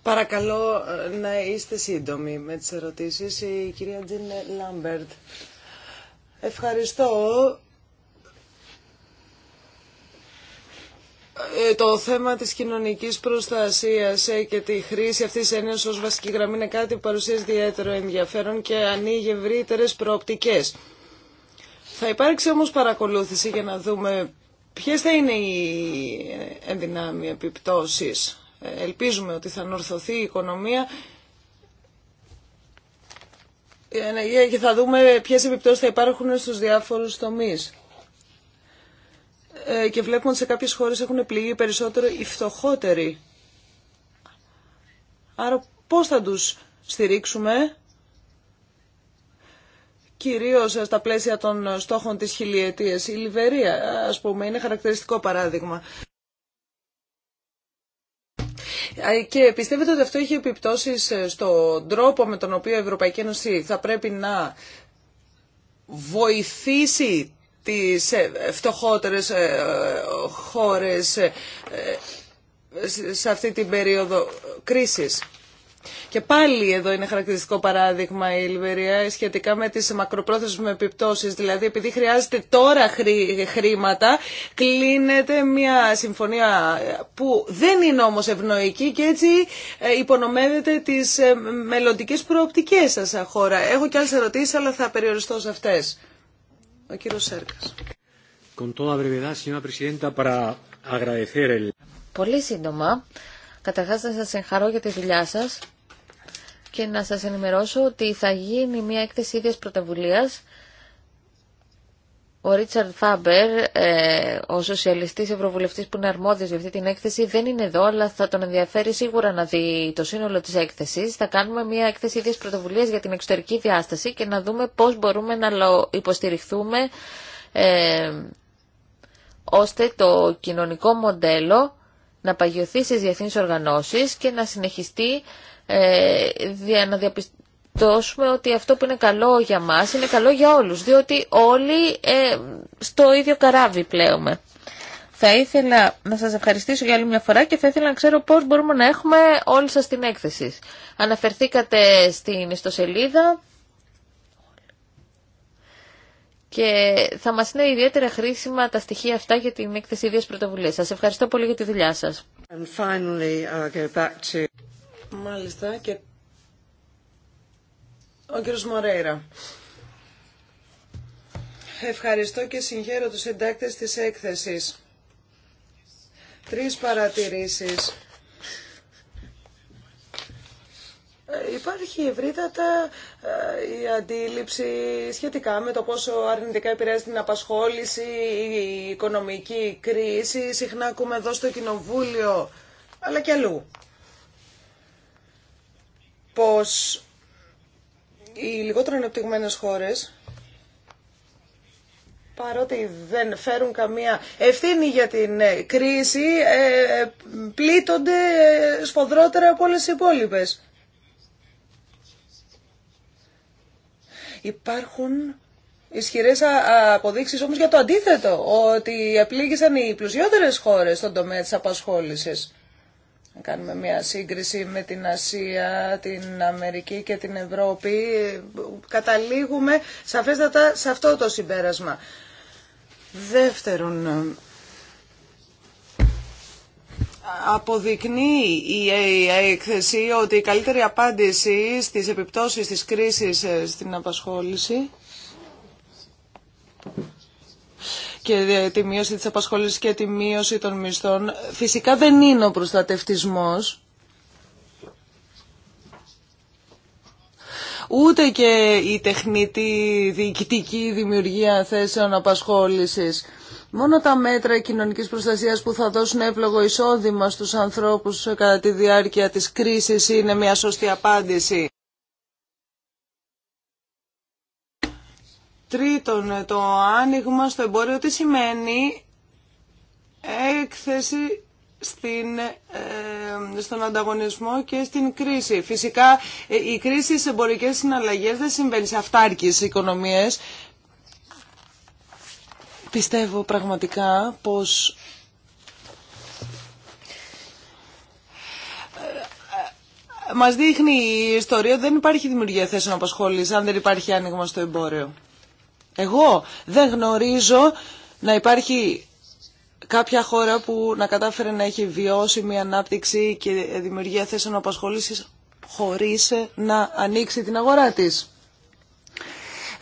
Παρακαλώ ε, να είστε σύντομοι με τις ερωτήσεις. Η κυρία Τζιν Λάμπερτ. Ευχαριστώ. Ε, το θέμα της κοινωνικής προστασίας ε, και τη χρήση αυτής της έννοιας ως βασική γραμμή είναι κάτι που παρουσιάζει ιδιαίτερο ενδιαφέρον και ανοίγει ευρύτερε προοπτικές. Θα υπάρξει όμως παρακολούθηση για να δούμε ποιες θα είναι οι ενδυνάμει επιπτώσεις ελπίζουμε ότι θα νορθωθεί η οικονομία ε, ναι, ε, και θα δούμε ποιες επιπτώσεις θα υπάρχουν στους διάφορους τομείς. Ε, και βλέπουμε ότι σε κάποιες χώρες έχουν πληγεί περισσότερο οι φτωχότεροι. Άρα πώς θα τους στηρίξουμε κυρίως στα πλαίσια των στόχων της χιλιετίας. Η Λιβερία, ας πούμε, είναι χαρακτηριστικό παράδειγμα. Και πιστεύετε ότι αυτό έχει επιπτώσεις ε, στον τρόπο με τον οποίο η Ευρωπαϊκή Ένωση θα πρέπει να βοηθήσει τις ε, φτωχότερες ε, χώρες σε αυτή την περίοδο κρίσης. Και πάλι εδώ είναι χαρακτηριστικό παράδειγμα η Λιβερία σχετικά με τις μακροπρόθεσμες επιπτώσεις. Δηλαδή επειδή χρειάζεται τώρα χρήματα κλείνεται μια συμφωνία που δεν είναι όμως ευνοϊκή και έτσι ε, υπονομεύεται τις ε, μελλοντικέ προοπτικές σας χώρα. Έχω και άλλες ερωτήσεις αλλά θα περιοριστώ σε αυτές. Ο κύριος Σέρκας. Πολύ σύντομα, καταρχάς να σας εγχαρώ για τη δουλειά σας και να σας ενημερώσω ότι θα γίνει μια έκθεση ίδιας πρωτοβουλίας. Ο Ρίτσαρντ Φάμπερ, ε, ο σοσιαλιστής ευρωβουλευτής που είναι αρμόδιος για αυτή την έκθεση, δεν είναι εδώ, αλλά θα τον ενδιαφέρει σίγουρα να δει το σύνολο της έκθεσης. Θα κάνουμε μια έκθεση ίδιας πρωτοβουλίας για την εξωτερική διάσταση και να δούμε πώς μπορούμε να υποστηριχθούμε ε, ώστε το κοινωνικό μοντέλο να παγιωθεί στις διεθνείς οργανώσεις και να συνεχιστεί για ε, να διαπιστώσουμε ότι αυτό που είναι καλό για μας είναι καλό για όλους, διότι όλοι ε, στο ίδιο καράβι πλέουμε. Θα ήθελα να σας ευχαριστήσω για άλλη μια φορά και θα ήθελα να ξέρω πώς μπορούμε να έχουμε όλοι σας την έκθεση. Αναφερθήκατε στην ιστοσελίδα και θα μας είναι ιδιαίτερα χρήσιμα τα στοιχεία αυτά για την έκθεση ίδιας πρωτοβουλίας. Σας ευχαριστώ πολύ για τη δουλειά σας. Μάλιστα και ο κύριος Μορέιρα. Ευχαριστώ και συγχαίρω τους συντάκτες της έκθεσης. Τρεις παρατηρήσεις. Ε, υπάρχει ευρύτατα ε, η αντίληψη σχετικά με το πόσο αρνητικά επηρεάζει την απασχόληση, η οικονομική κρίση. Συχνά ακούμε εδώ στο Κοινοβούλιο, αλλά και αλλού πως οι λιγότερο ανεπτυγμένες χώρες παρότι δεν φέρουν καμία ευθύνη για την ε, κρίση, ε, πλήττονται σφοδρότερα από όλες οι υπόλοιπες. Υπάρχουν ισχυρές αποδείξεις όμως για το αντίθετο, ότι επλήγησαν οι πλουσιότερες χώρες στον τομέα της απασχόλησης να κάνουμε μια σύγκριση με την Ασία, την Αμερική και την Ευρώπη, καταλήγουμε σαφέστατα σε αυτό το συμπέρασμα. Δεύτερον, αποδεικνύει η έκθεση ότι η καλύτερη απάντηση στις επιπτώσεις της κρίσης ε, στην απασχόληση και τη μείωση της απασχόλησης και τη μείωση των μισθών. Φυσικά δεν είναι ο προστατευτισμός. Ούτε και η τεχνητή διοικητική δημιουργία θέσεων απασχόλησης. Μόνο τα μέτρα κοινωνικής προστασίας που θα δώσουν έπλογο εισόδημα στους ανθρώπους κατά τη διάρκεια της κρίσης είναι μια σωστή απάντηση. Τρίτον, το άνοιγμα στο εμπόριο τι σημαίνει έκθεση στην, ε, στον ανταγωνισμό και στην κρίση. Φυσικά ε, η κρίση στις εμπορικές συναλλαγές δεν συμβαίνει σε αυτάρκης οικονομίες. Πιστεύω πραγματικά πως ε, μας δείχνει η ιστορία ότι δεν υπάρχει δημιουργία θέσεων απασχόλησης αν δεν υπάρχει άνοιγμα στο εμπόριο. Εγώ δεν γνωρίζω να υπάρχει κάποια χώρα που να κατάφερε να έχει μια ανάπτυξη και δημιουργία θέσεων απασχόλησης χωρίς να ανοίξει την αγορά της.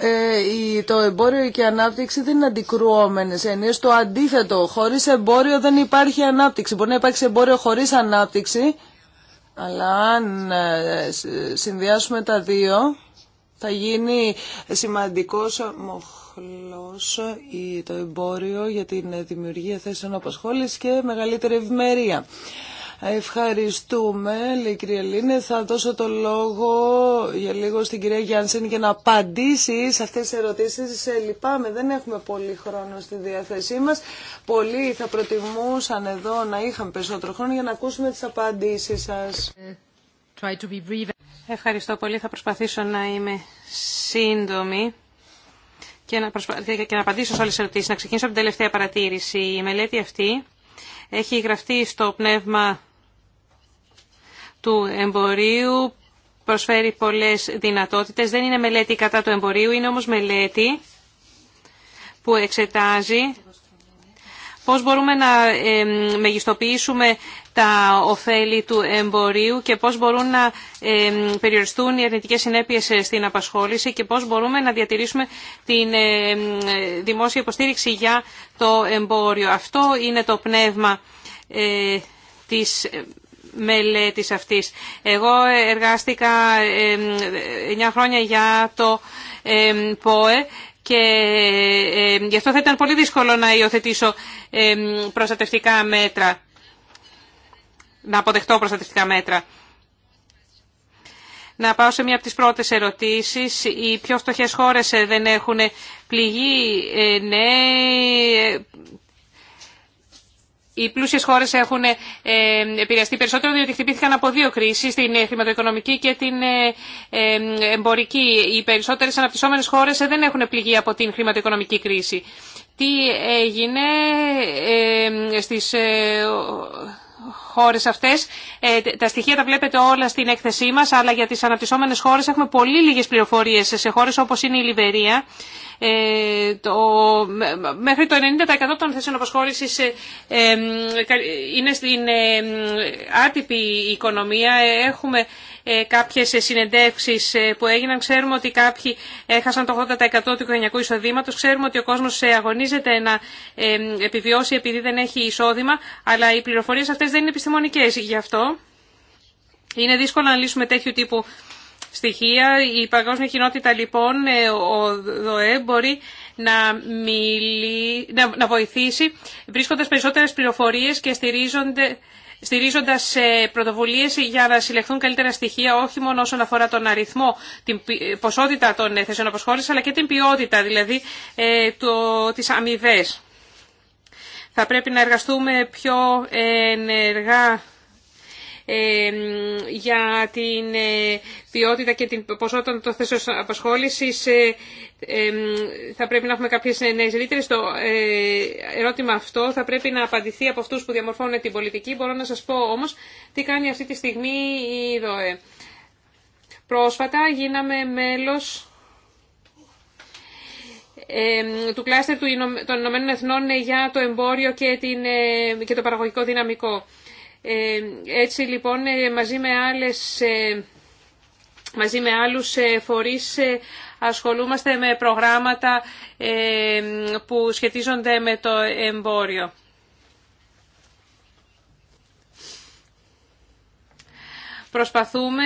Ε, το εμπόριο και η ανάπτυξη δεν είναι αντικρουόμενε έννοιε. Το αντίθετο, χωρί εμπόριο δεν υπάρχει ανάπτυξη. Μπορεί να υπάρξει εμπόριο χωρί ανάπτυξη, αλλά αν ε, συνδυάσουμε τα δύο, θα γίνει σημαντικός μοχλός το εμπόριο για την δημιουργία θέσεων απασχόλησης και μεγαλύτερη ευημερία. Ευχαριστούμε, λέει η κυρία Λίνε. Θα δώσω το λόγο για λίγο στην κυρία Γιάνσεν για να απαντήσει σε αυτές τις ερωτήσεις. Ε, λυπάμαι, δεν έχουμε πολύ χρόνο στη διάθεσή μας. Πολλοί θα προτιμούσαν εδώ να είχαν περισσότερο χρόνο για να ακούσουμε τις απαντήσεις σας. Ε, try Ευχαριστώ πολύ. Θα προσπαθήσω να είμαι σύντομη και να, προσπα... και να απαντήσω σε όλες τις ερωτήσεις. Να ξεκινήσω από την τελευταία παρατήρηση. Η μελέτη αυτή έχει γραφτεί στο πνεύμα του εμπορίου, προσφέρει πολλές δυνατότητες. Δεν είναι μελέτη κατά του εμπορίου, είναι όμως μελέτη που εξετάζει πώς μπορούμε να μεγιστοποιήσουμε τα ωφέλη του εμπορίου και πώς μπορούν να περιοριστούν οι αρνητικές συνέπειες ε, στην απασχόληση και πώς μπορούμε να διατηρήσουμε την ε, δημόσια υποστήριξη για το εμπόριο. Αυτό είναι το πνεύμα ε, της μελέτης αυτής. Εγώ εργάστηκα 9 χρόνια για το ΠΟΕ και γι' αυτό θα ήταν πολύ δύσκολο να υιοθετήσω προστατευτικά μέτρα να αποδεχτώ προστατευτικά μέτρα. Να πάω σε μία από τις πρώτες ερωτήσεις. Οι πιο φτωχές χώρες ε, δεν έχουν πληγή. Ε, ναι, οι πλούσιες χώρες έχουν ε, επηρεαστεί περισσότερο διότι χτυπήθηκαν από δύο κρίσεις, την χρηματοοικονομική και την εμπορική. Οι περισσότερες αναπτυσσόμενες χώρες δεν έχουν πληγεί από την χρηματοοικονομική κρίση. Τι έγινε στις χώρες αυτές. Ε, τα στοιχεία τα βλέπετε όλα στην έκθεσή μας, αλλά για τις αναπτυσσόμενες χώρες έχουμε πολύ λίγες πληροφορίες σε χώρες όπως είναι η Λιβερία. Ε, το, μέχρι το 90% των θέσεων απασχόλησης ε, είναι στην άτυπη οικονομία. Έχουμε ε, κάποιες συνεντεύξεις ε, που έγιναν. Ξέρουμε ότι κάποιοι έχασαν το 80% του οικογενειακού εισοδήματος. Ξέρουμε ότι ο κόσμος ε, αγωνίζεται να επιβιώσει επειδή δεν έχει εισόδημα, αλλά οι πληροφορίες αυτές δεν είναι επιστημονικές. Γι' αυτό είναι δύσκολο να λύσουμε τέτοιου τύπου στοιχεία. Η παγκόσμια κοινότητα λοιπόν, ο ΔΟΕ, μπορεί να, να, βοηθήσει βρίσκοντας περισσότερες πληροφορίες και στηρίζονται στηρίζοντας ε, πρωτοβουλίε για να συλλεχθούν καλύτερα στοιχεία όχι μόνο όσον αφορά τον αριθμό, την ε, ποσότητα των ε, θέσεων αποσχόληση, αλλά και την ποιότητα, δηλαδή τι αμοιβέ. Θα πρέπει να εργαστούμε πιο ενεργά για την ε, ποιότητα και την ποσότητα των θέσεων απασχόλησης ε, θα πρέπει να έχουμε κάποιες ε, νέε ρήτρε. Το ερώτημα αυτό θα πρέπει να απαντηθεί από αυτούς που διαμορφώνουν την πολιτική. Μπορώ να σας πω όμως τι κάνει αυτή τη στιγμή η ΔΟΕ. Πρόσφατα γίναμε μέλος του κλάστερ των Ηνωμένων Εθνών για το εμπόριο και το παραγωγικό δυναμικό. Ε, έτσι λοιπόν ε, μαζί με, άλλες, ε, μαζί με άλλους φορείς ασχολούμαστε με προγράμματα που σχετίζονται με το εμπόριο. Προσπαθούμε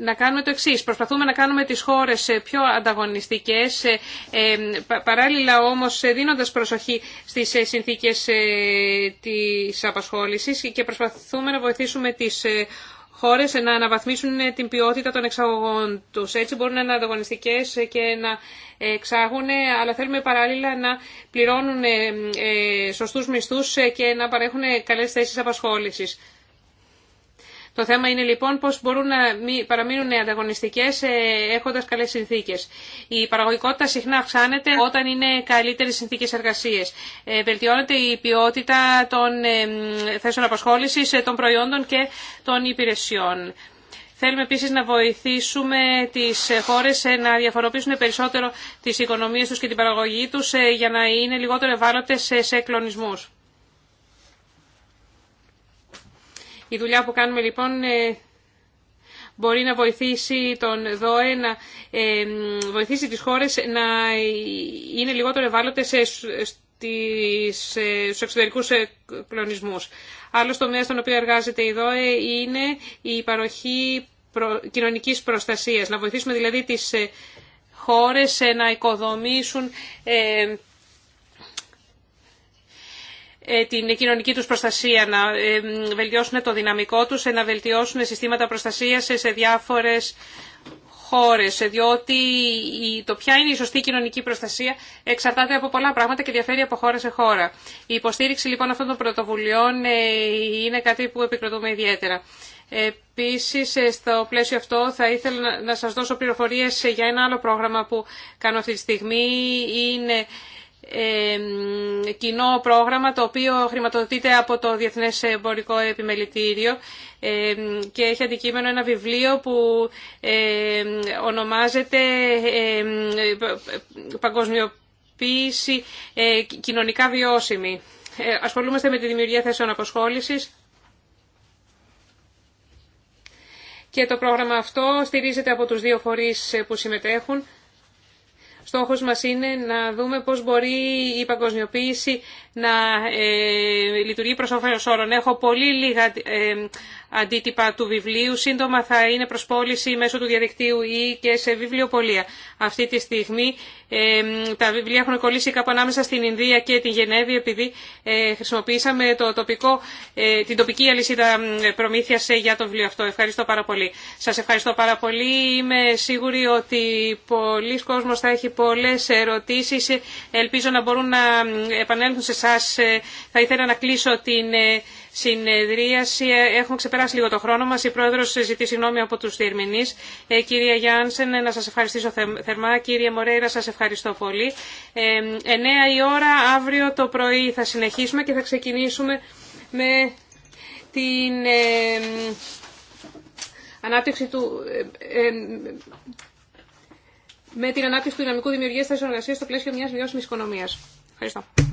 να κάνουμε το εξή. Προσπαθούμε να κάνουμε τι χώρες ε, πιο ανταγωνιστικέ, ε, ε, παράλληλα όμως δίνοντα προσοχή στι συνθήκε της απασχόληση και προσπαθούμε να βοηθήσουμε τι χώρες να αναβαθμίσουν την ποιότητα των εξαγωγών του. Έτσι μπορούν να είναι ανταγωνιστικέ και να εξάγουν, αλλά θέλουμε παράλληλα να πληρώνουν σωστού μισθού και να παρέχουν καλέ θέσει απασχόληση. Το θέμα είναι λοιπόν πώς μπορούν να παραμείνουν ανταγωνιστικές ε, έχοντας καλές συνθήκες. Η παραγωγικότητα συχνά αυξάνεται όταν είναι καλύτερες συνθήκες εργασίες. Ε, βελτιώνεται η ποιότητα των ε, θέσεων απασχόλησης, των προϊόντων και των υπηρεσιών. Θέλουμε επίση να βοηθήσουμε τι χώρε να διαφοροποιήσουν περισσότερο τι οικονομίε του και την παραγωγή του για να είναι λιγότερο ευάλωτε σε κλονισμού. Η δουλειά που κάνουμε λοιπόν ε, μπορεί να βοηθήσει τον ΔΟΕ να ε, βοηθήσει τις χώρες να είναι λιγότερο ευάλωτες ε, στους εξωτερικούς κλονισμούς. Άλλος τομέα στον οποίο εργάζεται η ΔΟΕ είναι η παροχή κοινωνικής προστασίας. Να βοηθήσουμε δηλαδή τις χώρες να οικοδομήσουν ε, την κοινωνική τους προστασία, να ε, βελτιώσουν το δυναμικό τους, ε, να βελτιώσουν συστήματα προστασίας σε διάφορες χώρες, διότι το ποια είναι η σωστή κοινωνική προστασία εξαρτάται από πολλά πράγματα και διαφέρει από χώρα σε χώρα. Η υποστήριξη λοιπόν αυτών των πρωτοβουλειών είναι κάτι που επικροτούμε ιδιαίτερα. Επίσης, στο πλαίσιο αυτό θα ήθελα να σας δώσω πληροφορίες για ένα άλλο πρόγραμμα που κάνω αυτή τη στιγμή. Είναι κοινό πρόγραμμα το οποίο χρηματοδοτείται από το Διεθνές Εμπορικό Επιμελητήριο και έχει αντικείμενο ένα βιβλίο που ονομάζεται «Παγκοσμιοποίηση ε, κοινωνικά βιώσιμη». Ε, ασχολούμαστε με τη δημιουργία θέσεων αποσχόλησης και το πρόγραμμα αυτό στηρίζεται από τους δύο φορείς που συμμετέχουν Στόχος μας είναι να δούμε πώς μπορεί η παγκοσμιοποίηση να ε, λειτουργεί προς όφελος όρων. Έχω πολύ λίγα ε, αντίτυπα του βιβλίου. Σύντομα θα είναι προσπόληση μέσω του διαδικτύου ή και σε βιβλιοπολία. Αυτή τη στιγμή τα βιβλία έχουν κολλήσει κάπου ανάμεσα στην Ινδία και την Γενέβη επειδή ε, χρησιμοποιήσαμε το τοπικό, ε, την τοπική αλυσίδα προμήθειας ε, για το βιβλίο αυτό. Ευχαριστώ πάρα πολύ. Σας ευχαριστώ πάρα πολύ. Είμαι σίγουρη ότι πολλοί κόσμος θα έχει πολλές ερωτήσεις. Ελπίζω να μπορούν να επανέλθουν σε εσά. Θα ήθελα να κλείσω την συνεδρίαση. Έχουμε ξεπεράσει λίγο το χρόνο μας. Η πρόεδρο, ζητεί συγγνώμη από του διερμηνείς. Ε, κυρία Γιάνσεν, να σας ευχαριστήσω θερμά. Κύριε Μορέιρα, σας ευχαριστώ πολύ. Ε, 9 η ώρα, αύριο το πρωί θα συνεχίσουμε και θα ξεκινήσουμε με την ε, ανάπτυξη του... Ε, ε, με την ανάπτυξη του δυναμικού δημιουργία θέσεων εργασία στο πλαίσιο μια βιώσιμη οικονομία. Ευχαριστώ.